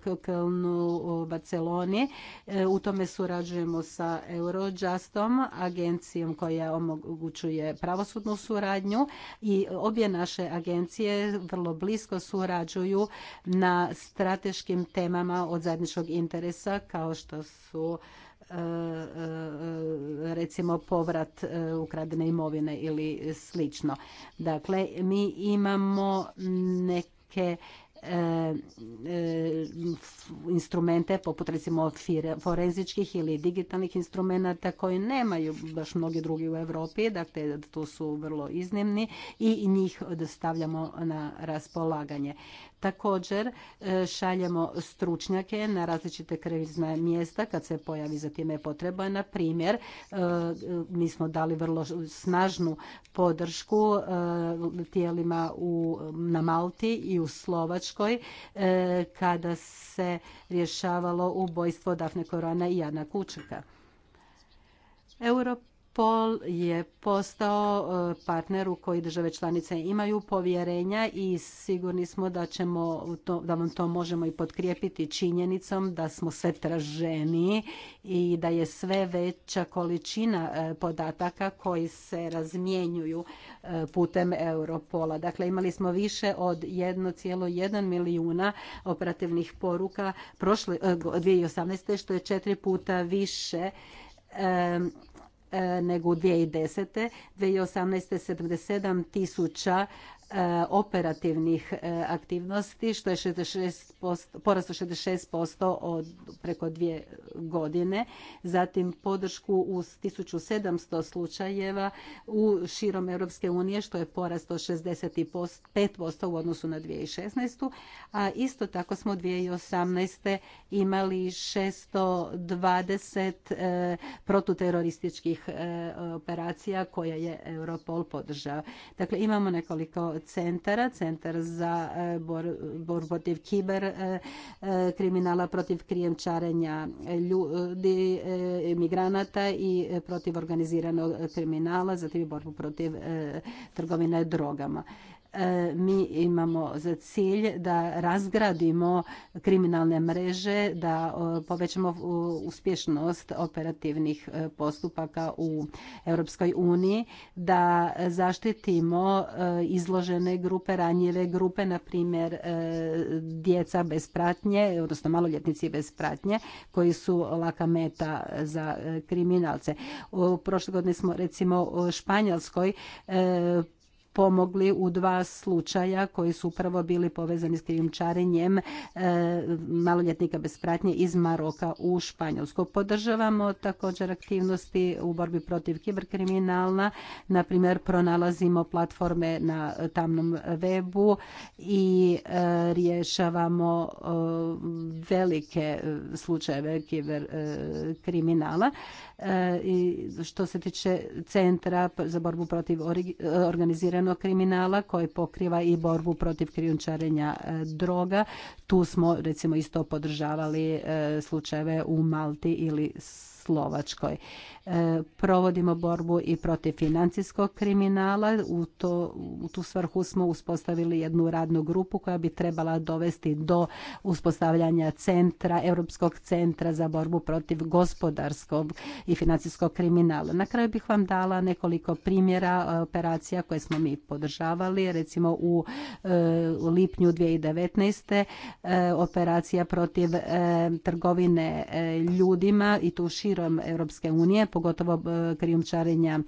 Kölnu, Barceloni. U tome surađujemo sa Eurojustom, agencijom koja omogućuje pravosudnu suradnju i obje naše agencije vrlo blisko surađuju na strate strateškim temama od zajedničkog interesa kao što su e, e, e, recimo povrat ukradene imovine ili slično. Dakle, mi imamo neke instrumente poput recimo forenzičkih ili digitalnih instrumenata koji nemaju baš mnogi drugi u Europi, dakle tu su vrlo iznimni i njih stavljamo na raspolaganje. Također e, šaljemo stručnjake na različite krizna mjesta kad se pojavi za time potreba. Na primjer, e, mi smo dali vrlo snažnu podršku e, tijelima na Malti i u Slovačkoj kada se rješavalo ubojstvo Dafne Korona i Jana Kučeka. Europa. Pol je postao e, partner u koji države članice imaju povjerenja i sigurni smo da ćemo to, da vam to možemo i potkrijepiti činjenicom da smo sve traženi i da je sve veća količina e, podataka koji se razmjenjuju e, putem Europola. Dakle, imali smo više od 1,1 milijuna operativnih poruka prošle 2018. što je četiri puta više nego u 2010. 2018. 77 tisuća E, operativnih e, aktivnosti, što je 66%, šest 66% od preko dvije godine. Zatim podršku u 1700 slučajeva u širom Europske unije, što je porast od 65% u odnosu na 2016. A isto tako smo 2018. imali 620 e, protuterorističkih operacija koje je Europol podržao. Dakle, imamo nekoliko centara, centar za e, borbu protiv kiber e, e, kriminala, protiv krijemčarenja ljudi, migranata i protiv organiziranog kriminala, zatim borbu protiv trgovine drogama. E, mi imamo za cilj da razgradimo kriminalne mreže, da povećamo uspješnost operativnih e, postupaka u Europskoj uniji, da zaštitimo e, izložene grupe, ranjive grupe, na primjer djeca bez pratnje, odnosno maloljetnici bez pratnje, koji su laka meta za kriminalce. U prošle godine smo recimo u Španjolskoj pomogli u dva slučaja koji su upravo bili povezani s krijumčarenjem e, maloljetnika bez pratnje iz Maroka u Španjolsku. Podržavamo također aktivnosti u borbi protiv kiberkriminala. Na pronalazimo platforme na tamnom webu i e, rješavamo e, velike slučajeve kiberkriminala. Što se tiče Centra za borbu protiv organizirane organiziranog kriminala koji pokriva i borbu protiv krijumčarenja e, droga. Tu smo recimo isto podržavali e, slučajeve u Malti ili Slovačkoj. E, provodimo borbu i protiv financijskog kriminala. U, to, u tu svrhu smo uspostavili jednu radnu grupu koja bi trebala dovesti do uspostavljanja centra, Europskog centra za borbu protiv gospodarskog i financijskog kriminala. Na kraju bih vam dala nekoliko primjera e, operacija koje smo mi podržavali. Recimo u e, lipnju 2019. operacija protiv trgovine ljudima i tu širom Europske unije pogotovo e, krijumčarenja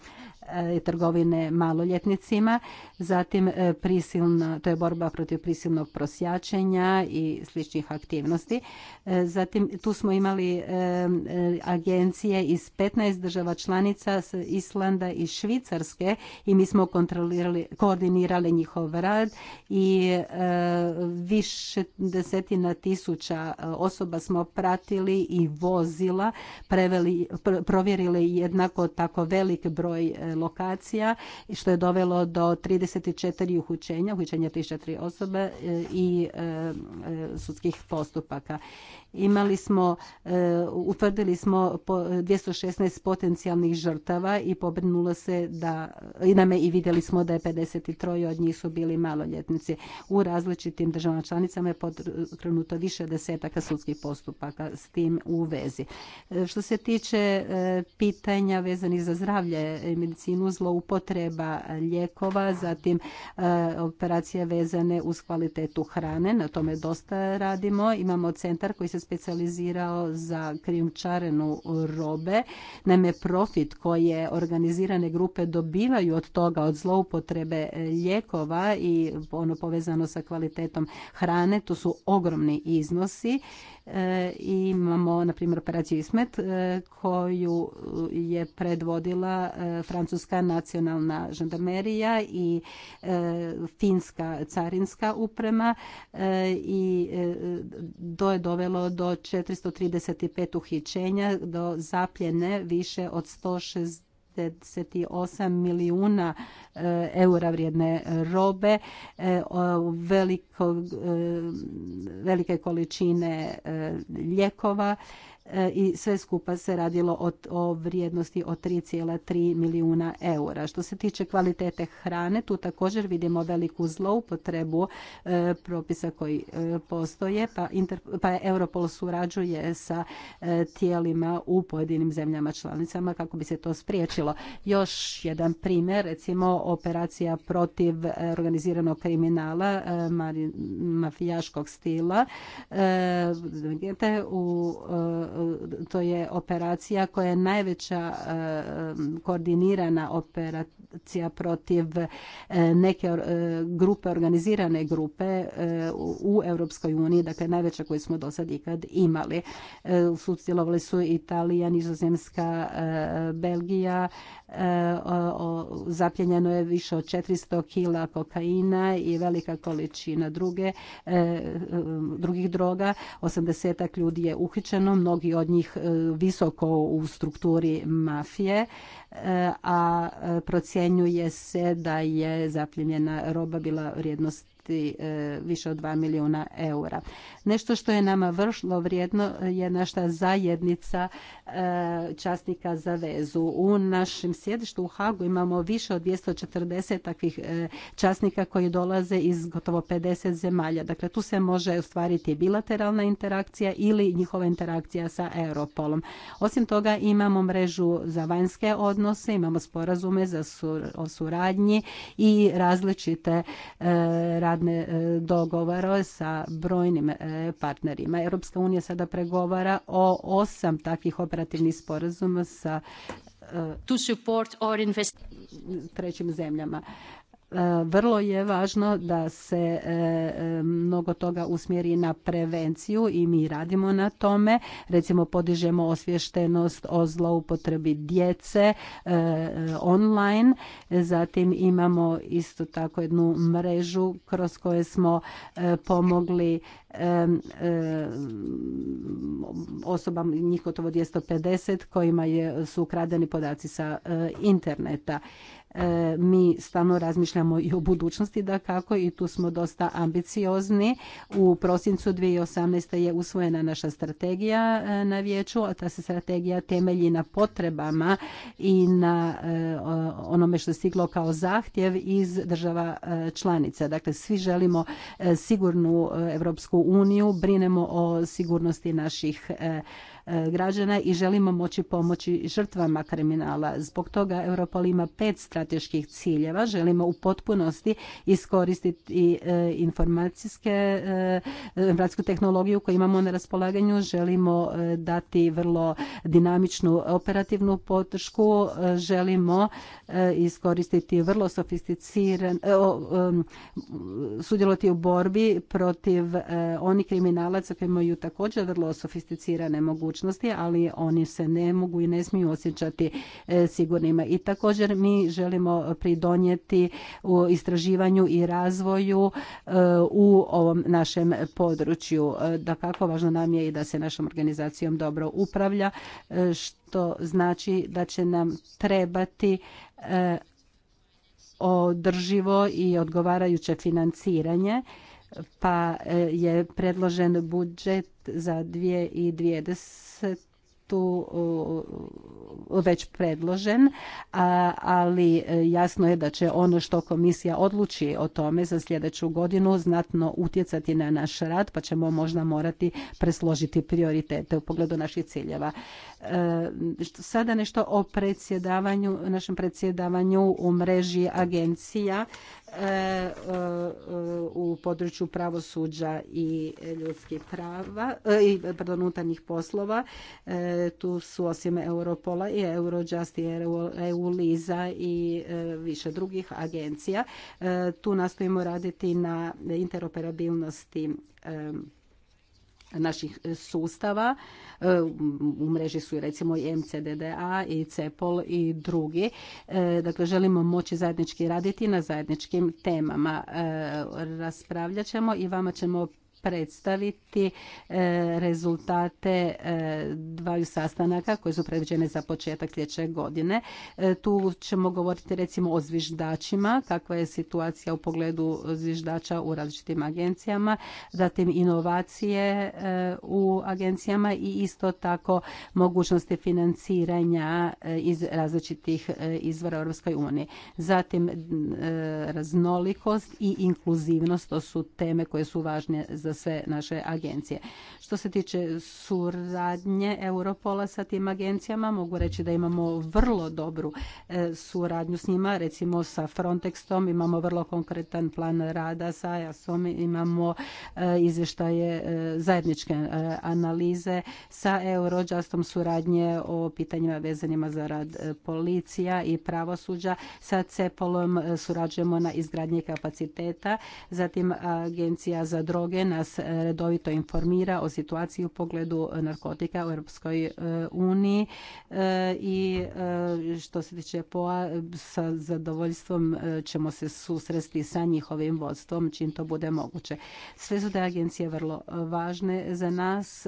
E, trgovine maloljetnicima, zatim e, prisilna, to je borba protiv prisilnog prosjačenja i sličnih aktivnosti. E, zatim tu smo imali agencije iz 15 država članica Islanda i Švicarske i mi smo kontrolirali, koordinirali njihov rad i više desetina tisuća osoba smo pratili i vozila, preveli, provjerili jednako tako velik broj lokacija što je dovelo do 34 uhućenja, uhućenja tri osobe e, i e, e, sudskih postupaka. Imali smo, utvrdili smo 216 potencijalnih žrtava i pobrinulo se da, i i vidjeli smo da je 53 od njih su bili maloljetnici. U različitim državama članicama je pokrenuto više desetaka sudskih postupaka s tim u vezi. Što se tiče pitanja vezanih za zdravlje medicinu, zloupotreba lijekova, zatim e, operacije vezane uz kvalitetu hrane. Na tome dosta radimo. Imamo centar koji se specijalizirao za krijumčarenu robe. Naime, profit koje organizirane grupe dobivaju od toga, od zloupotrebe e, lijekova i ono povezano sa kvalitetom hrane, to su ogromni iznosi E, imamo, na primjer, operaciju ISMET e, koju je predvodila e, Francuska nacionalna žandarmerija i Finska carinska uprema i to je dovelo do 435 uhićenja, do zapljene više od 160 38 milijuna e, eura vrijedne robe, e, veliko, e, velike količine ljekova E, i sve skupa se radilo o vrijednosti od 3,3 milijuna eura. Što se tiče kvalitete hrane, tu također vidimo veliku zloupotrebu e, propisa koji e, postoje, pa, pa, Europol surađuje sa tijelima u pojedinim zemljama članicama kako bi se to spriječilo. Još jedan primjer, recimo operacija protiv organiziranog kriminala mafijaškog stila u to je operacija koja je najveća e, koordinirana operacija protiv e, neke e, grupe, organizirane grupe u Europskoj uniji, dakle najveća koju smo do sad ikad imali. Sudjelovali su Italija, Nizozemska, Belgija, zapljenjeno je više od 400 kila kokaina i velika količina druge, e, drugih droga. 80 ljudi je uhićeno, mnogi od njih e, visoko u strukturi mafije, e, a procjenjuje se da je zapljenjena roba bila vrijednost vrijediti e, više od 2 milijuna eura. Nešto što je nama vrlo vrijedno je naša zajednica e, časnika za vezu. U našem sjedištu u Hagu imamo više od 240 takvih e, časnika koji dolaze iz gotovo 50 zemalja. Dakle, tu se može ostvariti bilateralna interakcija ili njihova interakcija sa Europolom. Osim toga imamo mrežu za vanjske odnose, imamo sporazume za sur, o suradnji i različite, različite radne e, dogovore sa brojnim e, partnerima. Europska unija sada pregovara o osam takvih operativnih sporazuma sa e, to support or invest... trećim zemljama. E, vrlo je važno da se e, e, mnogo toga usmjeri na prevenciju i mi radimo na tome. Recimo podižemo osvještenost o zloupotrebi djece online. Zatim imamo isto tako jednu mrežu kroz koje smo pomogli osobama, njih gotovo 250 kojima su ukradeni podaci sa interneta. E, mi stalno razmišljamo i o budućnosti da kako i tu smo dosta ambiciozni. U prosincu 2018. je usvojena naša strategija e, na vijeću, a ta se strategija temelji na potrebama i na e, onome što je stiglo kao zahtjev iz država članica. Dakle, svi želimo sigurnu Europsku uniju, brinemo o sigurnosti naših E, građana i želimo moći pomoći žrtvama kriminala. Zbog toga Europol ima pet strateških ciljeva. Želimo u potpunosti iskoristiti e, informacijske vratsku e, tehnologiju koju imamo na raspolaganju. Želimo dati vrlo dinamičnu operativnu podršku. Želimo iskoristiti vrlo sofisticiran sudjelovati u borbi protiv onih kriminalaca koji imaju također vrlo sofisticirane mogućnosti ali oni se ne mogu i ne smiju osjećati e, sigurnima. I također mi želimo pridonijeti u istraživanju i razvoju e, u ovom našem području. E, da kako važno nam je i da se našom organizacijom dobro upravlja, što znači da će nam trebati održivo i odgovarajuće financiranje pa je predložen budžet za 2020 uh, već predložen, ali uh, jasno je da će ono što komisija odluči o tome za sljedeću godinu znatno utjecati na naš rad, pa ćemo možda morati presložiti prioritete u pogledu naših ciljeva. Uh, sada nešto o predsjedavanju, našem predsjedavanju u mreži agencija. E, e, u području pravosuđa i ljudskih prava, e, pardon, unutarnjih poslova. Tu su osim Europola i Eurojust i EULIZA i više drugih agencija. Tu nastojimo raditi na interoperabilnosti naših e, sustava. E, u mreži su recimo i MCDDA i CEPOL i drugi. E, dakle, želimo moći zajednički raditi na zajedničkim temama. Raspravljat ćemo i vama ćemo predstaviti e, rezultate e, dvaju sastanaka koje su predviđene za početak sljedeće godine. E, tu ćemo govoriti recimo o zviždačima, kakva je situacija u pogledu zviždača u različitim agencijama, zatim inovacije u agencijama i isto tako mogućnosti financiranja iz različitih izvora Europskoj uniji. Zatim raznolikost i inkluzivnost, to su teme koje su važne za sve naše agencije. Što se tiče suradnje Europola sa tim agencijama, mogu reći da imamo vrlo dobru e, suradnju s njima, recimo sa Frontexom, imamo vrlo konkretan plan rada sa EASom, imamo e, izvještaje e, zajedničke analize sa Eurođastom, suradnje o pitanjima vezanima za rad policija i pravosuđa. Sa Cepolom surađujemo na izgradnji kapaciteta, zatim Agencija za droge na nas redovito informira o situaciji u pogledu narkotika u Europskoj e, uniji e, i e, što se tiče POA sa zadovoljstvom ćemo se susresti sa njihovim vodstvom čim to bude moguće. Sve su te agencije vrlo važne za nas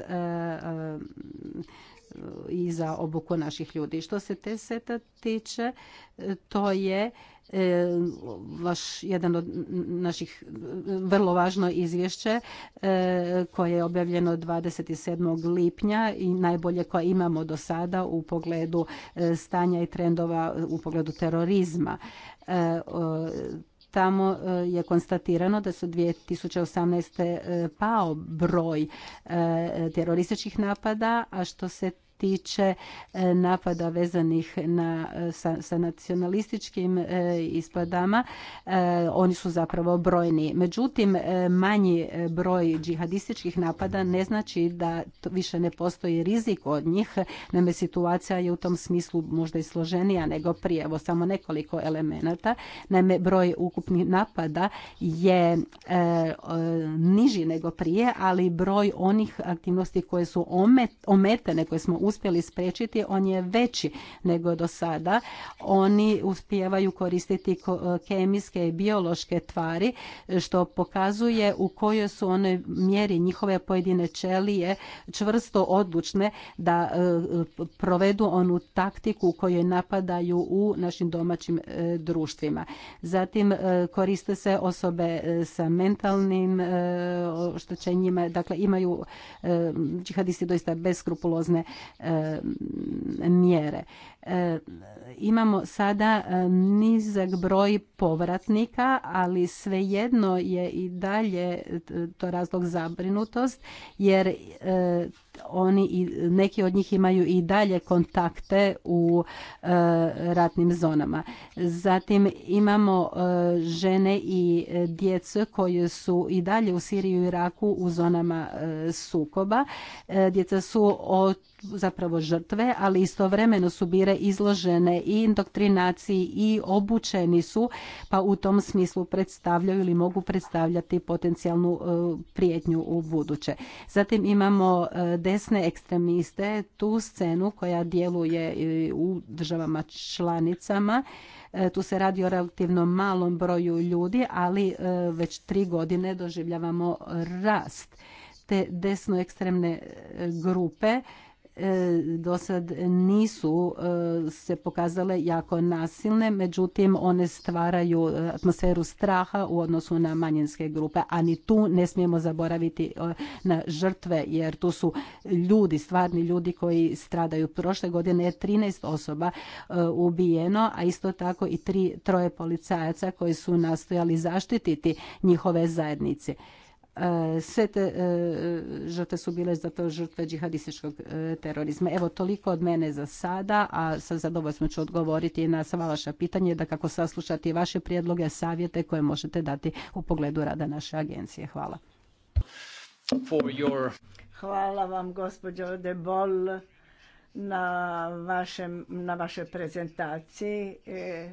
i za obuku naših ljudi. Što se te seta tiče, to je e, vaš jedan od naših vrlo važno izvješće e, koje je objavljeno 27. lipnja i najbolje koje imamo do sada u pogledu e, stanja i trendova u pogledu terorizma tamo eh, je konstatirano da su 2018. Eh, pao broj eh, terorističkih napada, a što se tiče e, napada vezanih na, e, sa, nacionalističkim e, ispadama. oni su zapravo brojni. Međutim, manji broj džihadističkih napada ne znači da više ne postoji rizik od njih. Naime, situacija je u tom smislu možda i složenija nego prije. Evo samo nekoliko elemenata. Naime, broj ukupnih napada je niži nego prije, ali broj onih aktivnosti koje su ometene, koje smo uspjeli spriječiti, on je veći nego do sada. Oni uspijevaju koristiti e, kemijske i biološke tvari, što pokazuje u kojoj su one mjeri njihove pojedine čelije čvrsto odlučne da e, provedu onu taktiku koju napadaju u našim domaćim e, društvima. Zatim koriste se osobe sa mentalnim oštećenjima, dakle imaju džihadisti doista beskrupulozne E, mjere. E, imamo sada e, nizak broj povratnika, ali svejedno je i dalje to razlog zabrinutost, jer oni neki od njih imaju i dalje kontakte u ratnim zonama. Zatim imamo žene i djece koje su i dalje u Siriji i Iraku u zonama sukoba. Djeca su od zapravo žrtve, ali istovremeno su bile izložene i indoktrinaciji i obučeni su, pa u tom smislu predstavljaju ili mogu predstavljati potencijalnu e, prijetnju u buduće. Zatim imamo e, desne ekstremiste, tu scenu koja djeluje e, u državama članicama. Tu se radi o relativno malom broju ljudi, ali već tri godine doživljavamo rast te desnoekstremne grupe E, do sad nisu e, se pokazale jako nasilne, međutim one stvaraju e, atmosferu straha u odnosu na manjinske grupe, a ni tu ne smijemo zaboraviti na žrtve jer tu su ljudi, stvarni ljudi koji stradaju. Prošle godine je 13 osoba ubijeno, a isto tako i tri, troje policajaca koji su nastojali zaštititi njihove zajednice. Sve te e, žrtve su bile zato žrtve džihadističkog e, terorizma. Evo toliko od mene za sada, a sa zadovoljstvom ću odgovoriti na sva vaša pitanja da kako saslušati vaše prijedloge, savjete koje možete dati u pogledu rada naše agencije. Hvala. Hvala vam gospođo De Boll na, vašem, na vašoj prezentaciji. E,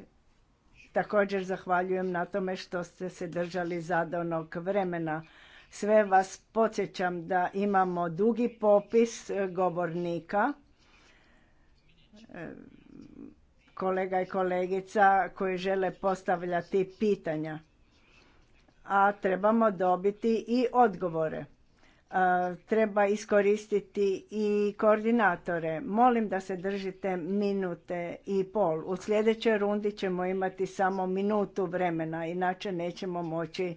također zahvaljujem na tome što ste se držali zadanog vremena. Sve vas podsjećam da imamo dugi popis e, govornika, e, kolega i kolegica koji žele postavljati pitanja. A trebamo dobiti i odgovore. E, treba iskoristiti i koordinatore. Molim da se držite minute i pol. U sljedećoj rundi ćemo imati samo minutu vremena, inače nećemo moći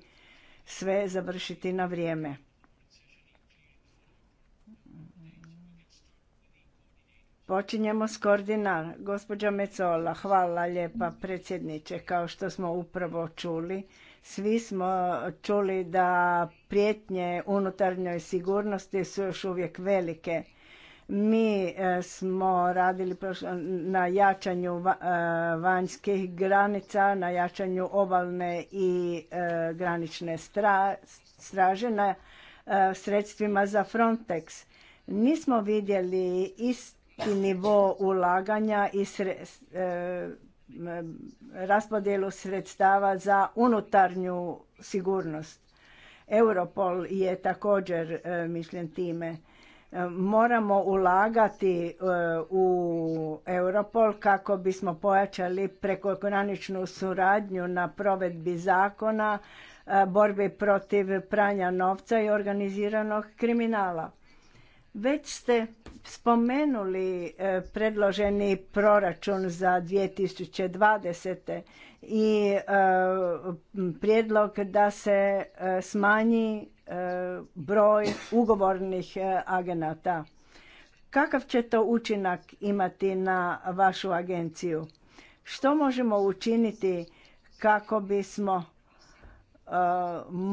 sve završiti na vrijeme. Počinjemo s koordinar. Gospođa Mecola, hvala lijepa predsjedniče. Kao što smo upravo čuli, svi smo čuli da prijetnje unutarnjoj sigurnosti su još uvijek velike mi e, smo radili na jačanju e, vanjskih granica, na jačanju obalne i e, granične straže, na sredstvima za Frontex. Nismo vidjeli isti nivo ulaganja i raspodjelu sredstava za unutarnju sigurnost. Europol je također mišljen time moramo ulagati e, u Europol kako bismo pojačali prekograničnu suradnju na provedbi zakona, e, borbi protiv pranja novca i organiziranog kriminala. Već ste spomenuli e, predloženi proračun za 2020. i prijedlog da se smanji E, broj ugovornih e, agenata. Kakav će to učinak imati na vašu agenciju? Što možemo učiniti kako bismo e,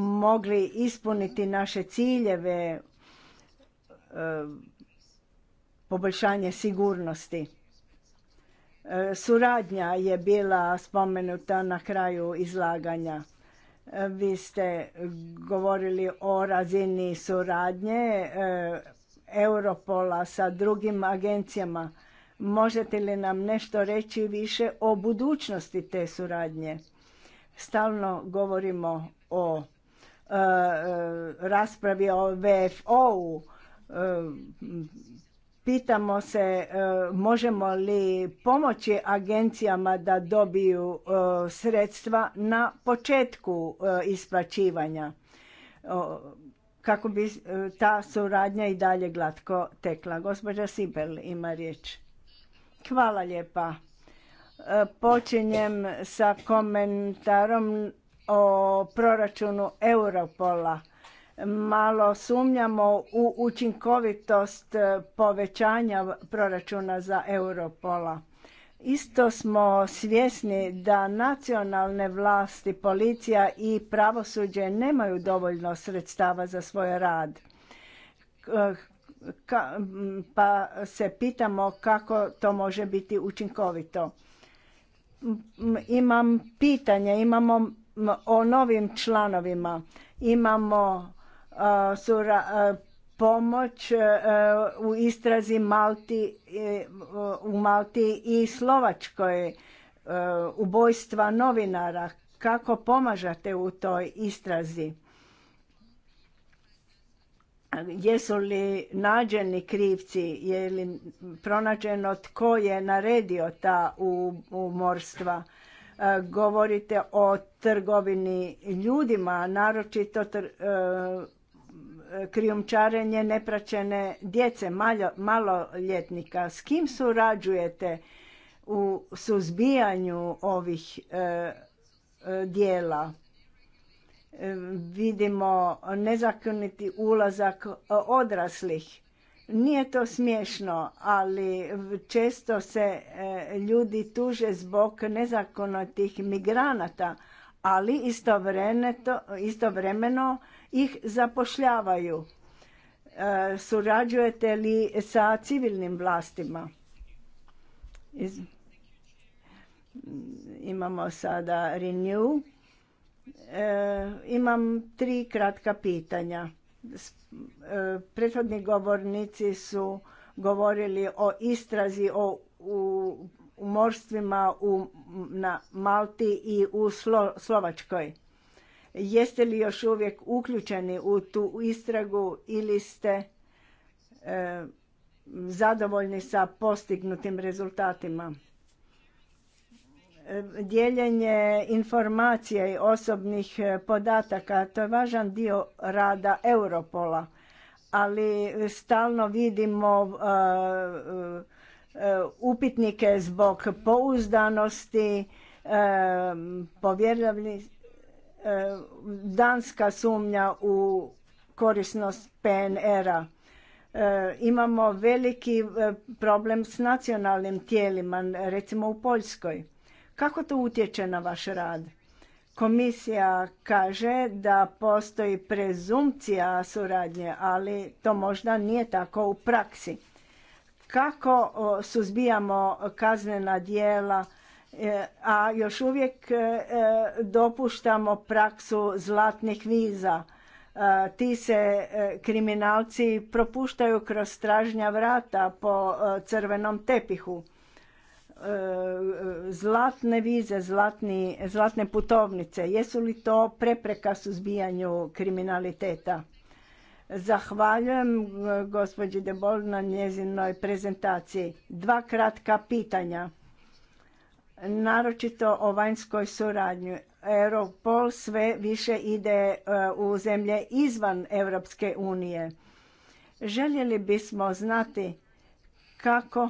mogli ispuniti naše ciljeve poboljšanje sigurnosti? suradnja je bila spomenuta na kraju izlaganja vi ste govorili o razini suradnje eh, Europola sa drugim agencijama. Možete li nam nešto reći više o budućnosti te suradnje? Stalno govorimo o eh, eh, raspravi o VFO-u, Pitamo se e, možemo li pomoći agencijama da dobiju e, sredstva na početku e, isplaćivanja kako bi ta suradnja i dalje glatko tekla. Gospođa Sibel ima riječ. Hvala lijepa. Počinjem sa komentarom o proračunu Europola malo sumnjamo u učinkovitost e, povećanja proračuna za Europola. Isto smo svjesni da nacionalne vlasti, policija i pravosuđe nemaju dovoljno sredstava za svoj rad. pa se pitamo kako to može biti učinkovito. Imam pitanje, imamo o novim članovima. Imamo sura, pomoć e, u istrazi e, u Malti i Slovačkoj e, ubojstva novinara. Kako pomažate u toj istrazi? Jesu li nađeni krivci, je li pronađeno tko je naredio ta umorstva? Govorite o trgovini ljudima, naročito krijumčarenje nepraćene djece, malo, maloljetnika. S kim surađujete u suzbijanju ovih e, e dijela? E, vidimo nezakoniti ulazak e, odraslih. Nije to smiješno, ali često se ljudi tuže zbog nezakonitih migranata, ali istovremeno, istovremeno ih zapošljavaju? E, surađujete li sa civilnim vlastima? Imamo sada Renew. E, imam tri kratka pitanja. E, prethodni govornici su govorili o istrazi o u, morstvima na Malti i u Slovačkoj. Jeste li još uvijek uključeni u tu istragu ili ste e, zadovoljni sa postignutim rezultatima? E, dijeljenje informacija i osobnih e, podataka, to je važan dio rada Europola, ali stalno vidimo upitnike zbog pouzdanosti, povjerljivosti E, danska sumnja u korisnost PNR-a. E, imamo veliki e, problem s nacionalnim tijelima, recimo u Poljskoj. Kako to utječe na vaš rad? Komisija kaže da postoji prezumcija suradnje, ali to možda nije tako u praksi. Kako suzbijamo kaznena dijela E, a još uvijek e, e, dopuštamo praksu zlatnih viza. Ti se kriminalci propuštaju kroz stražnja vrata po crvenom tepihu. Zlatne vize, zlatni, zlatne putovnice, jesu li to prepreka suzbijanju kriminaliteta? Zahvaljujem gospođi Debol na njezinoj prezentaciji. Dva kratka pitanja naročito o vanjskoj suradnji. Europol sve više ide e, u zemlje izvan Europske unije. Željeli bismo znati kako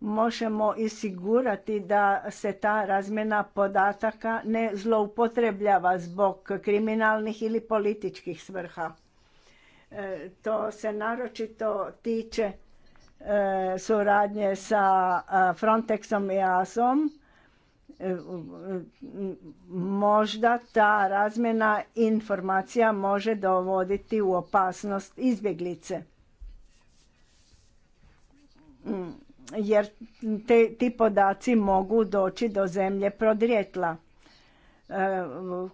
možemo isigurati da se ta razmjena podataka ne zloupotrebljava zbog kriminalnih ili političkih svrha. E, to se naročito tiče e, suradnje sa Frontexom i ASOM možda ta razmjena informacija može dovoditi u opasnost izbjeglice. Jer ti podaci mogu doći do zemlje prodrijetla. E,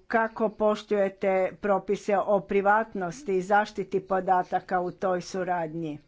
kako poštujete propise o privatnosti i zaštiti podataka u toj suradnji?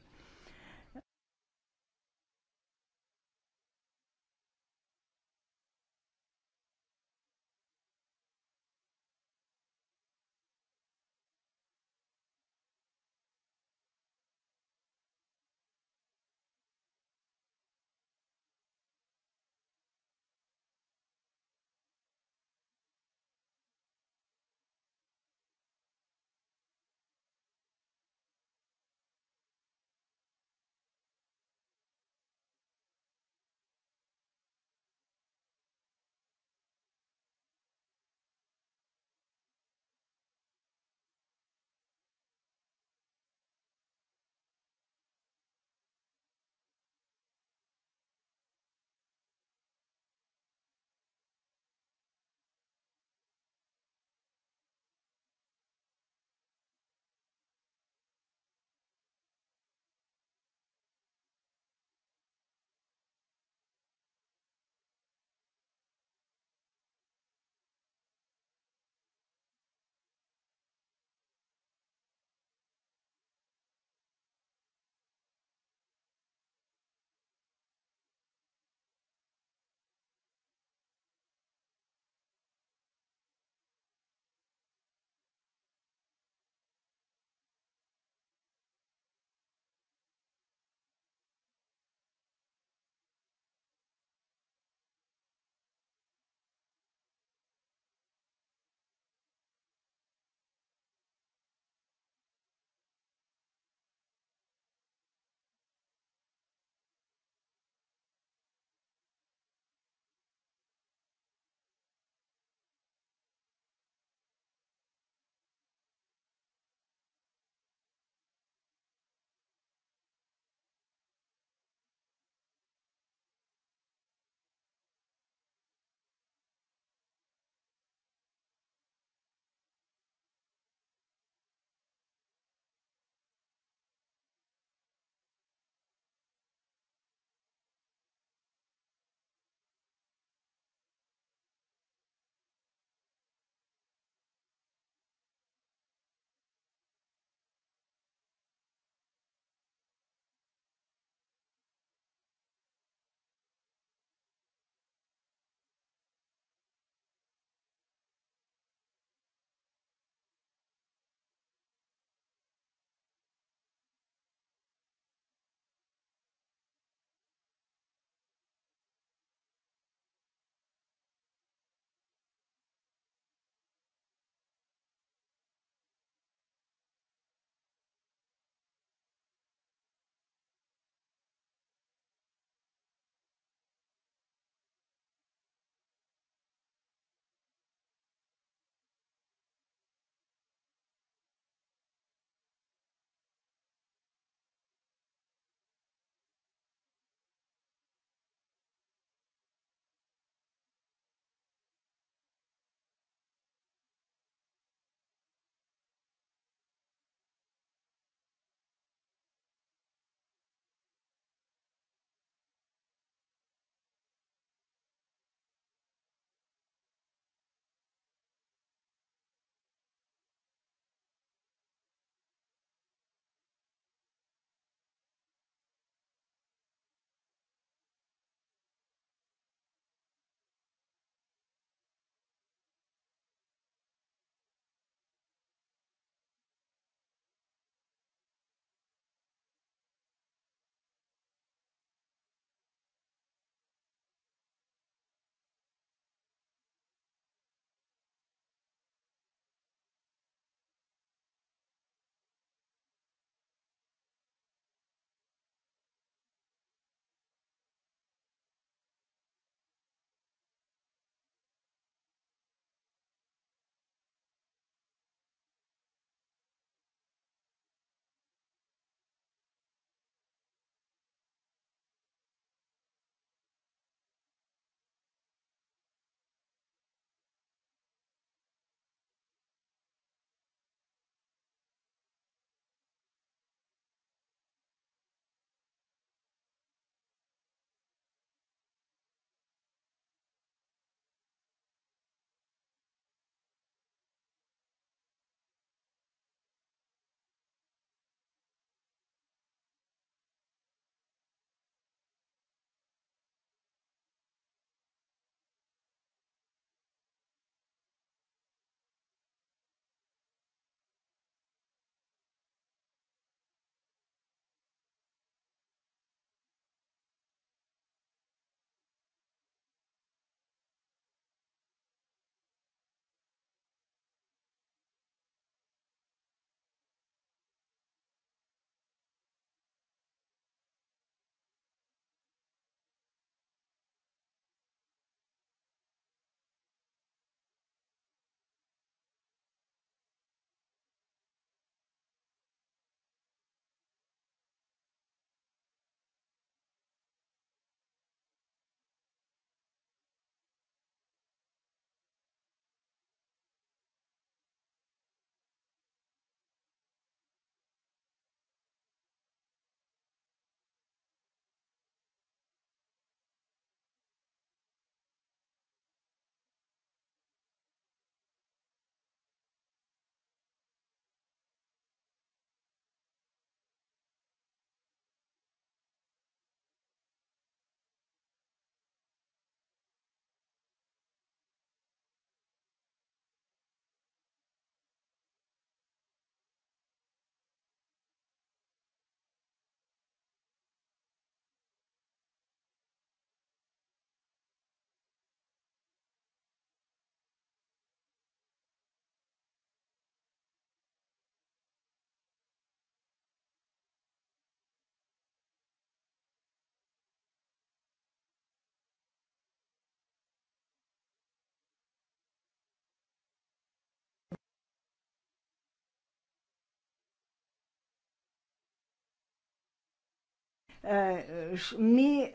Mi e,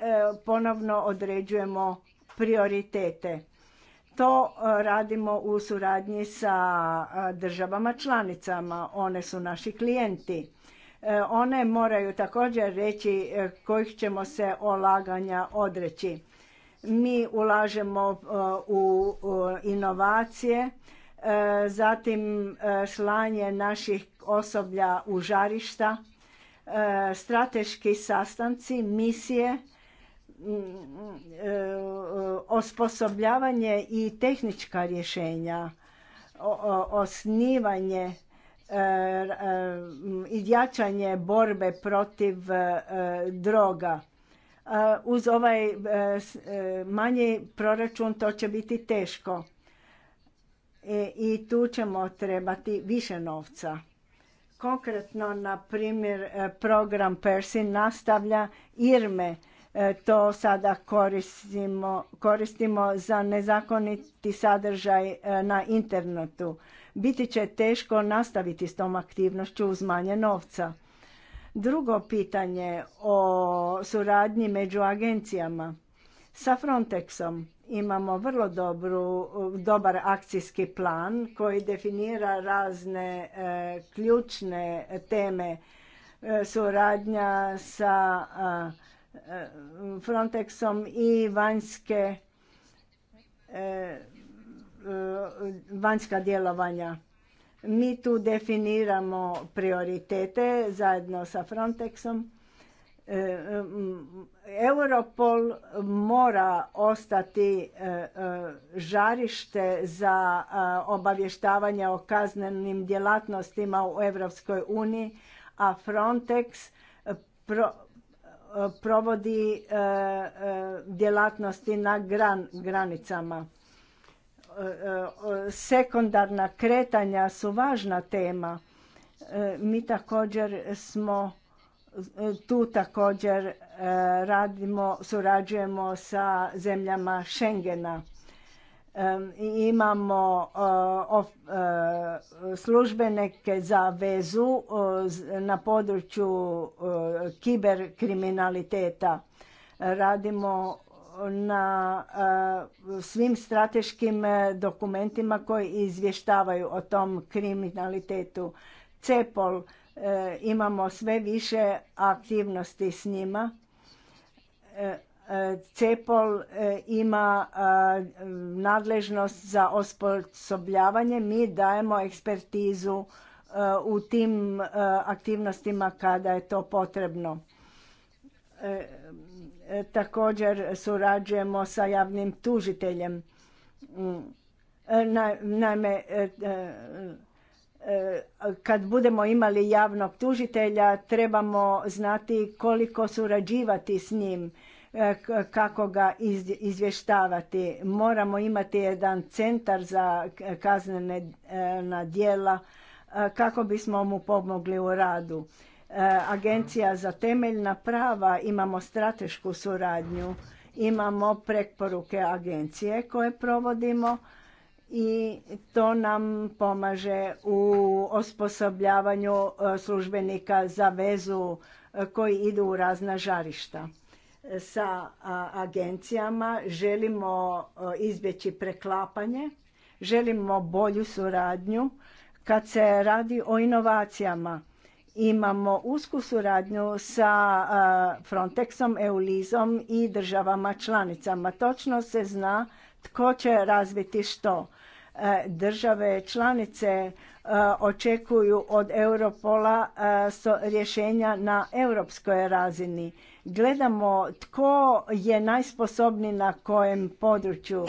ponovno određujemo prioritete. To e, radimo u suradnji sa e, državama članicama, one su naši klijenti. One moraju također reći kojih ćemo se olaganja odreći. Mi ulažemo u inovacije, zatim slanje naših osoblja u žarišta strateški sastanci, misije, mm, mm, e, osposobljavanje i tehnička rješenja, osnivanje e, e, i jačanje borbe protiv droga. Uz ovaj manji proračun to će biti teško i tu ćemo trebati više novca. Konkretno, na primjer, e, program Persin nastavlja IRME. E, to sada koristimo, koristimo za nezakoniti sadržaj e, na internetu. Biti će teško nastaviti s tom aktivnošću uz manje novca. Drugo pitanje o suradnji među agencijama sa Frontexom Imamo vrlo dobru, dobar akcijski plan koji definira razne e, ključne teme e, suradnja sa e, Frontexom i vanjske vanjska djelovanja. Mi tu definiramo prioritete zajedno sa Frontexom E, Europol mora ostati e, e, žarište za obavještavanje o kaznenim djelatnostima u Europskoj uniji, a Frontex provodi djelatnosti na granicama. Sekundarna kretanja su važna tema. Mi također smo tu također e, radimo, surađujemo sa zemljama Schengena. E, imamo e, službenike za vezu na području kiberkriminaliteta. Radimo na svim strateškim dokumentima koji izvještavaju o tom kriminalitetu. CEPOL E, imamo sve više aktivnosti s njima. E, e, CEPOL ima nadležnost za osposobljavanje, mi dajemo ekspertizu u tim aktivnostima kada je to potrebno. Također surađujemo sa javnim tužiteljem. Mm, naime, E, kad budemo imali javnog tužitelja trebamo znati koliko surađivati s njim, e, kako ga izvještavati. Moramo imati jedan centar za kaznena e, djela kako bismo mu pomogli u radu. Agencija za temeljna prava imamo stratešku suradnju, imamo preporuke agencije koje provodimo i to nam pomaže u osposobljavanju e, službenika za vezu e, koji idu u razna žarišta. Sa agencijama želimo e, izbjeći preklapanje, želimo bolju suradnju. Kad se radi o inovacijama, imamo usku suradnju sa Frontexom, Eulizom i državama članicama. Točno se zna tko će razviti što. E, države članice e, očekuju od Europola e, rješenja na europskoj razini. Gledamo tko je najsposobniji na kojem području.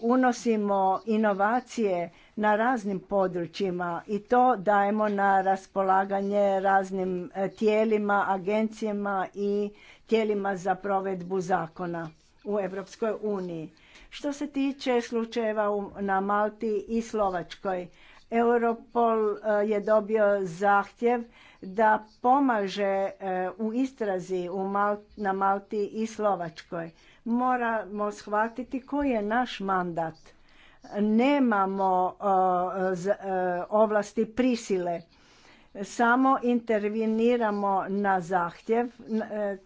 Unosimo inovacije na raznim područjima i to dajemo na raspolaganje raznim tijelima, agencijama i tijelima za provedbu zakona u Europskoj uniji. Što se tiče slučajeva na Malti i Slovačkoj, Europol eh, je dobio zahtjev da pomaže eh, u istrazi na Malti i Slovačkoj. Moramo shvatiti koji je naš mandat. Nemamo eh, ovlasti prisile. Samo interveniramo na zahtjev,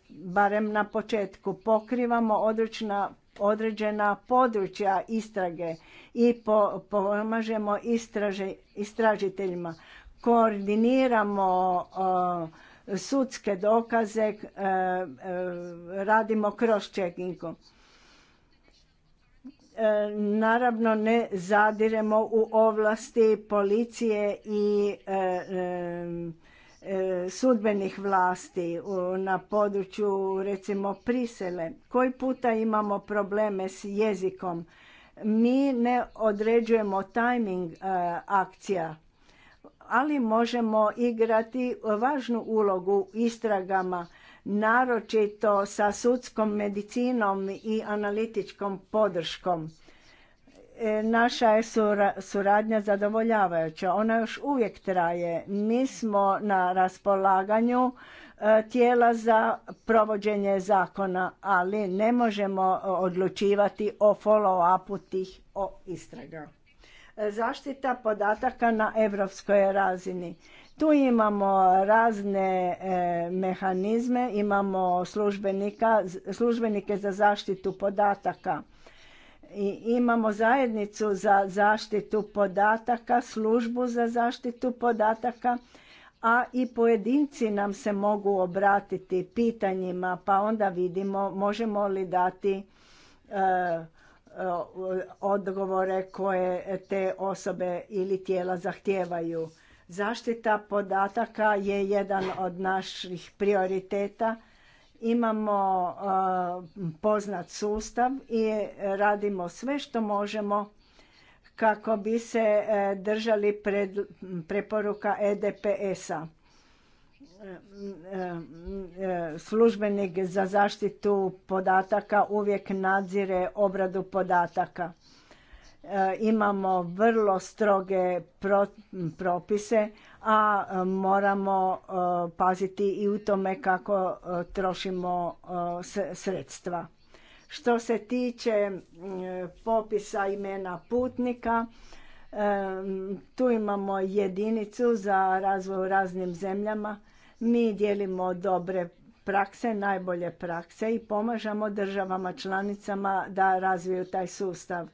barem na početku. Pokrivamo odručna određena područja istrage i pomažemo istražiteljima. Koordiniramo sudske dokaze, e, e, radimo kroz čekinku. E, naravno ne zadiremo u ovlasti policije i sudbenih vlasti na području recimo prisele. Koji puta imamo probleme s jezikom? Mi ne određujemo tajming e, akcija, ali možemo igrati važnu ulogu u istragama, naročito sa sudskom medicinom i analitičkom podrškom E, naša je suradnja zadovoljavajuća, ona još uvijek traje. Mi smo na raspolaganju e, tijela za provođenje zakona, ali ne možemo e, odlučivati o follow-upu tih o istraga. Zaštita podataka na evropskoj razini. Tu imamo razne mehanizme, imamo službenike za zaštitu podataka i imamo zajednicu za zaštitu podataka, službu za zaštitu podataka, a i pojedinci nam se mogu obratiti pitanjima, pa onda vidimo možemo li dati e, odgovore koje te osobe ili tijela zahtijevaju. Zaštita podataka je jedan od naših prioriteta Imamo poznat sustav i radimo sve što možemo kako bi se e, držali preporuka EDPS-a e, e, službenik za zaštitu podataka uvijek nadzire obradu podataka. Imamo vrlo stroge propise, a e, moramo e, paziti i u tome kako e, trošimo sredstva. Što se tiče popisa imena putnika, tu imamo jedinicu za razvoj u raznim zemljama. Mi dijelimo dobre prakse, najbolje prakse i pomažemo državama članicama da razviju taj sustav.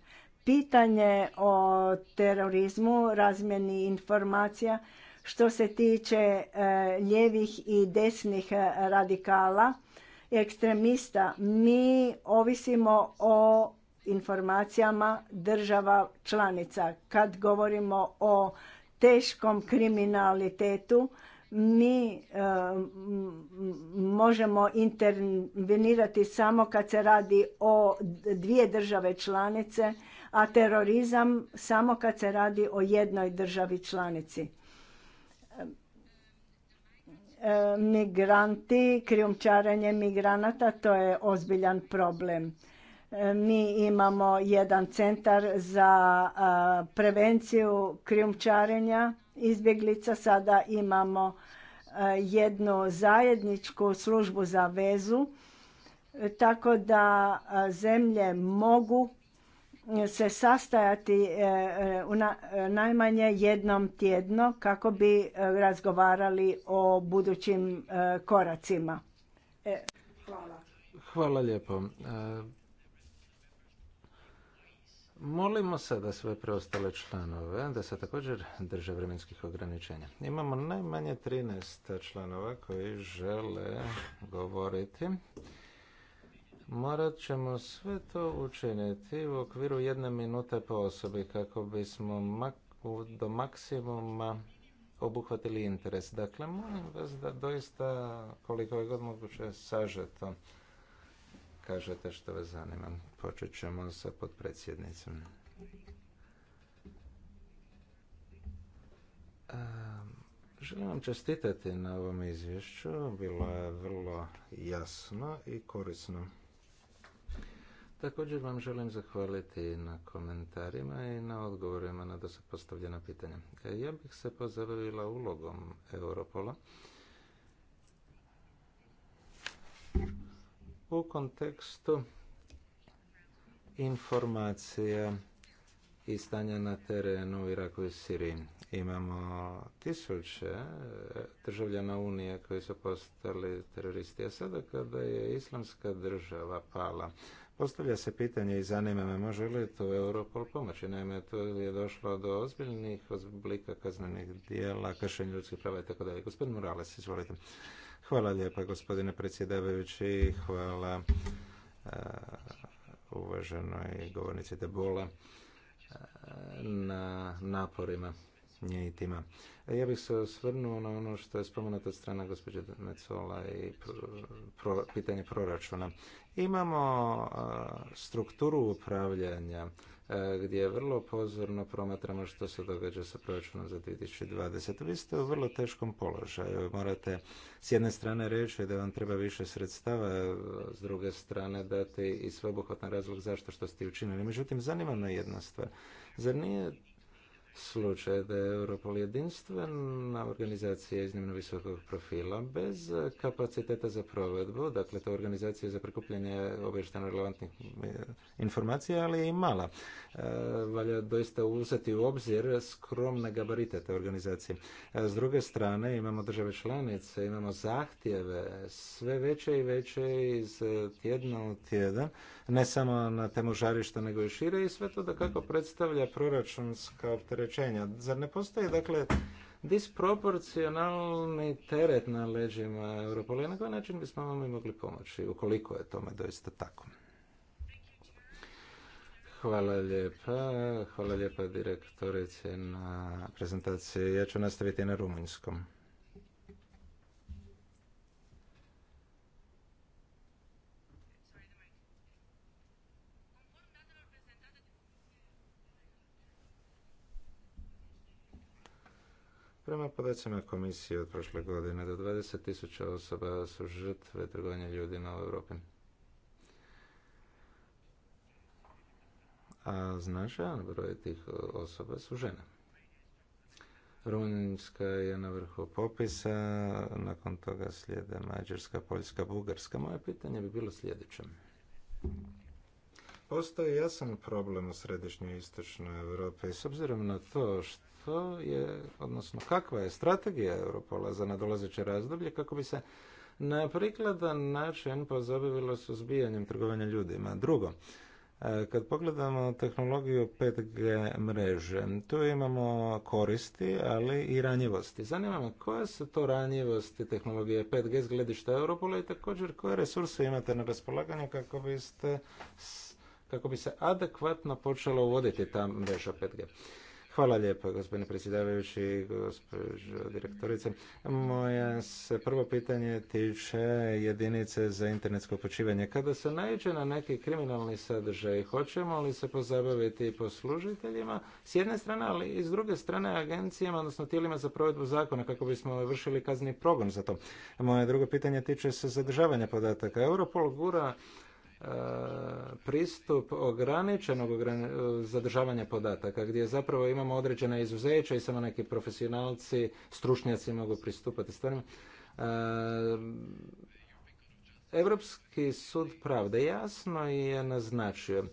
Pitanje o terorizmu, razmjeni informacija što se tiče e, ljevih i desnih e, radikala, ekstremista, mi ovisimo o informacijama država članica. Kad govorimo o teškom kriminalitetu, mi e, možemo intervenirati samo kad se radi o dvije države članice, a terorizam samo kad se radi o jednoj državi članici migranti, krijumčarenje migranata, to je ozbiljan problem. E, mi imamo jedan centar za prevenciju krijumčarenja izbjeglica, sada imamo e, jednu zajedničku službu za vezu, e, tako da zemlje mogu se sastajati e, e, najmanje jednom tjedno kako bi e, razgovarali o budućim koracima. Hvala. Hvala lijepo. Molimo se da sve preostale članove, da se također drže vremenskih ograničenja. Imamo najmanje 13 članova koji žele govoriti. Morat ćemo sve to učiniti u okviru jedne minute po osobi kako bismo do maksimuma obuhvatili interes. Dakle, molim vas da doista koliko je god moguće sažeto kažete što vas zanima. Počet ćemo sa podpredsjednicom. Ehm, želim vam čestitati na ovom izvješću. Bilo je vrlo jasno i korisno. Također vam želim zahvaliti na komentarima i na odgovorima na da se postavljena pitanja. E, ja bih se pozabavila ulogom Europola u kontekstu informacija i stanja na terenu u Iraku i Siriji. Imamo tisuće e, državljana Unije koji su postali teroristi. A sada kada je islamska država pala, Postavlja se pitanje i zanima me, može li to Europol pomoći? Naime, to je došlo do ozbiljnih oblika kaznenih dijela, kršenja ljudskih prava i tako dalje. Gospodin Morales, izvolite. Hvala lijepa, gospodine predsjedavajući. Hvala e, uvaženoj govornici Debola e, na naporima nje tima. E, ja bih se osvrnuo na ono što je spomenuto od strana gospođe Mecola i pitanje proračuna. Imamo strukturu upravljanja e, gdje vrlo pozorno promatramo što se događa sa proračunom za 2020. Vi ste u vrlo teškom položaju. Morate s jedne strane reći da vam treba više sredstava, s druge strane dati i sveobuhvatan razlog zašto što ste učinili. Međutim, zanima me jedna stvar. Zar nije slučaj da je Europol jedinstvena organizacija iznimno visokog profila bez kapaciteta za provedbu, dakle to je organizacija za prikupljanje obješteno relevantnih eh, informacija, ali je i mala. Eh, valja doista uzeti u obzir skromne gabarite te organizacije. Eh, s druge strane imamo države članice, imamo zahtjeve sve veće i veće iz tjedna u tjedan, ne samo na temu žarišta nego i šire i sve to da kako predstavlja proračunska opterećenja. Zar ne postoji, dakle, disproporcionalni teret na leđima Europola? Na koji način bismo vam mogli pomoći, ukoliko je tome doista tako? Hvala lijepa. Hvala lijepa direktorice na prezentaciji. Ja ću nastaviti na rumunjskom. Prema podacima komisije od prošle godine, do 20.000 osoba su žrtve trgovanja ljudima u Europi. A značajan broj tih osoba su žene. Rumunjska je na vrhu popisa, nakon toga slijede Mađarska, Poljska, Bugarska. Moje pitanje bi bilo sljedeće. Postoji jasan problem u središnjoj istočnoj Europi s obzirom na to što je, odnosno kakva je strategija Europola za nadolazeće razdoblje kako bi se na prikladan način pozabavilo suzbijanjem trgovanja ljudima. Drugo, e, kad pogledamo tehnologiju 5G mreže, tu imamo koristi, ali i ranjivosti. Zanima me koje su to ranjivosti tehnologije 5G s gledišta Europola i također koje resurse imate na raspolaganju kako biste kako bi se adekvatno počelo uvoditi ta mreža 5G. Hvala lijepo, gospodine predsjedavajući, gospođo direktorice. Moje se prvo pitanje tiče jedinice za internetsko počivanje. Kada se naiđe na neki kriminalni sadržaj, hoćemo li se pozabaviti poslužiteljima s jedne strane, ali i s druge strane agencijama, odnosno tijelima za provedbu zakona, kako bismo vršili kazni progon za to. Moje drugo pitanje tiče se zadržavanja podataka. Europol gura E, pristup ograničenog e, zadržavanja podataka gdje zapravo imamo određena izuzeća i samo neki profesionalci, stručnjaci mogu pristupati stvarima. Europski sud pravde jasno je naznačio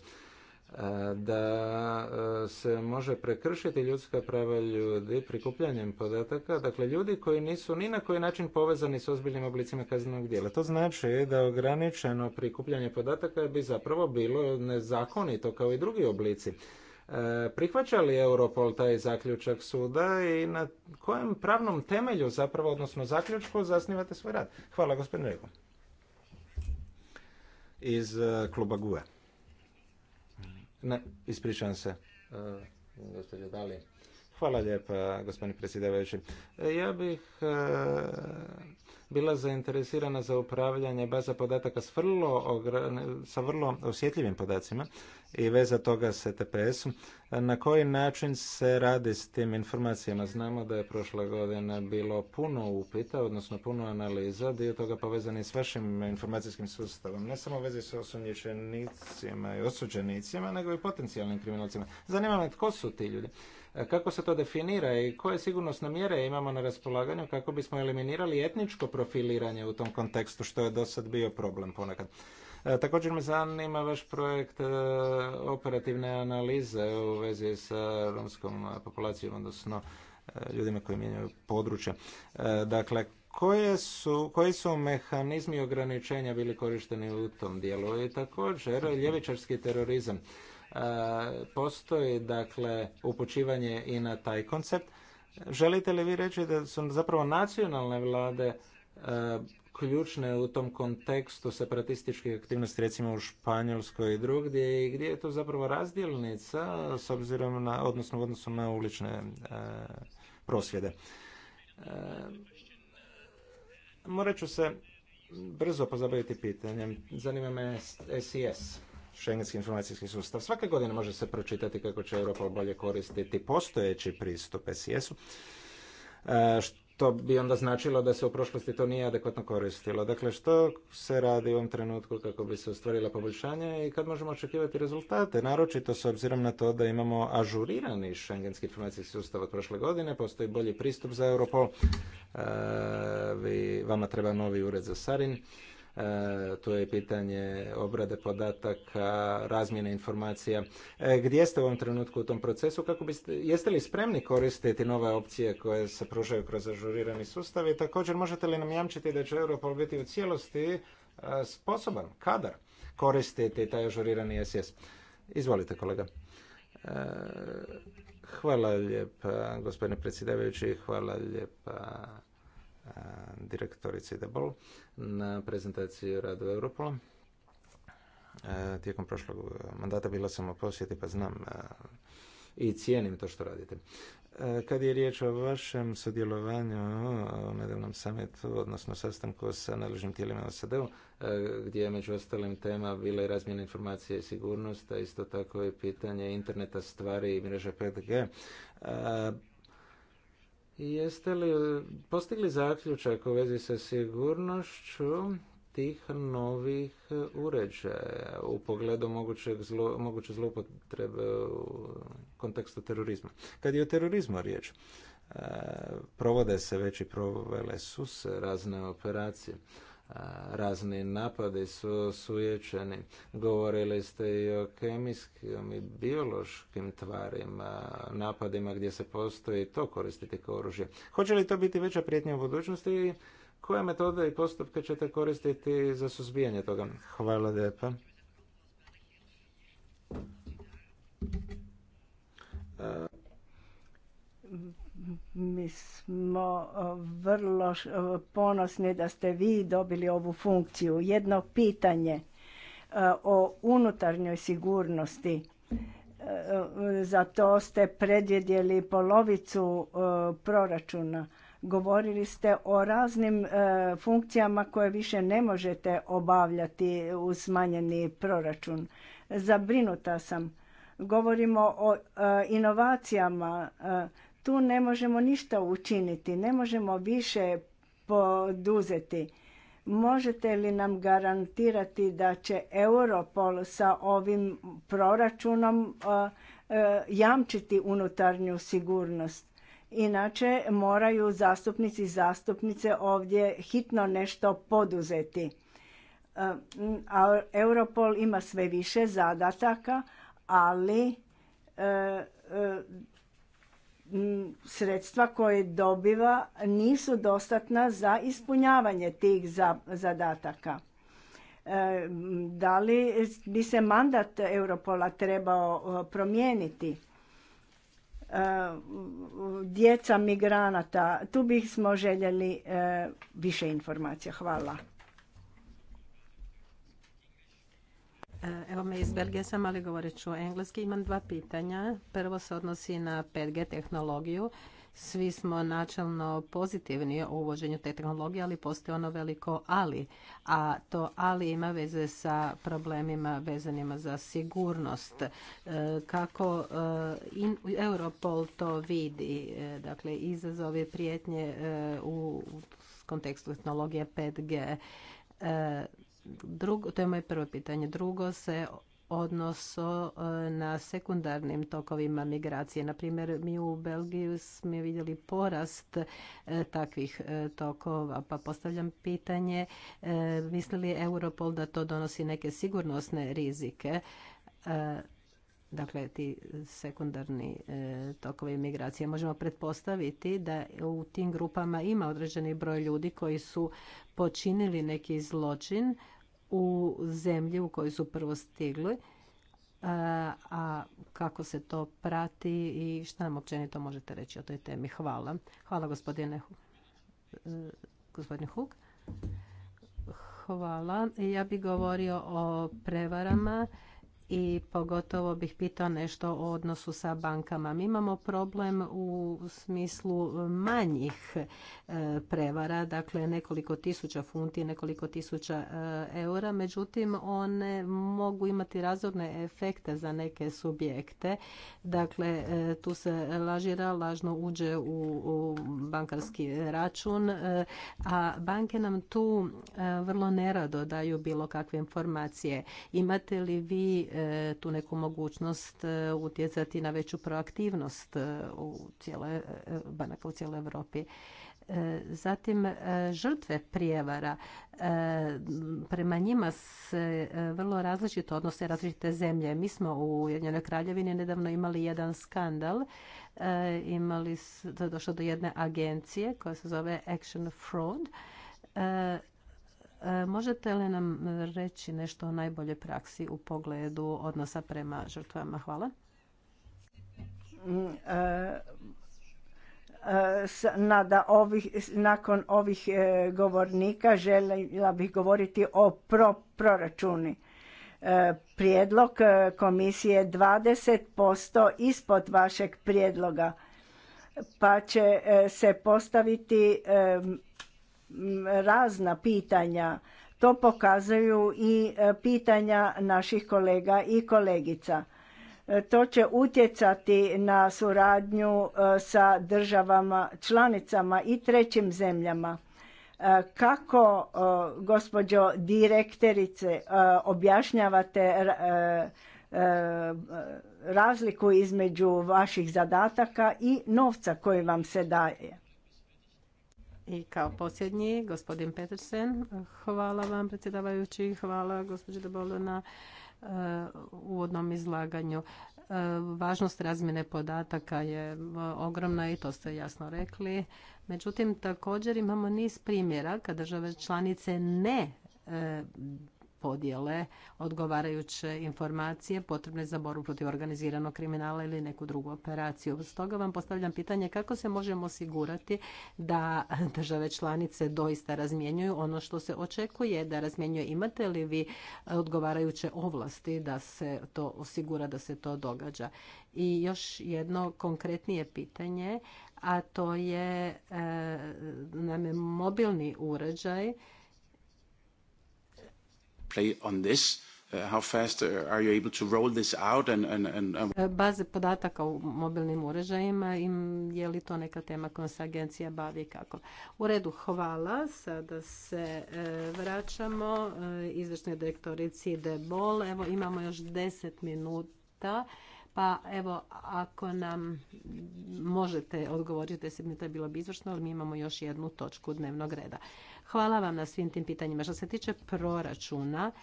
da e, se može prekršiti ljudska prava ljudi prikupljanjem podataka, dakle ljudi koji nisu ni na koji način povezani s ozbiljnim oblicima kaznenog djela. To znači da ograničeno prikupljanje podataka bi zapravo bilo nezakonito kao i drugi oblici. E, prihvaća li Europol taj zaključak suda i na kojem pravnom temelju zapravo, odnosno zaključku, zasnivate svoj rad? Hvala gospodine Rego. Iz e, kluba GUE. Ne, ispričavam se, e, gospođo Dali. Hvala lijepa, gospodine predsjedavajući. E, ja bih e, bila zainteresirana za upravljanje baza podataka s vrlo, sa vrlo osjetljivim podacima i veza toga s etps Na koji način se radi s tim informacijama? Znamo da je prošla godina bilo puno upita, odnosno puno analiza, dio toga povezani s vašim informacijskim sustavom. Ne samo u vezi s osumnjičenicima i osuđenicima, nego i potencijalnim kriminalcima. Zanima me tko su ti ljudi? Kako se to definira i koje sigurnosne mjere imamo na raspolaganju kako bismo eliminirali etničko profiliranje u tom kontekstu što je do sad bio problem ponekad? E, također me zanima vaš projekt e, operativne analize u vezi sa romskom populacijom, odnosno e, ljudima koji mijenjaju područje. Dakle, koje su, koji su mehanizmi ograničenja bili korišteni u tom dijelu i također ljevičarski terorizam postoji dakle upućivanje i na taj koncept. Želite li vi reći da su zapravo nacionalne vlade ključne u tom kontekstu separatističkih aktivnosti recimo u Španjolskoj i drugdje i gdje je to zapravo razdjelnica s obzirom na, odnosno u odnosu na ulične prosvjede. morat ću se brzo pozabaviti pitanjem. Zanima me SIS šengenski informacijski sustav. Svake godine može se pročitati kako će Europol bolje koristiti postojeći pristup SIS-u, e, što bi onda značilo da se u prošlosti to nije adekvatno koristilo. Dakle, što se radi u ovom trenutku kako bi se ostvarila poboljšanja i kad možemo očekivati rezultate, naročito s obzirom na to da imamo ažurirani šengenski informacijski sustav od prošle godine, postoji bolji pristup za Europol, e, vama treba novi ured za Sarin, E, to je pitanje obrade podataka, razmjene informacija. E, gdje ste u ovom trenutku u tom procesu? Kako biste, jeste li spremni koristiti nove opcije koje se pružaju kroz ažurirani sustav i također možete li nam jamčiti da će Europol biti u cijelosti e, sposoban, kadar koristiti taj ažurirani SS? Izvolite kolega. Hvala lijepa, gospodine predsjedavajući, hvala lijepa direktorici Debol na prezentaciji radu Europola. Tijekom prošlog mandata bila sam u posjeti pa znam i cijenim to što radite. Kad je riječ o vašem sudjelovanju u nedavnom summitu, odnosno sastanku sa nadležnim tijelima SAD-u, gdje je među ostalim tema bila i razmjena informacija i sigurnost, a isto tako i pitanje interneta stvari i mreže 5G, Jeste li eh, postigli zaključak u vezi sa sigurnošću tih novih eh, uređaja u pogledu mogućeg moguće zloupotrebe u kontekstu terorizma? Kad je o terorizmu riječ, eh, provode se već i provele su se razne operacije razni napadi su suječeni. Govorili ste i o kemijskim i biološkim tvarima, napadima gdje se postoji to koristiti kao oružje. Hoće li to biti veća prijetnja u budućnosti i koje metode i postupke ćete koristiti za suzbijanje toga? Hvala lijepa. Mi smo e, vrlo e, ponosni da ste vi dobili ovu funkciju. Jedno pitanje e, o unutarnjoj sigurnosti. Za to ste predvidjeli polovicu proračuna. Govorili ste o raznim funkcijama koje više ne možete obavljati u smanjeni proračun. Zabrinuta sam govorimo o inovacijama tu ne možemo ništa učiniti, ne možemo više poduzeti. Možete li nam garantirati da će Europol sa ovim proračunom e, e, jamčiti unutarnju sigurnost? Inače moraju zastupnici i zastupnice ovdje hitno nešto poduzeti. E, a Europol ima sve više zadataka, ali sredstva koje dobiva nisu dostatna za ispunjavanje tih zadataka. E, da li bi se mandat Europola trebao e, promijeniti? E, djeca migranata, tu bismo željeli više informacija. Hvala. Eh, evo me iz Belgije sam, ali govorit ću engleski. Imam dva pitanja. Prvo se odnosi na 5G tehnologiju. Svi smo načelno pozitivni u uvođenju te tehnologije, ali postoji ono veliko ali. A to ali ima veze sa problemima vezanima za sigurnost. Eh, kako eh, Europol to vidi, dakle izazove prijetnje u kontekstu tehnologije 5G, Drugo, to je moje prvo pitanje. Drugo se odnoso e, na sekundarnim tokovima migracije. Na primjer, mi u Belgiji smo vidjeli porast e, takvih e, tokova, pa postavljam pitanje, misli li Europol da to donosi neke sigurnosne rizike? Dakle, ti sekundarni tokovi migracije. Možemo pretpostaviti da u tim grupama ima određeni broj ljudi koji su počinili neki zločin, u zemlji u kojoj su prvo stigli, e, a kako se to prati i šta nam općenito možete reći o toj temi. Hvala. Hvala gospodine e, gospodine Hug. Hvala. Ja bih govorio o prevarama i pogotovo bih pitao nešto o odnosu sa bankama. Mi imamo problem u smislu manjih e, prevara, dakle nekoliko tisuća funti, nekoliko tisuća e, eura, međutim one mogu imati razorne efekte za neke subjekte. Dakle, e, tu se lažira, lažno uđe u bankarski račun, a banke nam tu vrlo nerado daju bilo kakve informacije. Imate li vi E, tu neku mogućnost e, utjecati na veću proaktivnost e, u banaka u cijeloj Europi. Zatim žrtve prijevara. Prema njima se vrlo različito odnose različite zemlje. Mi smo u Ujedinjenoj kraljevini nedavno imali jedan skandal. Imali, došlo do jedne agencije koja se zove Action Fraud Možete li nam reći nešto o najbolje praksi u pogledu odnosa prema žrtvama? Hvala. Mm, e, e, Nada ovih, nakon ovih e, govornika željela bih govoriti o pro, proračuni. Prijedlog komisije 20% ispod vašeg prijedloga pa će se postaviti razna pitanja. To pokazuju i e, pitanja naših kolega i kolegica. E, to će utjecati na suradnju e, sa državama, članicama i trećim zemljama. Kako, gospođo direktorice, objašnjavate razliku između vaših zadataka i novca koji vam se daje? I kao posljednji, gospodin Petersen. Hvala vam, predsjedavajući. Hvala, gospođe Dobolo, na eh, uvodnom izlaganju. Eh, važnost razmjene podataka je eh, ogromna i to ste jasno rekli. Međutim, također imamo niz primjera kad države članice ne podjele odgovarajuće informacije potrebne za borbu protiv organiziranog kriminala ili neku drugu operaciju. Stoga vam postavljam pitanje kako se možemo osigurati da države članice doista razmjenjuju ono što se očekuje da razmjenjuje. Imate li vi odgovarajuće ovlasti da se to osigura da se to događa? I još jedno konkretnije pitanje, a to je e, mobilni uređaj play on this? Uh, how fast uh, are you able to roll this out um e, Baze podataka u mobilnim uređajima, je li to neka tema kojom se agencija bavi i kako? U redu, hvala. Sada se e, vraćamo e, izvršnoj direktorici De bol. Evo imamo još deset minuta. Pa evo, ako nam možete odgovoriti 10 minuta, bilo bi izvršno, ali mi imamo još jednu točku dnevnog reda. Hvala vam na svim tim pitanjima. Što se tiče proračuna, e,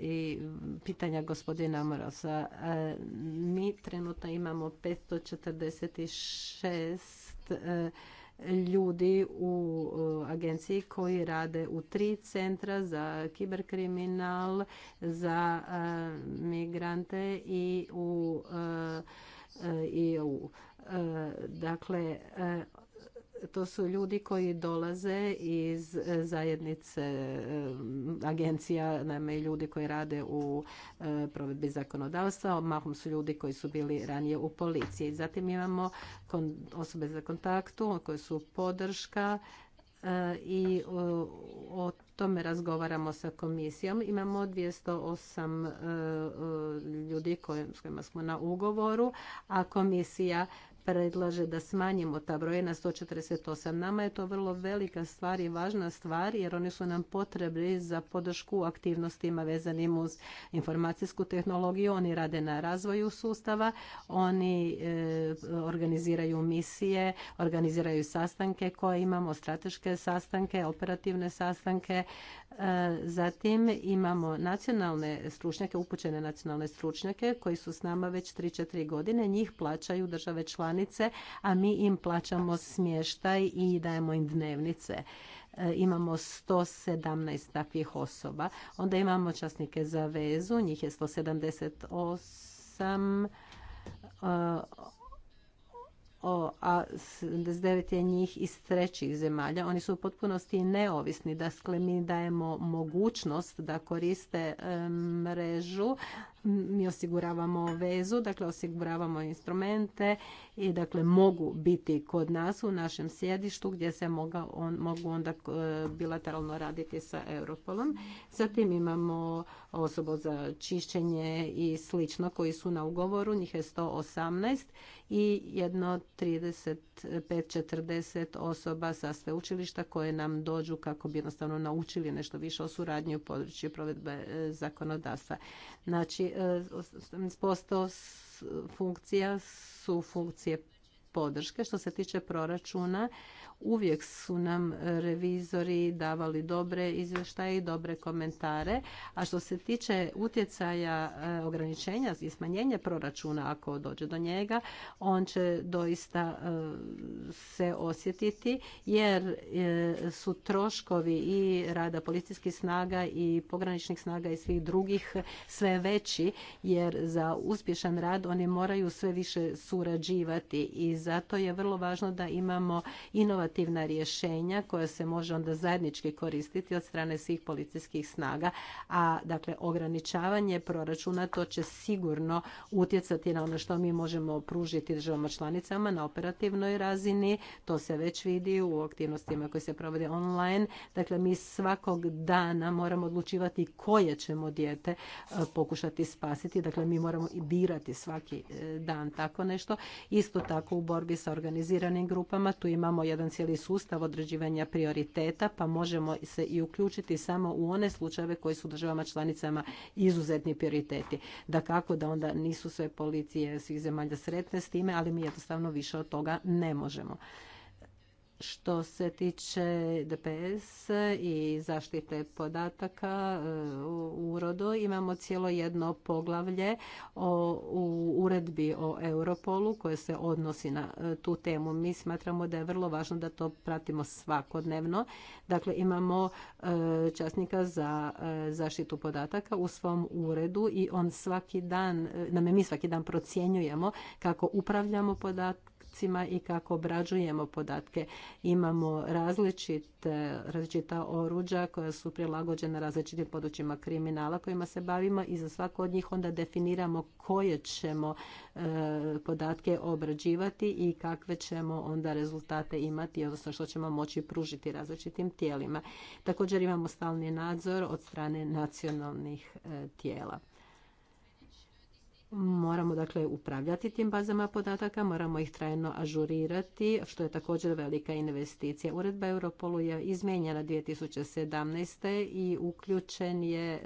i pitanja gospodina Morosa. E, mi trenutno imamo 546 e, ljudi u agenciji koji rade u tri centra za kiberkriminal, za migrante i u EU. Dakle, to su ljudi koji dolaze iz e, zajednice e, agencija, naime ljudi koji rade u e, provedbi zakonodavstva, mahom su ljudi koji su bili ranije u policiji. Zatim imamo osobe za kontaktu koje su podrška i o tome razgovaramo sa komisijom. Imamo 208 ljudi s kojima smo na ugovoru, a komisija predlaže da smanjimo ta broj na 148. Nama je to vrlo velika stvar i važna stvar jer oni su nam potrebni za podršku aktivnostima vezanim uz informacijsku tehnologiju. Oni rade na razvoju sustava, oni e, organiziraju misije, organiziraju sastanke koje imamo, strateške sastanke, operativne sastanke, E, zatim imamo nacionalne stručnjake, upućene nacionalne stručnjake koji su s nama već 3-4 godine. Njih plaćaju države članice, a mi im plaćamo smještaj i dajemo im dnevnice e, imamo 117 takvih osoba. Onda imamo časnike za vezu, njih je 178 a 79 je njih iz trećih zemalja. Oni su u potpunosti neovisni, dakle mi dajemo mogućnost da koriste mrežu, mi osiguravamo vezu, dakle osiguravamo instrumente i dakle mogu biti kod nas u našem sjedištu gdje se on, mogu onda e, bilateralno raditi sa Europolom. Zatim imamo osobu za čišćenje i slično koji su na ugovoru, njih je 118 i jedno 35-40 osoba sa sveučilišta koje nam dođu kako bi jednostavno naučili nešto više o suradnji u području provedbe e, zakonodavstva. Znači, e, posto funkcija su funkcije podrške. Što se tiče proračuna, Uvijek su nam revizori davali dobre izvještaje i dobre komentare. A što se tiče utjecaja e, ograničenja i smanjenja proračuna, ako dođe do njega, on će doista e, se osjetiti jer e, su troškovi i rada policijskih snaga i pograničnih snaga i svih drugih sve veći jer za uspješan rad oni moraju sve više surađivati i zato je vrlo važno da imamo inovativne inovativna rješenja koja se može onda zajednički koristiti od strane svih policijskih snaga, a dakle ograničavanje proračuna to će sigurno utjecati na ono što mi možemo pružiti državama članicama na operativnoj razini. To se već vidi u aktivnostima koje se provode online. Dakle, mi svakog dana moramo odlučivati koje ćemo dijete e, pokušati spasiti. Dakle, mi moramo i birati svaki e, dan tako nešto. Isto tako u borbi sa organiziranim grupama tu imamo jedan cijeli sustav određivanja prioriteta pa možemo se i uključiti samo u one slučajeve koji su državama članicama izuzetni prioriteti. Da kako da onda nisu sve policije svih zemalja sretne s time, ali mi jednostavno više od toga ne možemo što se tiče DPS i zaštite podataka e, u urodu, imamo cijelo jedno poglavlje o, u uredbi o Europolu koje se odnosi na e, tu temu. Mi smatramo da je vrlo važno da to pratimo svakodnevno. Dakle, imamo e, časnika za zaštitu podataka u svom uredu i on svaki dan, nam mi svaki dan procjenjujemo kako upravljamo podatkom podacima i kako obrađujemo podatke. Imamo e, različita oruđa koja su prilagođena različitim područjima kriminala kojima se bavimo i za svako od njih onda definiramo koje ćemo e, podatke obrađivati i kakve ćemo onda rezultate imati, odnosno što ćemo moći pružiti različitim tijelima. Također imamo stalni nadzor od strane nacionalnih e, tijela. Moramo dakle upravljati tim bazama podataka, moramo ih trajno ažurirati, što je također velika investicija. Uredba Europolu je izmijenjena 2017. i uključen je e,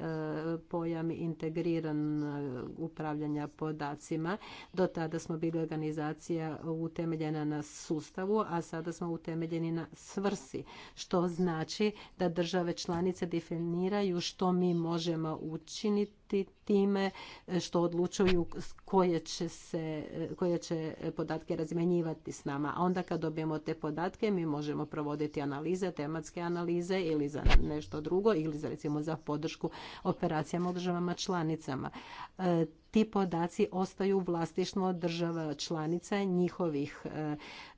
pojam integriran e, upravljanja podacima. Do tada smo bili organizacija utemeljena na sustavu, a sada smo utemeljeni na svrsi, što znači da države članice definiraju što mi možemo učiniti time e, što odlučuju koje će, se, e, koje će podatke razmjenjivati s nama. A onda kad dobijemo te podatke mi možemo provoditi analize, tematske analize ili za nešto drugo ili za recimo za podršku operacijama u državama članicama. E, ti podaci ostaju u država članica njihovih e,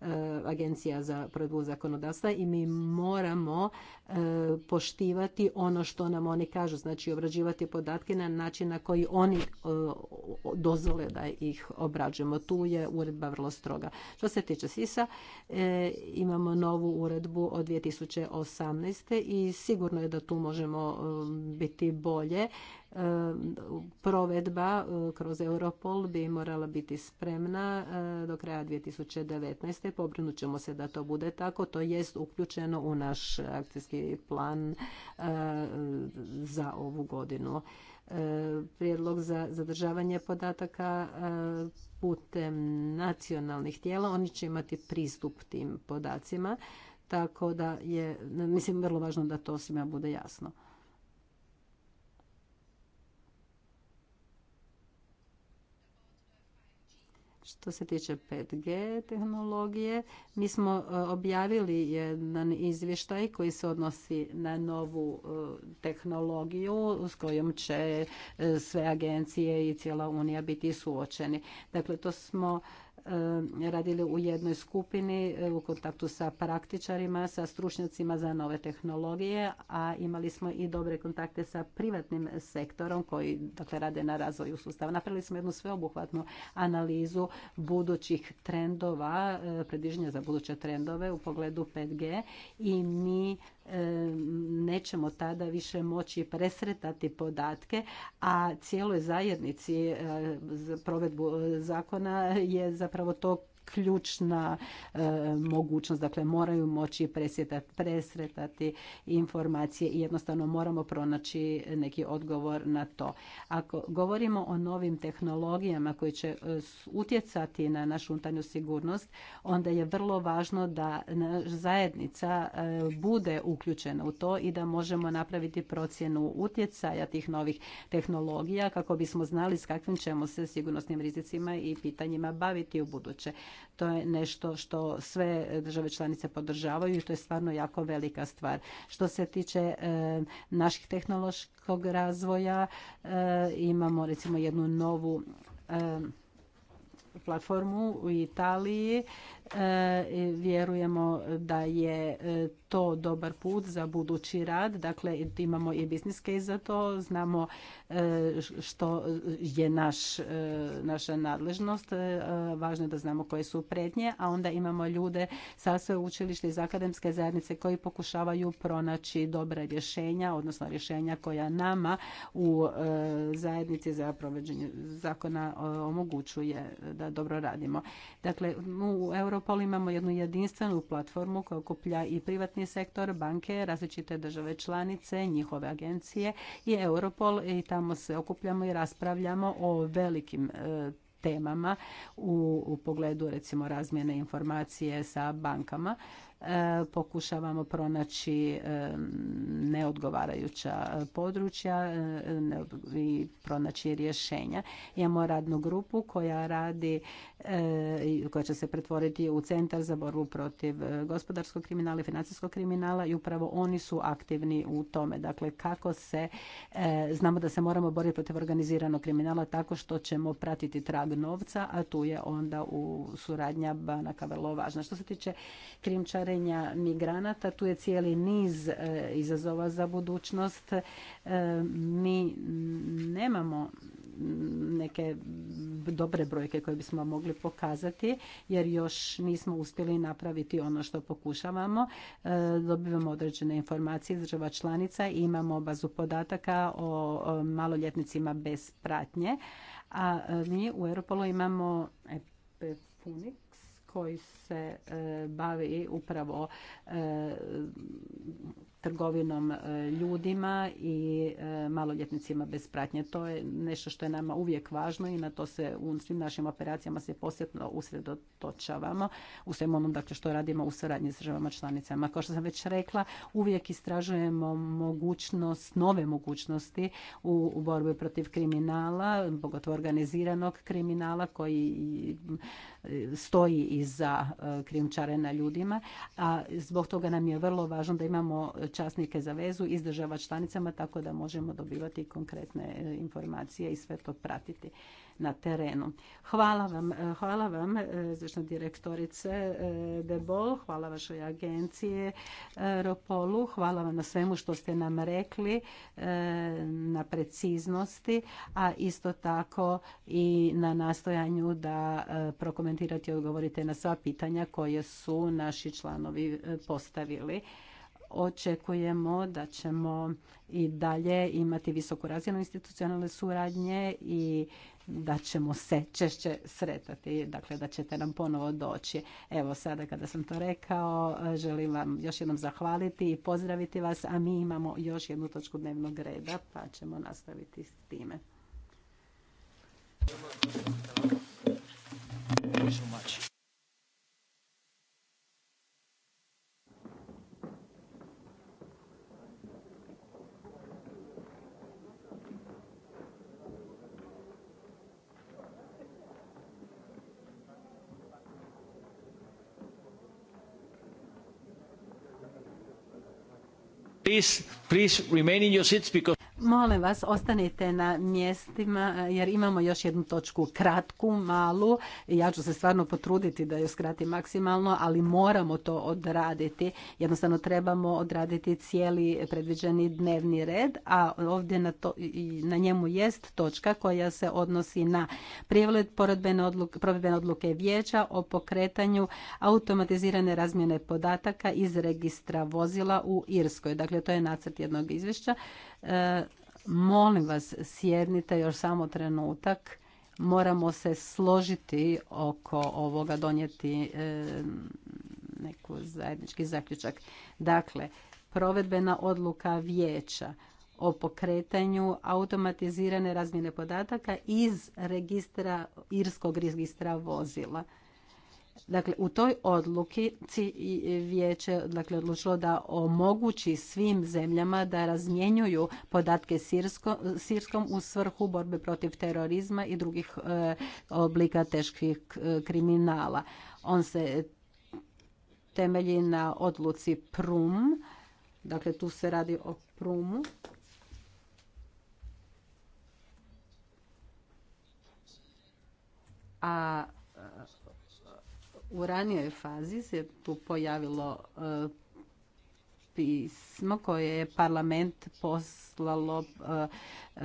e, agencija za provedbu zakonodavstva i mi moramo e, poštivati ono što nam oni kažu, znači obrađivati podatke na način na koji oni dozvole da ih obrađujemo. Tu je uredba vrlo stroga. Što se tiče SISA, imamo novu uredbu od 2018. i sigurno je da tu možemo biti bolje E, provedba e, kroz Europol bi morala biti spremna e, do kraja 2019. Pobrinut ćemo se da to bude tako. To jest uključeno u naš akcijski plan za ovu godinu. Prijedlog za zadržavanje podataka putem nacionalnih tijela. Oni će imati pristup tim podacima. Tako da je, mislim, vrlo važno da to svima bude jasno. Što se tiče 5G tehnologije, mi smo e, objavili jedan izvještaj koji se odnosi na novu e, tehnologiju s kojom će e, sve agencije i cijela Unija biti suočeni. Dakle, to smo E, radili u jednoj skupini e, u kontaktu sa praktičarima, sa stručnjacima za nove tehnologije, a imali smo i dobre kontakte sa privatnim sektorom koji dakle, rade na razvoju sustava. Napravili smo jednu sveobuhvatnu analizu budućih trendova, e, predviženja za buduće trendove u pogledu 5G i mi nećemo tada više moći presretati podatke, a cijeloj zajednici e, provedbu e, zakona je zapravo to ključna e, mogućnost. Dakle, moraju moći presretati informacije i jednostavno moramo pronaći neki odgovor na to. Ako govorimo o novim tehnologijama koji će e, utjecati na našu unutarnju sigurnost, onda je vrlo važno da zajednica e, bude uključena u to i da možemo napraviti procjenu utjecaja tih novih tehnologija kako bismo znali s kakvim ćemo se sigurnosnim rizicima i pitanjima baviti u buduće. To je nešto što sve države članice podržavaju i to je stvarno jako velika stvar. Što se tiče e, naših tehnološkog razvoja, e, imamo recimo jednu novu e, platformu u Italiji. Vjerujemo da je to dobar put za budući rad. Dakle, imamo i business case za to, znamo e, što je naš, e, naša nadležnost. E, važno je da znamo koje su prednje, a onda imamo ljude sa sveučilišta iz akademske zajednice koji pokušavaju pronaći dobra rješenja, odnosno rješenja koja nama u zajednici za provođenje zakona omogućuje da dobro radimo. Dakle, u Europol imamo jednu jedinstvenu platformu koja okuplja i privatni privatni sektor, banke, različite države članice, njihove agencije i Europol i tamo se okupljamo i raspravljamo o velikim e, temama u, u pogledu recimo razmjene informacije sa bankama E, pokušavamo pronaći e, neodgovarajuća područja e, i pronaći rješenja. Imamo radnu grupu koja radi, koja će se pretvoriti u centar za borbu protiv gospodarskog kriminala i financijskog kriminala i upravo oni su aktivni u tome. Dakle, kako se, znamo da se moramo boriti protiv organiziranog kriminala tako što ćemo pratiti trag novca, a tu je onda u suradnja banaka vrlo važna. Što se tiče krimčare migranata. Tu je cijeli niz e, izazova za budućnost. E, mi nemamo neke dobre brojke koje bismo mogli pokazati jer još nismo uspjeli napraviti ono što pokušavamo. E, dobivamo određene informacije iz država članica i imamo bazu podataka o maloljetnicima bez pratnje. A mi u Europolu imamo Epifunik koji se e, bavi upravo e, trgovinom e, ljudima i e, maloljetnicima bez pratnje. To je nešto što je nama uvijek važno i na to se u svim našim operacijama se posjetno usredotočavamo u svem onom dakle, što radimo u suradnji s državama članicama. Kao što sam već rekla, uvijek istražujemo mogućnost, nove mogućnosti u, u borbi protiv kriminala, pogotovo organiziranog kriminala koji e, stoji iza na ljudima. A zbog toga nam je vrlo važno da imamo časnike za vezu iz država članicama tako da možemo dobivati konkretne e, informacije i sve to pratiti na terenu. Hvala vam, e, hvala vam e, izvršna direktorice Debol, hvala vašoj agenciji Ropolu, hvala vam na svemu što ste nam rekli, na preciznosti, a isto tako i na nastojanju da prokomentirate i odgovorite na sva pitanja koje su naši članovi postavili očekujemo da ćemo i dalje imati visoku razinu institucionalne suradnje i da ćemo se češće sretati, dakle da ćete nam ponovo doći. Evo sada kada sam to rekao, želim vam još jednom zahvaliti i pozdraviti vas, a mi imamo još jednu točku dnevnog reda pa ćemo nastaviti s time. please, please remain in your seats because Molim vas, ostanite na mjestima jer imamo još jednu točku kratku, malu. Ja ću se stvarno potruditi da ju skratim maksimalno, ali moramo to odraditi. Jednostavno trebamo odraditi cijeli predviđeni dnevni red, a ovdje na, to, na njemu jest točka koja se odnosi na odluke provedbene odluke vijeća o pokretanju automatizirane razmjene podataka iz registra vozila u Irskoj. Dakle, to je nacrt jednog izvješća E, molim vas, sjednite još samo trenutak. Moramo se složiti oko ovoga, donijeti e, neku zajednički zaključak. Dakle, provedbena odluka vijeća o pokretanju automatizirane razmjene podataka iz registra, irskog registra vozila. Dakle, u toj odluki vijeće dakle, odlučilo da omogući svim zemljama da razmjenjuju podatke Sirsko, Sirskom u svrhu borbe protiv terorizma i drugih e, oblika teških e, kriminala. On se temelji na odluci PRUM, dakle tu se radi o PRUMu. A u ranijoj fazi se tu pojavilo e, pismo koje je parlament poslalo e,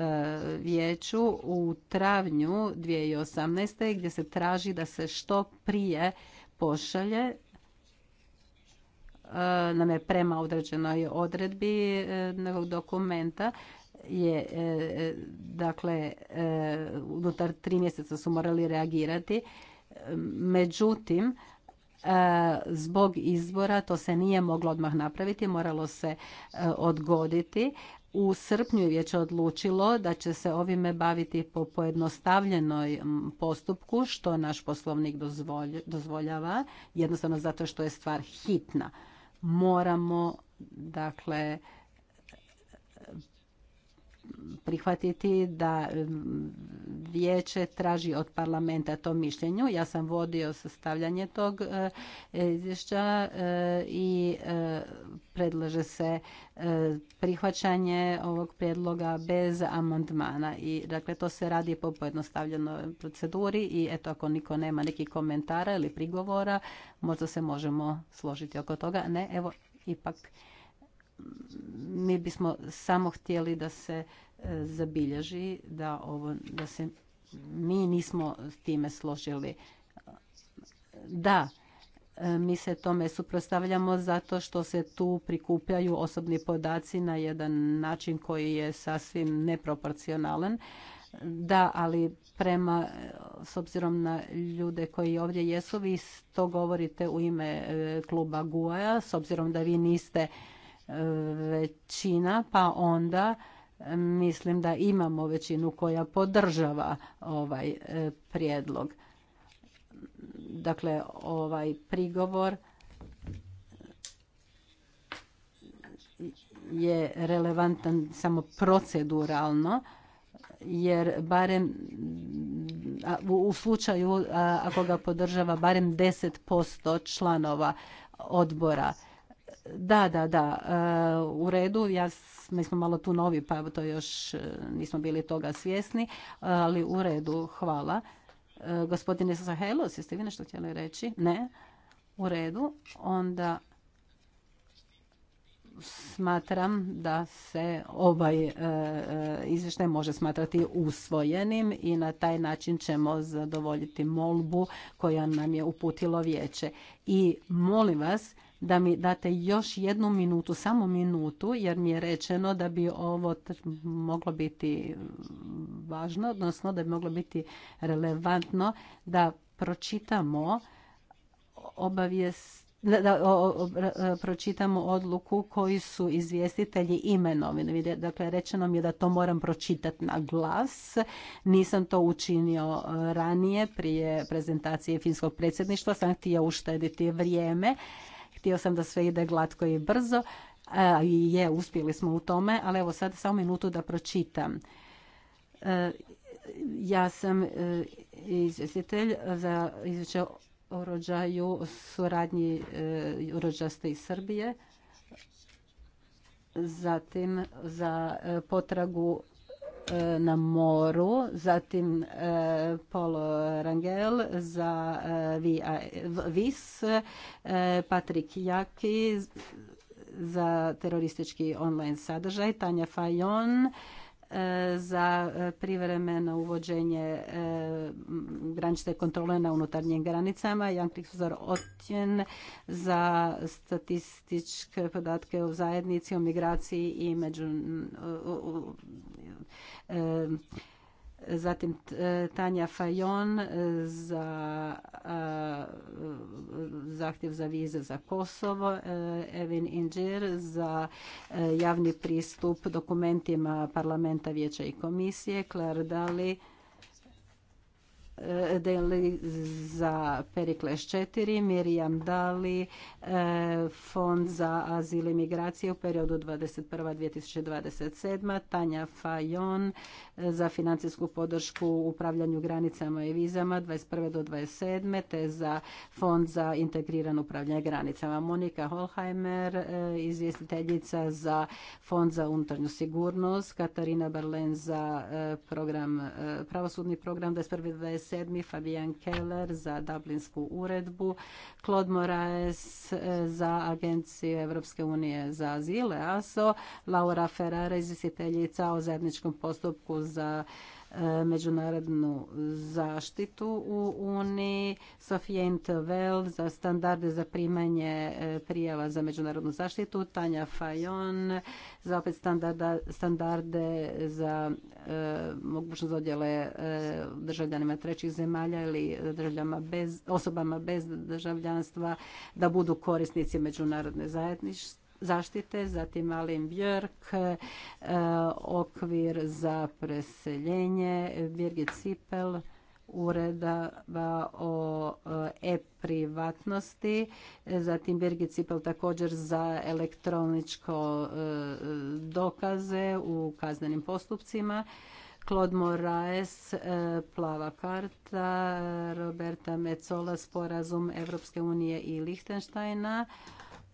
e, vijeću u travnju 2018. gdje se traži da se što prije pošalje nam je prema određenoj odredbi nekog dokumenta je dakle unutar tri mjeseca su morali reagirati Međutim, e, zbog izbora to se nije moglo odmah napraviti, moralo se e, odgoditi. U srpnju je već odlučilo da će se ovime baviti po pojednostavljenoj postupku, što naš poslovnik dozvoljava, jednostavno zato što je stvar hitna. Moramo, dakle, prihvatiti da vijeće traži od parlamenta to mišljenju. Ja sam vodio sastavljanje tog e, izvješća e, i e, predlaže se prihvaćanje ovog prijedloga bez amandmana. I, dakle, to se radi po pojednostavljenoj proceduri i eto, ako niko nema nekih komentara ili prigovora, možda se možemo složiti oko toga. Ne, evo, ipak mi bismo samo htjeli da se e, zabilježi da ovo da se mi nismo s time složili da e, mi se tome suprotstavljamo zato što se tu prikupljaju osobni podaci na jedan način koji je sasvim neproporcionalan da, ali prema, s obzirom na ljude koji ovdje jesu, vi to govorite u ime e, kluba gua s obzirom da vi niste većina, pa onda mislim da imamo većinu koja podržava ovaj e, prijedlog. Dakle, ovaj prigovor je relevantan samo proceduralno, jer barem u slučaju ako ga podržava barem 10% članova odbora da, da, da. E, u redu. Ja, mi smo malo tu novi, pa to još e, nismo bili toga svjesni, e, ali u redu. Hvala. Gospodine Sahelos, jeste vi nešto htjeli reći? Ne. U redu. Onda smatram da se ovaj e, e, izvještaj može smatrati usvojenim i na taj način ćemo zadovoljiti molbu koja nam je uputilo vijeće. I molim vas da mi date još jednu minutu, samo minutu, jer mi je rečeno da bi ovo moglo biti važno, odnosno da bi moglo biti relevantno da pročitamo obavijest da, da pročitamo odluku koji su izvjestitelji imenovani. Dakle, rečeno mi je da to moram pročitati na glas. Nisam to učinio e, ranije prije prezentacije finskog predsjedništva. Sam htio uštediti vrijeme. Htio sam da sve ide glatko i brzo. I je, uspjeli smo u tome, ali evo sad samo minutu da pročitam. E, ja sam e, izvjestitelj za izvješće o rođaju suradnji e, rođaste iz Srbije, zatim za e, potragu e, na moru, zatim Polo Rangel za VIS, Patrik Jaki za teroristički online sadržaj, Tanja Fajon E, za e, privremeno uvođenje e, granične kontrole na unutarnjim granicama. Jan Kriksuzor Otjen za statističke podatke o zajednici, o migraciji i među zatim e, Tanja Fajon e, za e, zahtjev za vize za Kosovo, Evin Inđir za javni pristup dokumentima parlamenta, vijeća i komisije, Claire Dali Deli za Perikles 4, Mirjam Dali, Fond za azil i migracije u periodu 2021-2027, Tanja Fajon za financijsku podršku upravljanju granicama i vizama 21. do 27. te za Fond za integrirano upravljanje granicama. Monika Holheimer, e, izvjestiteljica za Fond za unutarnju sigurnost, Katarina Berlen za e, program, e, pravosudni program 21. do 27. Fabian Keller za Dublinsku uredbu, Claude Moraes za Agenciju Europske unije za azile ASO, Laura Ferrara, izvjestiteljica o zajedničkom postupku za e, međunarodnu zaštitu u Uniji, Sofie Intervel za standarde za primanje e, prijava za međunarodnu zaštitu, Tanja Fajon za opet standarde za e, mogućnost dodjele državljanima trećih zemalja ili bez, osobama bez državljanstva da budu korisnici međunarodne zajedništva zaštite, zatim Alin Björk, e, okvir za preseljenje, Birgit Sipel, uredava e, o e-privatnosti, e, zatim Birgit Cipel također za elektroničko dokaze u kaznenim postupcima, Claude Moraes, plava karta, Roberta Mecola, sporazum Evropske unije i Lihtenštajna,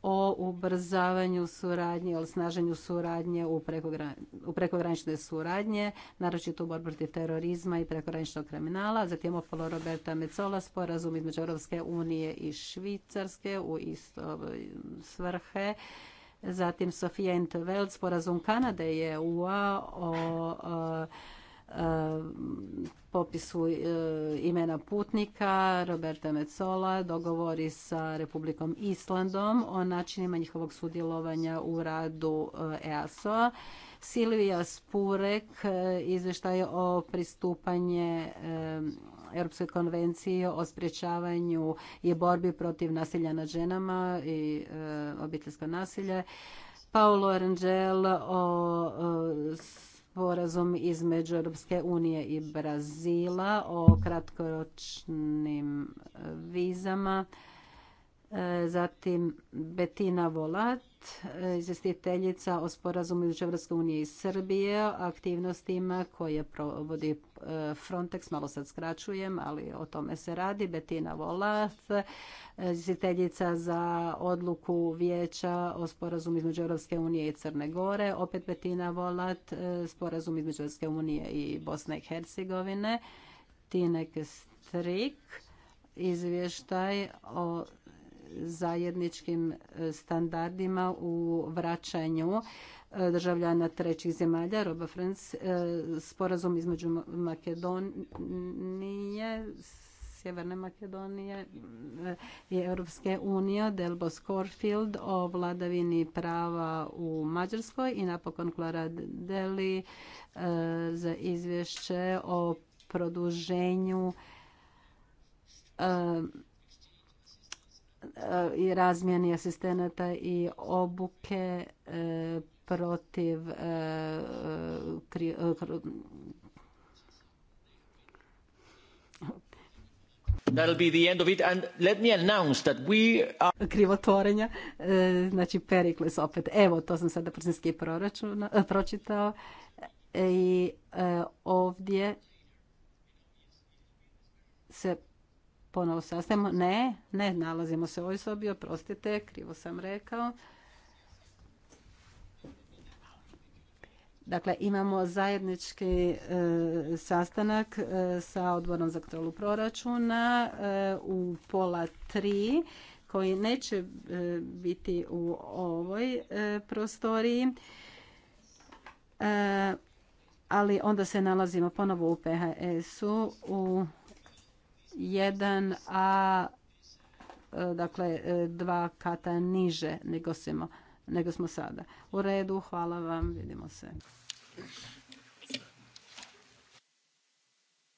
o ubrzavanju suradnje o snaženju suradnje u, prekogran, prekogranične suradnje, naročito u borbi protiv terorizma i prekograničnog kriminala. Zatim opolo Roberta Mecola, sporazum između Europske unije i Švicarske u isto svrhe. Zatim Sofija Veld, sporazum Kanade je UA o popisu e, imena putnika Roberta Metzola, dogovori sa Republikom Islandom o načinima njihovog sudjelovanja u radu e, EASO-a. Silvija Spurek, e, izvještaj o pristupanje Europskoj konvenciji o sprječavanju i borbi protiv nasilja nad ženama i obiteljsko nasilje. Paolo Arangel o sporazum između Europske unije i Brazila o kratkoročnim e, vizama. E, zatim Betina Volat, e, izvjestiteljica o sporazumu između Europske unije i Srbije, aktivnostima koje provodi Frontex, malo sad skraćujem, ali o tome se radi. Betina Volath, izviteljica za odluku vijeća o sporazumu između Europske unije i Crne Gore. Opet Betina Volat, sporazum između Europske unije i Bosne i Hercegovine. Tinek Strik, izvještaj o zajedničkim standardima u vraćanju E, državljana trećih zemalja. Roba France, sporazum između Makedonije, Sjeverne Makedonije e, i Europske unije, Delbo Scorfield o vladavini prava u Mađarskoj i napokon Klara Deli e, za izvješće o produženju i razmjeni asistenata i obuke protiv krivotvorenja, znači Perikles opet. Evo, to sam sada prsinski e, pročitao e, i e, ovdje se ponovo sastavimo. Ne, ne, nalazimo se u ovoj sobi, oprostite, krivo sam rekao. Dakle, imamo zajednički e, sastanak e, sa odborom za kontrolu proračuna e, u pola tri koji neće biti u ovoj prostoriji. Ali onda se nalazimo ponovo u PHS-u u 1A, dakle dva kata niže nego smo nego smo sada. U redu, hvala vam, vidimo se.